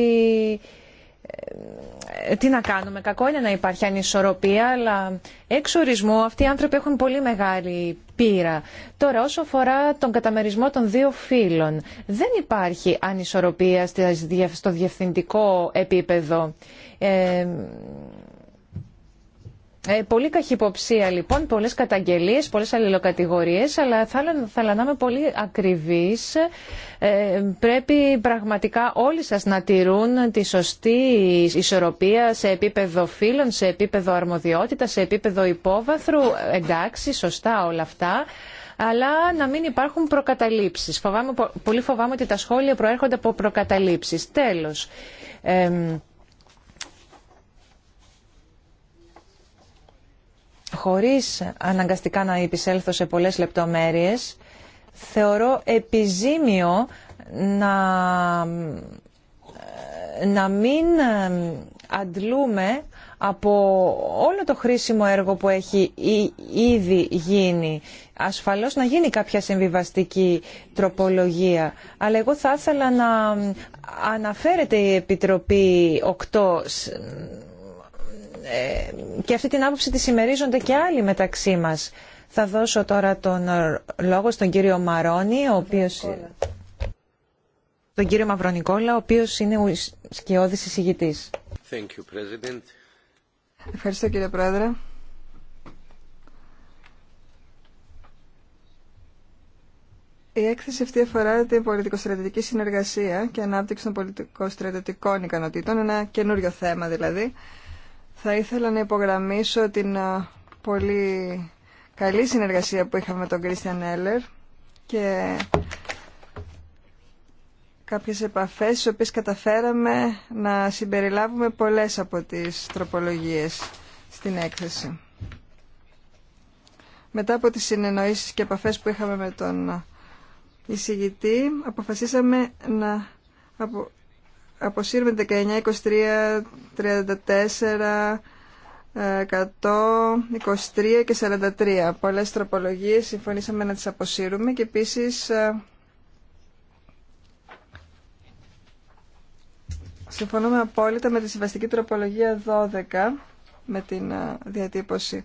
A: ε, τι να κάνουμε, κακό είναι να υπάρχει ανισορροπία, αλλά εξ ορισμού αυτοί οι άνθρωποι έχουν πολύ μεγάλη πείρα. Τώρα, όσο αφορά τον καταμερισμό των δύο φύλων, δεν υπάρχει ανισορροπία στο διευθυντικό επίπεδο. Ε, ε, πολύ καχυποψία λοιπόν, πολλές καταγγελίες, πολλές αλληλοκατηγορίες, αλλά θα, θα να είμαι πολύ ακριβής. Ε, πρέπει πραγματικά όλοι σας να τηρούν τη σωστή ισορροπία σε επίπεδο φύλων, σε επίπεδο αρμοδιότητα, σε επίπεδο υπόβαθρου. Εντάξει, σωστά όλα αυτά αλλά να μην υπάρχουν προκαταλήψεις. πολύ φοβάμαι ότι τα σχόλια προέρχονται από προκαταλήψεις. Τέλος, χωρίς αναγκαστικά να επισέλθω σε πολλές λεπτομέρειες, θεωρώ επιζήμιο να, να μην αντλούμε από όλο το χρήσιμο έργο που έχει ήδη γίνει. Ασφαλώς να γίνει κάποια συμβιβαστική τροπολογία. Αλλά εγώ θα ήθελα να αναφέρεται η Επιτροπή 8 ε, και αυτή την άποψη τη συμμερίζονται και άλλοι μεταξύ μας. Θα δώσω τώρα τον λόγο στον κύριο Μαρόνι, ο οποίος... Τον κύριο Μαυρονικόλα, ο οποίος είναι ο σκιώδη
B: εισηγητή. Ευχαριστώ κύριε Πρόεδρε. Η έκθεση αυτή αφορά την πολιτικοστρατητική συνεργασία και ανάπτυξη των πολιτικοστρατητικών ικανοτήτων, ένα καινούριο θέμα δηλαδή, θα ήθελα να υπογραμμίσω την πολύ καλή συνεργασία που είχαμε με τον Κρίστιαν Έλερ και κάποιες επαφές στις οποίες καταφέραμε να συμπεριλάβουμε πολλές από τις τροπολογίες στην έκθεση. Μετά από τις συνεννοήσεις και επαφές που είχαμε με τον εισηγητή αποφασίσαμε να αποσύρουμε 19, 23, 34, 100, 23 και 43. Πολλές τροπολογίες συμφωνήσαμε να τις αποσύρουμε και επίσης ε, συμφωνούμε απόλυτα με τη συμβαστική τροπολογία 12 με την ε, διατύπωση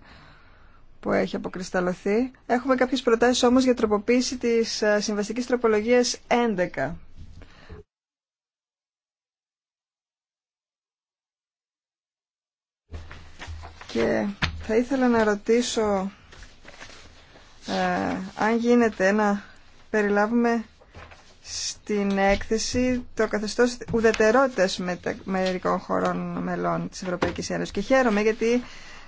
B: που έχει αποκρισταλωθεί. Έχουμε κάποιες προτάσεις όμως για τροποποίηση της ε, συμβαστικής τροπολογίας 11. Και θα ήθελα να ρωτήσω ε, αν γίνεται να περιλάβουμε στην έκθεση το καθεστώς ουδετερότητας με μερικών χωρών μελών της Ευρωπαϊκής Ένωσης. Και χαίρομαι γιατί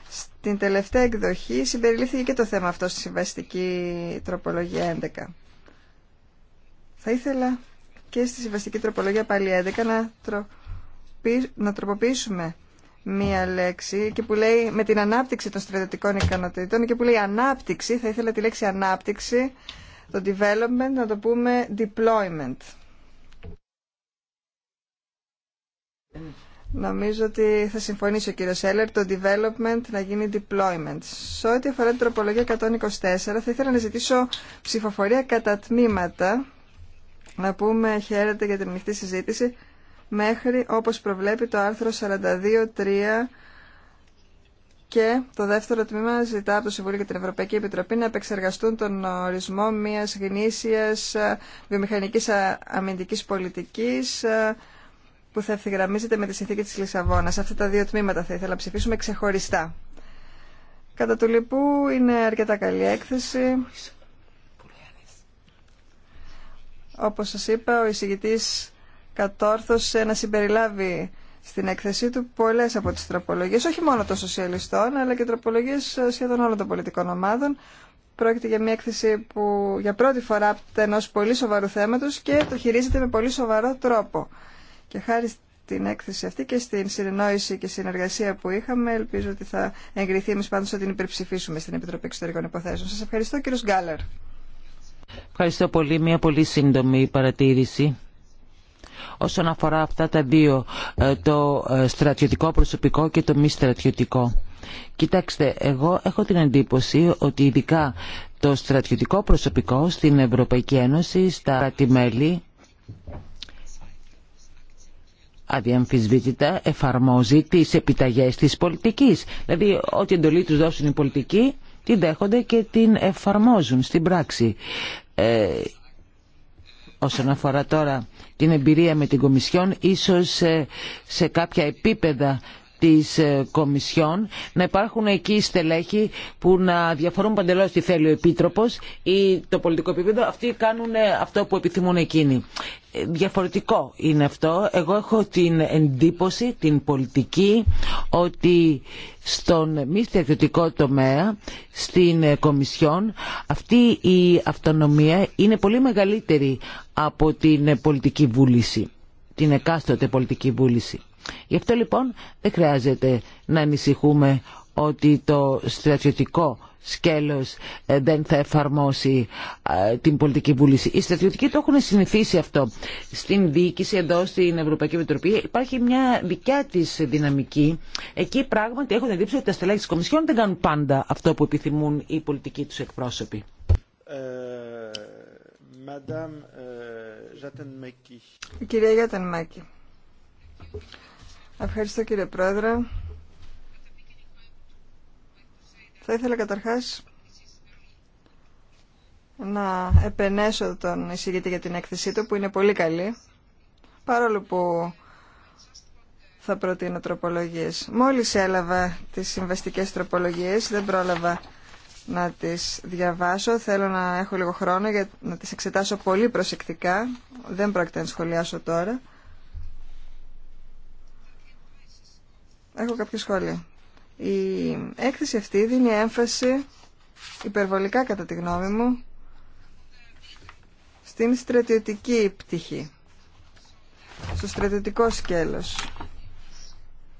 B: στην τελευταία εκδοχή συμπεριλήφθηκε και το θέμα αυτό στη συμβαστική τροπολογία 11. Θα ήθελα και στη συμβαστική τροπολογία πάλι 11 να, να τροποποιήσουμε μία λέξη και που λέει με την ανάπτυξη των στρατιωτικών ικανοτήτων και που λέει ανάπτυξη, θα ήθελα τη λέξη ανάπτυξη, το development να το πούμε deployment. Νομίζω ότι θα συμφωνήσει ο κύριο Έλερ το development να γίνει deployment. Σε ό,τι αφορά την τροπολογία 124 θα ήθελα να ζητήσω ψηφοφορία κατά τμήματα. Να πούμε χαίρετε για την ανοιχτή συζήτηση μέχρι όπως προβλέπει το άρθρο 42.3 και το δεύτερο τμήμα ζητά από το Συμβούλιο και την Ευρωπαϊκή Επιτροπή να επεξεργαστούν τον ορισμό μιας γνήσιας ε, βιομηχανικής ε, αμυντικής πολιτικής ε, που θα ευθυγραμμίζεται με τη συνθήκη της Λισαβόνας. Αυτά τα δύο τμήματα θα ήθελα να ψηφίσουμε ξεχωριστά. Κατά του λοιπού είναι αρκετά καλή έκθεση. Όπως σας είπα, ο εισηγητής κατόρθωσε να συμπεριλάβει στην έκθεσή του πολλέ από τι τροπολογίε, όχι μόνο των σοσιαλιστών, αλλά και τροπολογίε σχεδόν όλων των πολιτικών ομάδων. Πρόκειται για μια έκθεση που για πρώτη φορά άπτεται ενό πολύ σοβαρού θέματο και το χειρίζεται με πολύ σοβαρό τρόπο. Και χάρη στην έκθεση αυτή και στην συνεννόηση και συνεργασία που είχαμε. Ελπίζω ότι θα εγκριθεί εμεί πάντω ότι την υπερψηφίσουμε στην Επιτροπή Εξωτερικών Υποθέσεων. Σα ευχαριστώ, κύριο Γκάλερ.
C: Ευχαριστώ πολύ. Μια πολύ σύντομη παρατήρηση όσον αφορά αυτά τα δύο, ε, το ε, στρατιωτικό προσωπικό και το μη στρατιωτικό. Κοιτάξτε, εγώ έχω την εντύπωση ότι ειδικά το στρατιωτικό προσωπικό στην Ευρωπαϊκή Ένωση, στα κράτη-μέλη, αδιαμφισβήτητα εφαρμόζει τις επιταγές της πολιτικής. Δηλαδή, ό,τι εντολή τους δώσουν οι πολιτικοί, την δέχονται και την εφαρμόζουν στην πράξη. Ε, όσον αφορά τώρα την εμπειρία με την Κομισιόν, ίσως ε, σε κάποια επίπεδα της ε, Κομισιόν να υπάρχουν εκεί στελέχοι που να διαφορούν παντελώς τι θέλει ο Επίτροπος ή το πολιτικό επίπεδο αυτοί κάνουν ε, αυτό που επιθυμούν εκείνοι διαφορετικό είναι αυτό εγώ έχω την εντύπωση την πολιτική ότι στον μη στρατιωτικό τομέα, στην ε, Κομισιόν, αυτή η αυτονομία είναι πολύ μεγαλύτερη από την ε, πολιτική βούληση, την εκάστοτε πολιτική βούληση. Γι' αυτό λοιπόν δεν χρειάζεται να ανησυχούμε ότι το στρατιωτικό σκέλος ε, δεν θα εφαρμόσει ε, την πολιτική βούληση. Οι στρατιωτικοί το έχουν συνηθίσει αυτό. Στην διοίκηση εδώ στην Ευρωπαϊκή Επιτροπή υπάρχει μια δικιά της δυναμική. Εκεί πράγματι έχουν εντύπωση ότι τα στελέχη της Κομισιόν δεν κάνουν πάντα αυτό που επιθυμούν οι πολιτικοί τους εκπρόσωποι.
A: Ε,
B: Κυρία Γιατανμάκη. Ευχαριστώ κύριε Πρόεδρε. Θα ήθελα καταρχάς να επενέσω τον εισηγητή για την έκθεσή του που είναι πολύ καλή παρόλο που θα προτείνω τροπολογίες. Μόλις έλαβα τις συμβαστικές τροπολογίες δεν πρόλαβα να τις διαβάσω. Θέλω να έχω λίγο χρόνο για να τις εξετάσω πολύ προσεκτικά. Δεν πρόκειται να σχολιάσω τώρα. Έχω κάποια σχόλια. Η έκθεση αυτή δίνει έμφαση, υπερβολικά κατά τη γνώμη μου, στην στρατιωτική πτυχή, στο στρατιωτικό σκέλος.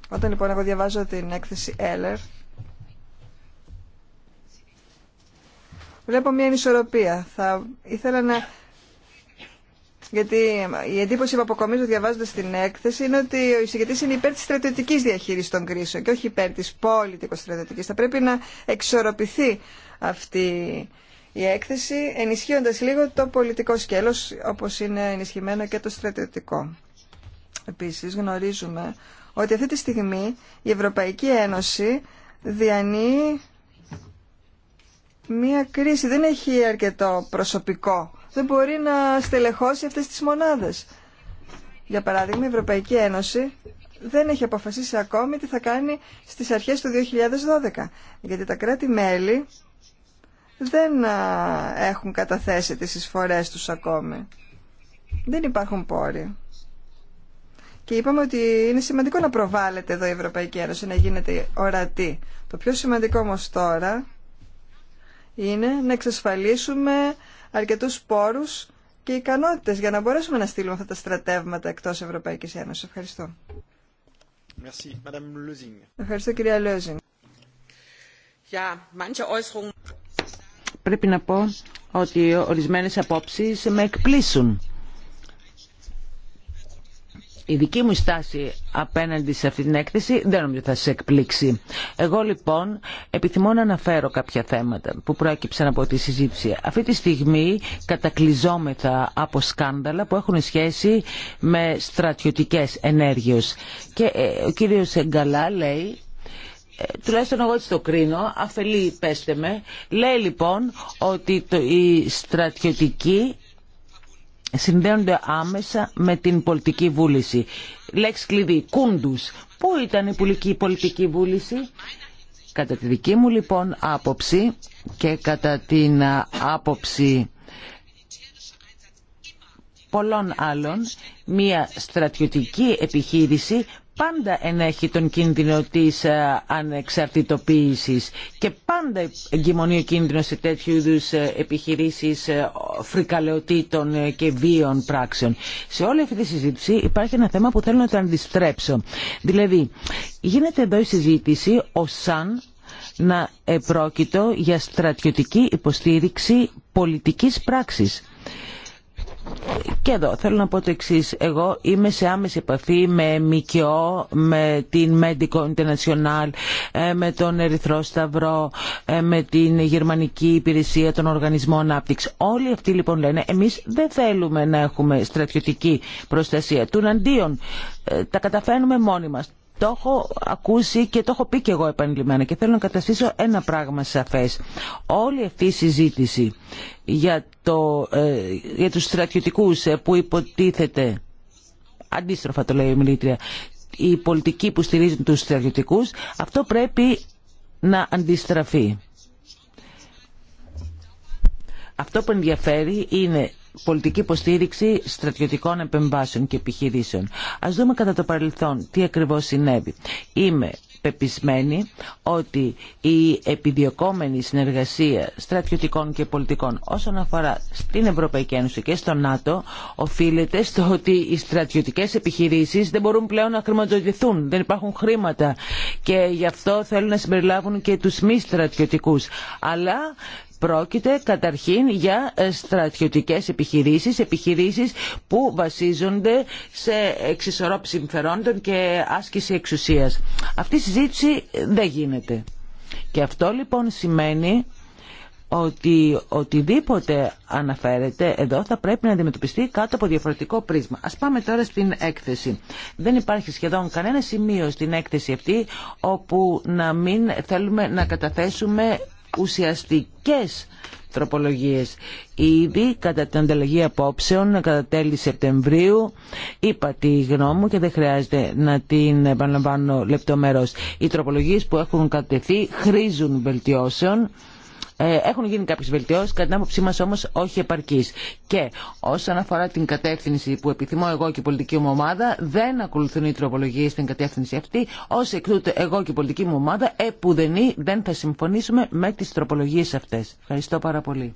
B: Όταν λοιπόν εγώ διαβάζω την έκθεση Έλερ. βλέπω μια ανισορροπία. Θα ήθελα να γιατί η εντύπωση που αποκομίζω διαβάζοντα την έκθεση είναι ότι ο εισηγητή είναι υπέρ τη στρατιωτική διαχείριση των κρίσεων και όχι υπέρ τη πολιτικο-στρατιωτική. Θα πρέπει να εξορροπηθεί αυτή η έκθεση, ενισχύοντα λίγο το πολιτικό σκέλο, όπω είναι ενισχυμένο και το στρατιωτικό. Επίση, γνωρίζουμε ότι αυτή τη στιγμή η Ευρωπαϊκή Ένωση διανύει μία κρίση. Δεν έχει αρκετό προσωπικό δεν μπορεί να στελεχώσει αυτές τις μονάδες. Για παράδειγμα, η Ευρωπαϊκή Ένωση δεν έχει αποφασίσει ακόμη τι θα κάνει στις αρχές του 2012, γιατί τα κράτη-μέλη δεν έχουν καταθέσει τις εισφορές τους ακόμη. Δεν υπάρχουν πόροι. Και είπαμε ότι είναι σημαντικό να προβάλλεται εδώ η Ευρωπαϊκή Ένωση, να γίνεται ορατή. Το πιο σημαντικό όμως τώρα είναι να εξασφαλίσουμε αρκετούς πόρους και ικανότητες για να μπορέσουμε να στείλουμε αυτά τα στρατεύματα εκτός Ευρωπαϊκής Ένωσης. Ευχαριστώ. Ευχαριστώ κυρία Λόζινγκ.
C: Πρέπει να πω ότι ορισμένες απόψεις με εκπλήσουν η δική μου στάση απέναντι σε αυτή την έκθεση δεν νομίζω θα σε εκπλήξει. Εγώ λοιπόν επιθυμώ να αναφέρω κάποια θέματα που προέκυψαν από τη συζήτηση. Αυτή τη στιγμή κατακλυζόμεθα από σκάνδαλα που έχουν σχέση με στρατιωτικές ενέργειες. Και ε, ο κύριος Εγκαλά λέει ε, τουλάχιστον εγώ έτσι το κρίνω, αφελή πέστε με, λέει λοιπόν ότι το, στρατιωτική συνδέονται άμεσα με την πολιτική βούληση. Λέξη κλειδί, κούντους. Πού ήταν η πολιτική βούληση? Κατά τη δική μου λοιπόν άποψη και κατά την άποψη πολλών άλλων, μια στρατιωτική επιχείρηση πάντα ενέχει τον κίνδυνο της ε, ανεξαρτητοποίησης και πάντα εγκυμονεί ο κίνδυνος σε τέτοιου είδου ε, επιχειρήσεις ε, φρικαλαιοτήτων και βίων πράξεων. Σε όλη αυτή τη συζήτηση υπάρχει ένα θέμα που θέλω να το αντιστρέψω. Δηλαδή, γίνεται εδώ η συζήτηση ω ΣΑΝ να επρόκειτο για στρατιωτική υποστήριξη πολιτικής πράξης. Και εδώ θέλω να πω το εξή. Εγώ είμαι σε άμεση επαφή με ΜΚΟ, με την Medico International, ε, με τον Ερυθρό Σταυρό, ε, με την Γερμανική Υπηρεσία των Οργανισμών Ανάπτυξη. Όλοι αυτοί λοιπόν λένε εμεί δεν θέλουμε να έχουμε στρατιωτική προστασία. Τουναντίον, ε, τα καταφέρνουμε μόνοι μα. Το έχω ακούσει και το έχω πει και εγώ επανειλημμένα και θέλω να καταστήσω ένα πράγμα σαφές. Όλη αυτή η συζήτηση για, το, ε, για τους στρατιωτικούς ε, που υποτίθεται, αντίστροφα το λέει η Μιλήτρια, η πολιτική που στηρίζουν τους στρατιωτικούς, αυτό πρέπει να αντιστραφεί. Αυτό που ενδιαφέρει είναι πολιτική υποστήριξη στρατιωτικών επεμβάσεων και επιχειρήσεων. Ας δούμε κατά το παρελθόν τι ακριβώς συνέβη. Είμαι πεπισμένη ότι η επιδιωκόμενη συνεργασία στρατιωτικών και πολιτικών όσον αφορά στην Ευρωπαϊκή Ένωση και στο ΝΑΤΟ οφείλεται στο ότι οι στρατιωτικές επιχειρήσεις δεν μπορούν πλέον να χρηματοδοτηθούν, δεν υπάρχουν χρήματα και γι' αυτό θέλουν να συμπεριλάβουν και τους μη στρατιωτικούς. Αλλά Πρόκειται καταρχήν για ε, στρατιωτικές επιχειρήσεις, επιχειρήσεις που βασίζονται σε εξισορρόπηση συμφερόντων και άσκηση εξουσίας. Αυτή η συζήτηση δεν γίνεται. Και αυτό λοιπόν σημαίνει ότι οτιδήποτε αναφέρεται εδώ θα πρέπει να αντιμετωπιστεί κάτω από διαφορετικό πρίσμα. Ας πάμε τώρα στην έκθεση. Δεν υπάρχει σχεδόν κανένα σημείο στην έκθεση αυτή όπου να μην θέλουμε να καταθέσουμε ουσιαστικές τροπολογίες. Ήδη κατά την ανταλλαγή απόψεων κατά τέλη Σεπτεμβρίου είπα τη γνώμη μου και δεν χρειάζεται να την επαναλαμβάνω λεπτομερώς. Οι τροπολογίες που έχουν κατευθεί χρήζουν βελτιώσεων ε, έχουν γίνει κάποιε βελτιώσει, κατά την άποψή μα όμως όχι επαρκή. Και όσον αφορά την κατεύθυνση που επιθυμώ εγώ και η πολιτική μου ομάδα, δεν ακολουθούν οι τροπολογίε στην κατεύθυνση αυτή. Ως εκ τούτου εγώ και η πολιτική μου ομάδα, επουδενή δεν θα συμφωνήσουμε με τις τροπολογίες αυτές. Ευχαριστώ πάρα πολύ.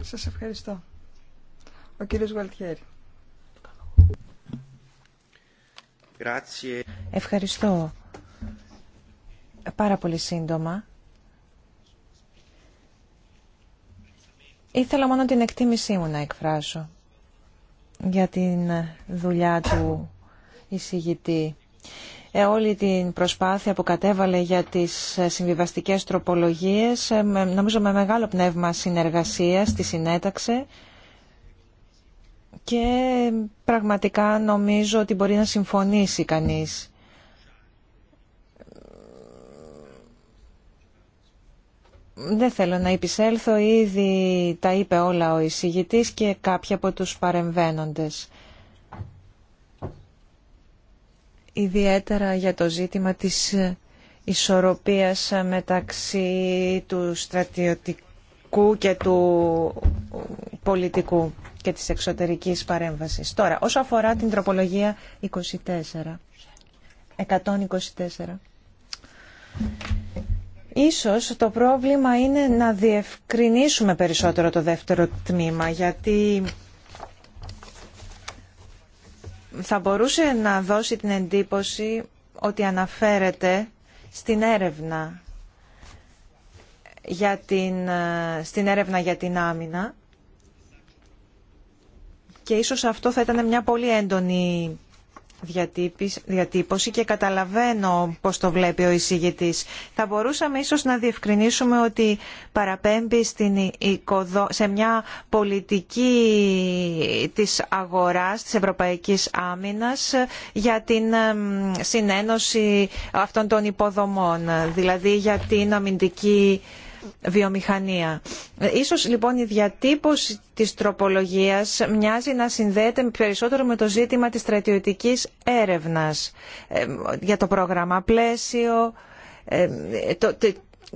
B: Σας ευχαριστώ. Ο κύριο Γουαλτιέρη.
A: Ευχαριστώ. Πάρα πολύ σύντομα. Ήθελα μόνο την εκτίμησή μου να εκφράσω για την ε, δουλειά του εισηγητή. Ε, όλη την προσπάθεια που κατέβαλε για τις ε, συμβιβαστικές τροπολογίες, νομίζω με μεγάλο πνεύμα συνεργασίας, τη συνέταξε και πραγματικά νομίζω ότι μπορεί να συμφωνήσει κανείς. Δεν θέλω να υπησέλθω. ήδη τα είπε όλα ο εισηγητής και κάποιοι από τους παρεμβαίνοντες. Ιδιαίτερα για το ζήτημα της ισορροπίας μεταξύ του στρατιωτικού και του πολιτικού και της εξωτερικής παρέμβασης. Τώρα, όσο αφορά την τροπολογία 24, 124, Ίσως το πρόβλημα είναι να διευκρινίσουμε περισσότερο το δεύτερο τμήμα, γιατί θα μπορούσε να δώσει την εντύπωση ότι αναφέρεται στην έρευνα για την, στην έρευνα για την άμυνα και ίσως αυτό θα ήταν μια πολύ έντονη διατύπωση και καταλαβαίνω πώς το βλέπει ο εισηγητής. Θα μπορούσαμε ίσως να διευκρινίσουμε ότι παραπέμπει στην σε μια πολιτική της αγοράς, της Ευρωπαϊκής Άμυνας για την συνένωση αυτών των υποδομών, δηλαδή για την αμυντική βιομηχανία. Ίσως λοιπόν η διατύπωση της τροπολογίας μοιάζει να συνδέεται περισσότερο με το ζήτημα της στρατιωτικής έρευνας ε, για το πρόγραμμα πλαίσιο, ε, το,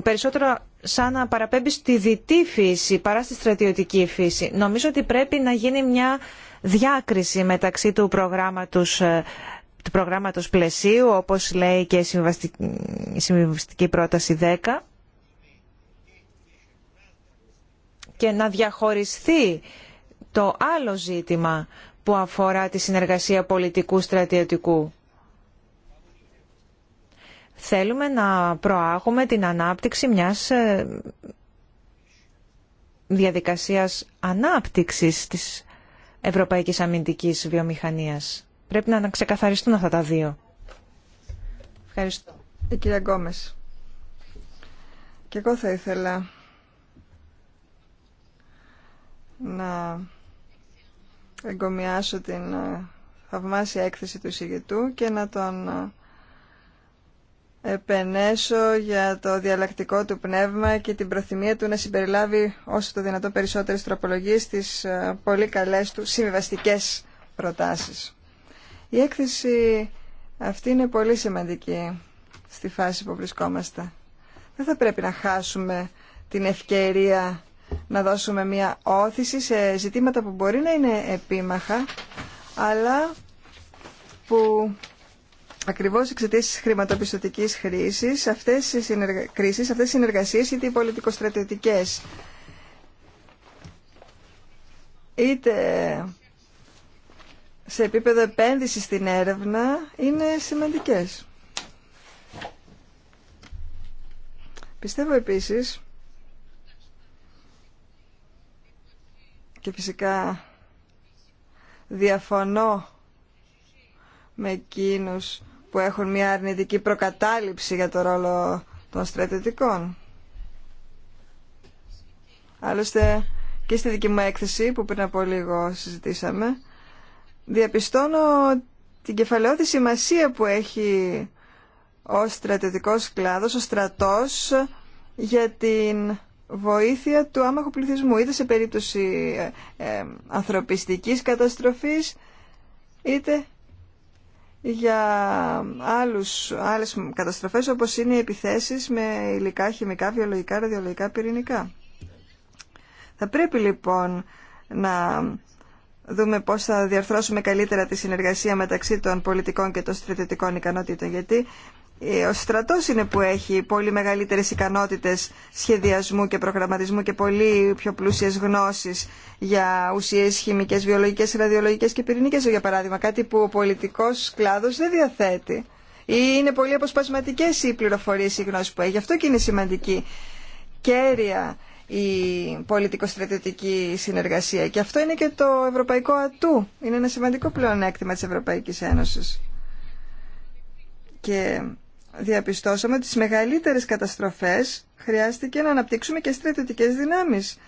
A: περισσότερο σαν να παραπέμπει στη δυτή φύση παρά στη στρατιωτική φύση. Νομίζω ότι πρέπει να γίνει μια διάκριση μεταξύ του προγράμματος ε, του προγράμματος πλαισίου, όπως λέει και η συμβαστική πρόταση 10, και να διαχωριστεί το άλλο ζήτημα που αφορά τη συνεργασία πολιτικού στρατιωτικού. Θέλουμε να προάγουμε την ανάπτυξη μιας ε, διαδικασίας ανάπτυξης της ευρωπαϊκής αμυντικής βιομηχανίας. Πρέπει να ξεκαθαριστούν αυτά τα δύο.
B: Ευχαριστώ. Ε, εγώ θα να εγκομιάσω την ε, θαυμάσια έκθεση του εισηγητού και να τον ε, επενέσω για το διαλλακτικό του πνεύμα και την προθυμία του να συμπεριλάβει όσο το δυνατόν περισσότερες τροπολογίες στις ε, πολύ καλές του συμβιβαστικέ προτάσεις. Η έκθεση αυτή είναι πολύ σημαντική στη φάση που βρισκόμαστε. Δεν θα πρέπει να χάσουμε την ευκαιρία να δώσουμε μια όθηση σε ζητήματα που μπορεί να είναι επίμαχα, αλλά που ακριβώς εξαιτία της χρηματοπιστωτικής χρήσης, αυτές οι, συνεργα... αυτές οι συνεργασίες είτε οι πολιτικοστρατιωτικές, είτε σε επίπεδο επένδυση στην έρευνα, είναι σημαντικές. Πιστεύω επίσης και φυσικά διαφωνώ με εκείνους που έχουν μια αρνητική προκατάληψη για το ρόλο των στρατιωτικών. Άλλωστε και στη δική μου έκθεση που πριν από λίγο συζητήσαμε διαπιστώνω την κεφαλαιότητη σημασία που έχει ο στρατιωτικός κλάδος, ο στρατός για την βοήθεια του άμαχου πληθυσμού, είτε σε περίπτωση ε, ε, ανθρωπιστικής καταστροφής, είτε για άλλους, άλλες καταστροφές όπως είναι οι επιθέσεις με υλικά, χημικά, βιολογικά, ραδιολογικά, πυρηνικά. Θα πρέπει λοιπόν να δούμε πώς θα διαρθρώσουμε καλύτερα τη συνεργασία μεταξύ των πολιτικών και των στρατιωτικών ικανότητων γιατί ο στρατός είναι που έχει πολύ μεγαλύτερες ικανότητες σχεδιασμού και προγραμματισμού και πολύ πιο πλούσιες γνώσεις για ουσίες χημικές, βιολογικές, ραδιολογικές και πυρηνικές, για παράδειγμα, κάτι που ο πολιτικός κλάδος δεν διαθέτει. Ή είναι πολύ αποσπασματικές οι πληροφορίες, η γνώση που έχει. αποσπασματικέ και είναι πληροφορίε οι γνωσει που εχει συνεργασία. Και ειναι σημαντικη κερια η πολιτικο-στρατιωτική είναι και το ευρωπαϊκό ατού. Είναι ένα σημαντικό πλεονέκτημα τη Ευρωπαϊκή Ένωση. Και διαπιστώσαμε ότι στις μεγαλύτερες καταστροφές χρειάστηκε να αναπτύξουμε και στρατιωτικές δυνάμεις.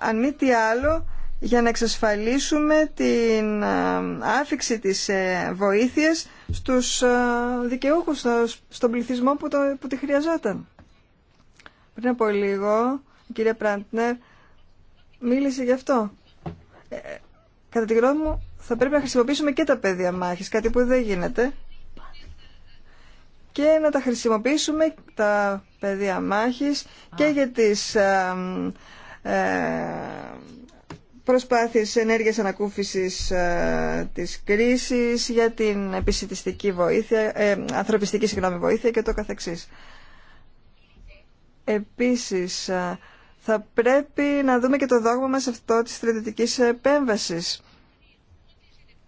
B: Αν μη τι άλλο, για να εξασφαλίσουμε την άφηξη της ε, βοήθειας στους δικαιούχους, στον πληθυσμό που, τη χρειαζόταν. Πριν από λίγο, η κυρία Πράντνερ μίλησε γι' αυτό. Ε, ε, κατά τη γνώμη μου, θα πρέπει να χρησιμοποιήσουμε και τα πεδία μάχης, κάτι που δεν γίνεται. Και να τα χρησιμοποιήσουμε τα πεδία μάχης και για τις ε, προσπάθειες ενέργειας ανακούφισης ε, της κρίσης, για την επισητιστική βοήθεια, ε, ανθρωπιστική συγγνώμη, βοήθεια και το καθεξής. Επίσης, θα πρέπει να δούμε και το δόγμα μας αυτό της στρατιωτικής επέμβασης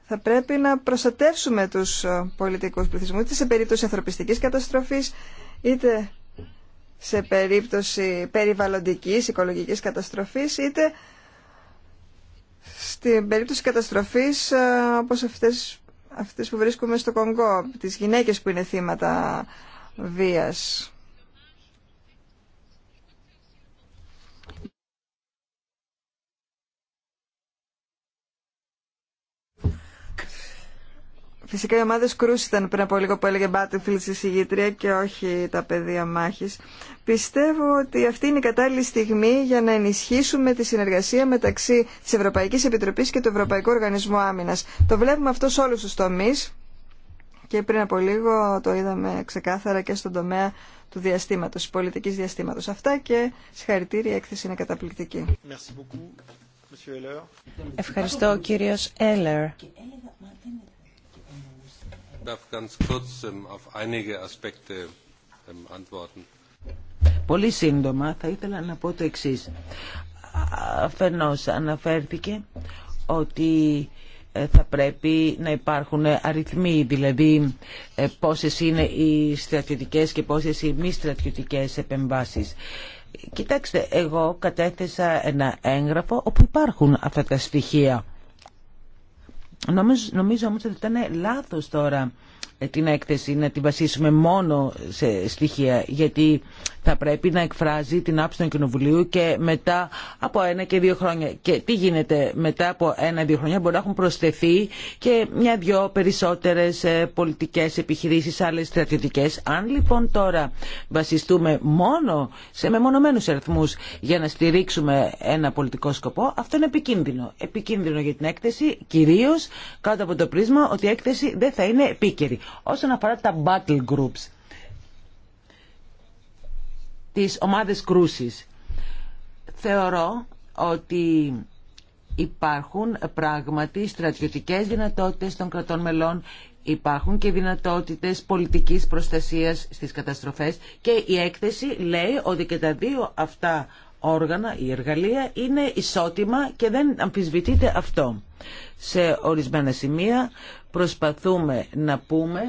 B: θα πρέπει να προστατεύσουμε τους ε, πολιτικούς πληθυσμούς είτε σε περίπτωση ανθρωπιστικής καταστροφής είτε σε περίπτωση περιβαλλοντικής, οικολογικής καταστροφής είτε στην περίπτωση καταστροφής ε, όπως αυτές, αυτές που βρίσκουμε στο Κονγκό, τις γυναίκες που είναι θύματα βίας. Φυσικά οι ομάδε κρούς ήταν πριν από λίγο που έλεγε Battlefield στη συγγήτρια και όχι τα πεδία μάχη. Πιστεύω ότι αυτή είναι η κατάλληλη στιγμή για να ενισχύσουμε τη συνεργασία μεταξύ τη Ευρωπαϊκή Επιτροπή και του Ευρωπαϊκού Οργανισμού Άμυνα. Το βλέπουμε αυτό σε όλου του τομεί και πριν από λίγο το είδαμε ξεκάθαρα και στον τομέα του διαστήματο, τη πολιτική διαστήματο. Αυτά και συγχαρητήρια, η έκθεση είναι καταπληκτική. Ευχαριστώ, κύριος Έλλερ. Ähm,
C: ähm, Πολύ σύντομα θα ήθελα να πω το εξής. Αφενός αναφέρθηκε ότι ε, θα πρέπει να υπάρχουν αριθμοί, δηλαδή ε, πόσες είναι οι στρατιωτικές και πόσες οι μη στρατιωτικές επεμβάσεις. Κοιτάξτε, εγώ κατέθεσα ένα έγγραφο όπου υπάρχουν αυτά τα στοιχεία. Νομίζω, νομίζω όμως ότι ήταν λάθος τώρα την έκθεση να την βασίσουμε μόνο σε στοιχεία γιατί θα πρέπει να εκφράζει την άψη του Κοινοβουλίου και μετά από ένα και δύο χρόνια. Και τι γίνεται μετά από ένα-δύο χρόνια μπορεί να έχουν προσθεθεί και μια-δυο περισσότερες ε, πολιτικές επιχειρήσεις, άλλες στρατιωτικές. Αν λοιπόν τώρα βασιστούμε μόνο σε μεμονωμένους αριθμούς για να στηρίξουμε ένα πολιτικό σκοπό, αυτό είναι επικίνδυνο. Επικίνδυνο για την έκθεση, κυρίως κάτω από το πρίσμα ότι η έκθεση δεν θα είναι επίκαιρη. Όσον αφορά τα battle groups, τις ομάδες κρούσης, θεωρώ ότι υπάρχουν πράγματι στρατιωτικές δυνατότητες των κρατών μελών Υπάρχουν και δυνατότητες πολιτικής προστασίας στις καταστροφές και η έκθεση λέει ότι και τα δύο αυτά όργανα ή εργαλεία είναι ισότιμα και δεν αμφισβητείται αυτό. Σε ορισμένα σημεία προσπαθούμε να πούμε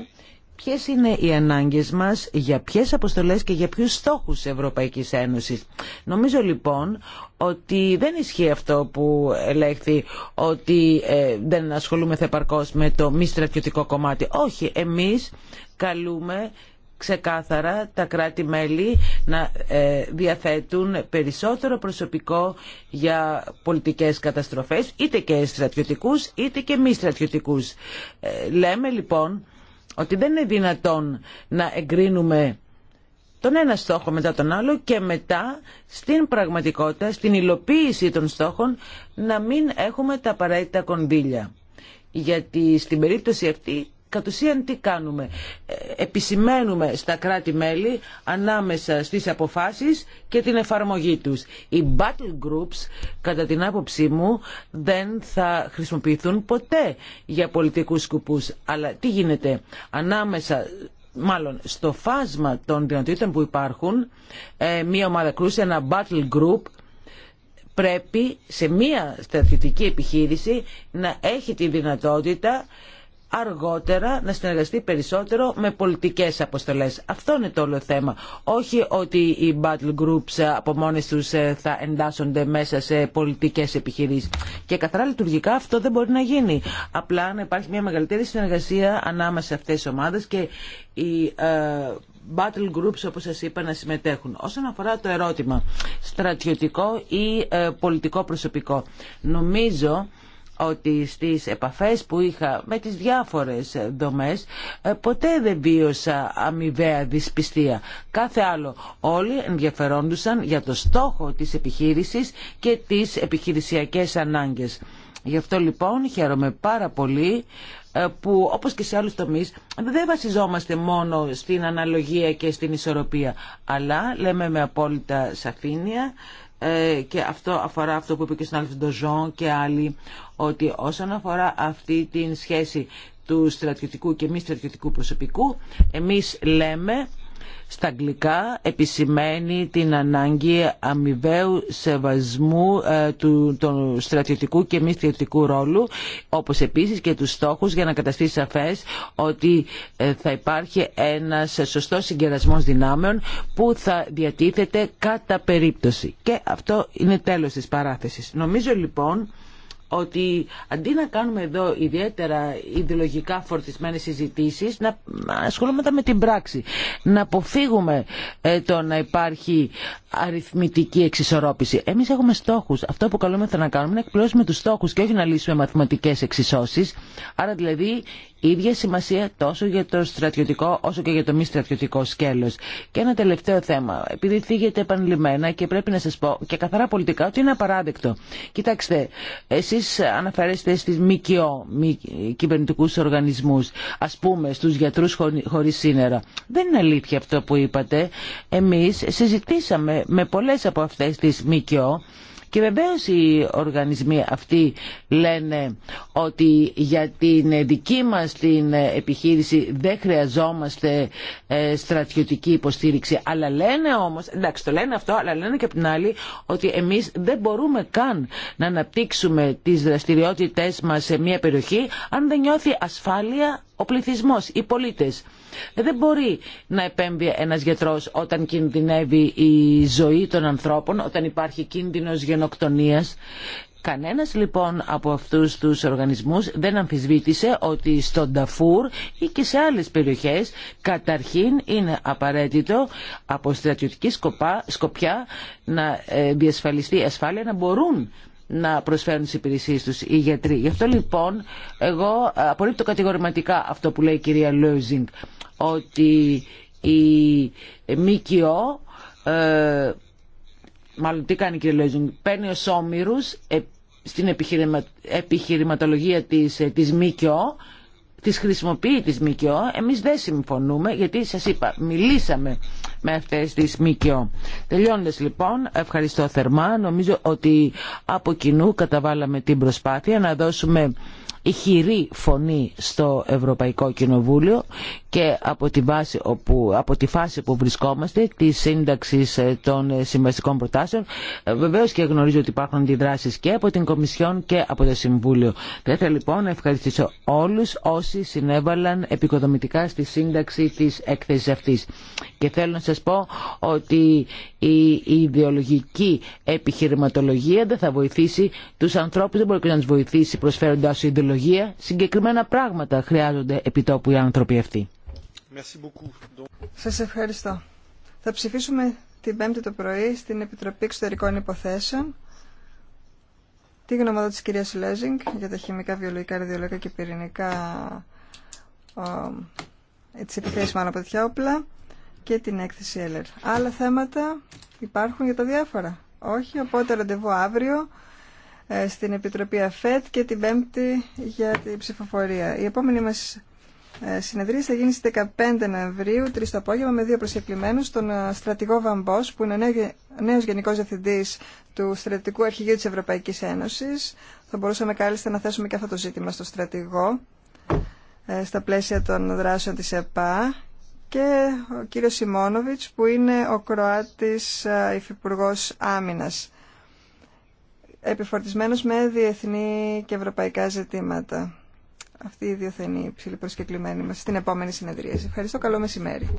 C: ποιες είναι οι ανάγκες μας, για ποιες αποστολές και για ποιους στόχους της Ευρωπαϊκής Ένωσης. Νομίζω λοιπόν ότι δεν ισχύει αυτό που ελέγχθη ότι ε, δεν ασχολούμεθα θεπαρκώς με το μη στρατιωτικό κομμάτι. Όχι, εμείς καλούμε ξεκάθαρα τα κράτη-μέλη να ε, διαθέτουν περισσότερο προσωπικό για πολιτικές καταστροφές, είτε και στρατιωτικούς είτε και μη στρατιωτικούς. Ε, λέμε λοιπόν ότι δεν είναι δυνατόν να εγκρίνουμε τον ένα στόχο μετά τον άλλο και μετά στην πραγματικότητα, στην υλοποίηση των στόχων να μην έχουμε τα απαραίτητα κονδύλια. Γιατί στην περίπτωση αυτή Κατ' ουσίαν τι κάνουμε. Ε, επισημαίνουμε στα κράτη-μέλη ανάμεσα στις αποφάσεις και την εφαρμογή τους. Οι battle groups, κατά την άποψή μου, δεν θα χρησιμοποιηθούν ποτέ για πολιτικούς σκοπούς. Αλλά τι γίνεται ανάμεσα μάλλον στο φάσμα των δυνατοτήτων που υπάρχουν, ε, μία ομάδα κρούση, ένα battle group, πρέπει σε μία στρατιωτική επιχείρηση να έχει τη δυνατότητα αργότερα να συνεργαστεί περισσότερο με πολιτικές αποστολές. Αυτό είναι το όλο θέμα. Όχι ότι οι battle groups από μόνες τους ε, θα εντάσσονται μέσα σε πολιτικές επιχειρήσεις. Και καθαρά λειτουργικά αυτό δεν μπορεί να γίνει. Απλά να υπάρχει μια μεγαλύτερη συνεργασία ανάμεσα σε αυτές τις ομάδες και οι ε, battle groups όπως σας είπα να συμμετέχουν. Όσον αφορά το ερώτημα στρατιωτικό ή ε, πολιτικό προσωπικό. Νομίζω ότι στις επαφές που είχα με τις διάφορες δομές ε, ποτέ δεν βίωσα αμοιβαία δυσπιστία. Κάθε άλλο όλοι ενδιαφερόντουσαν για το στόχο της επιχείρησης και τις επιχειρησιακές ανάγκες. Γι' αυτό λοιπόν χαίρομαι πάρα πολύ ε, που όπως και σε άλλους τομείς δεν βασιζόμαστε μόνο στην αναλογία και στην ισορροπία αλλά λέμε με απόλυτα σαφήνεια ε, και αυτό αφορά αυτό που είπε και ο συνάδελφος Ντοζόν και άλλοι, ότι όσον αφορά αυτή την σχέση του στρατιωτικού και μη στρατιωτικού προσωπικού, εμείς λέμε στα αγγλικά επισημαίνει την ανάγκη αμοιβαίου σεβασμού ε, του στρατιωτικού και μη στρατιωτικού ρόλου όπως επίσης και τους στόχους για να καταστήσει σαφές ότι ε, θα υπάρχει ένας σωστός συγκερασμός δυνάμεων που θα διατίθεται κατά περίπτωση. Και αυτό είναι τέλος της παράθεσης. Νομίζω λοιπόν ότι αντί να κάνουμε εδώ ιδιαίτερα ιδεολογικά φορτισμένες συζητήσεις να ασχολούμαστε με την πράξη να αποφύγουμε ε, το να υπάρχει αριθμητική εξισορρόπηση. Εμείς έχουμε στόχους. Αυτό που καλούμεθα να κάνουμε είναι να εκπληρώσουμε τους στόχους και όχι να λύσουμε μαθηματικές εξισώσεις. Άρα δηλαδή ίδια σημασία τόσο για το στρατιωτικό όσο και για το μη στρατιωτικό σκέλος. Και ένα τελευταίο θέμα, επειδή θίγεται επανειλημμένα και πρέπει να σας πω και καθαρά πολιτικά ότι είναι απαράδεκτο. Κοιτάξτε, εσείς αναφέρεστε στις ΜΚΟ, μη κυβερνητικούς οργανισμούς, ας πούμε στους γιατρούς χωρίς σύνορα. Δεν είναι αλήθεια αυτό που είπατε. Εμείς συζητήσαμε με πολλές από αυτές τις ΜΚΟ και βεβαίως οι οργανισμοί αυτοί λένε ότι για την δική μας την επιχείρηση δεν χρειαζόμαστε ε, στρατιωτική υποστήριξη. Αλλά λένε όμως, εντάξει το λένε αυτό, αλλά λένε και από την άλλη ότι εμείς δεν μπορούμε καν να αναπτύξουμε τις δραστηριότητες μας σε μια περιοχή αν δεν νιώθει ασφάλεια ο πληθυσμός, οι πολίτες. Ε, δεν μπορεί να επέμβει ένας γιατρός όταν κινδυνεύει η ζωή των ανθρώπων, όταν υπάρχει κίνδυνος γενοκτονίας. Κανένας λοιπόν από αυτούς τους οργανισμούς δεν αμφισβήτησε ότι στον Ταφούρ ή και σε άλλες περιοχές καταρχήν είναι απαραίτητο από στρατιωτική σκοπά, σκοπιά να ε, διασφαλιστεί η ασφάλεια να μπορούν να προσφέρουν τις υπηρεσίες τους οι γιατροί. Γι' αυτό λοιπόν εγώ ε, απορρίπτω κατηγορηματικά αυτό που λέει η κυρία Λόιζινγκ ότι η ΜΚΟ, ε, μάλλον τι κάνει κύριε Λέζινγκ, παίρνει ως όμοιρους ε, στην επιχειρημα, επιχειρηματολογία της, ε, της ΜΚΟ, της χρησιμοποιεί της ΜΚΟ, εμείς δεν συμφωνούμε γιατί σας είπα μιλήσαμε με αυτές τις ΜΚΟ. Τελειώνοντας λοιπόν, ευχαριστώ θερμά, νομίζω ότι από κοινού καταβάλαμε την προσπάθεια να δώσουμε ηχηρή φωνή στο Ευρωπαϊκό Κοινοβούλιο και από τη, βάση όπου, από τη φάση που βρισκόμαστε τη σύνταξη ε, των ε, συμβαστικών προτάσεων. Ε, Βεβαίω και γνωρίζω ότι υπάρχουν αντιδράσει και από την Κομισιόν και από το Συμβούλιο. Θα ήθελα λοιπόν να ευχαριστήσω όλου όσοι συνέβαλαν επικοδομητικά στη σύνταξη τη έκθεση αυτή. Και θέλω να σα πω ότι η ιδεολογική επιχειρηματολογία δεν θα βοηθήσει του ανθρώπου, δεν μπορεί να του βοηθήσει προσφέροντα ιδεολογία. Συγκεκριμένα πράγματα χρειάζονται επιτόπου οι άνθρωποι αυτοί.
B: Σας ευχαριστώ. Θα ψηφίσουμε την Πέμπτη το πρωί στην Επιτροπή Εξωτερικών Υποθέσεων τη γνωμάδα της κυρίας Λέζινγκ για τα χημικά, βιολογικά, ραδιολογικά και πυρηνικά τις επιθέσει μάλλον από τέτοια όπλα και την έκθεση Έλερ. Άλλα θέματα υπάρχουν για τα διάφορα. Όχι, οπότε ραντεβού αύριο ε, στην Επιτροπή ΑΦΕΤ και την Πέμπτη για την ψηφοφορία. Η επόμενη μας ε, συνεδρία θα γίνει στι 15 Νοεμβρίου, 3 το απόγευμα, με δύο προσκεκλημένους, τον ε, στρατηγό Βαμπό, που είναι νέο γενικό διευθυντή του Στρατηγικού Αρχηγείου τη Ευρωπαϊκή Ένωση. Θα μπορούσαμε κάλλιστα να θέσουμε και αυτό το ζήτημα στο στρατηγό, ε, στα πλαίσια των δράσεων τη ΕΠΑ. Και ο κύριο Σιμόνοβιτ, που είναι ο Κροάτη Υφυπουργό Άμυνα, επιφορτισμένος με διεθνή και ευρωπαϊκά ζητήματα. Αυτή η δύο ψηλή προσκεκλημένη μας στην επόμενη συνεδρίαση. Ευχαριστώ. Καλό μεσημέρι.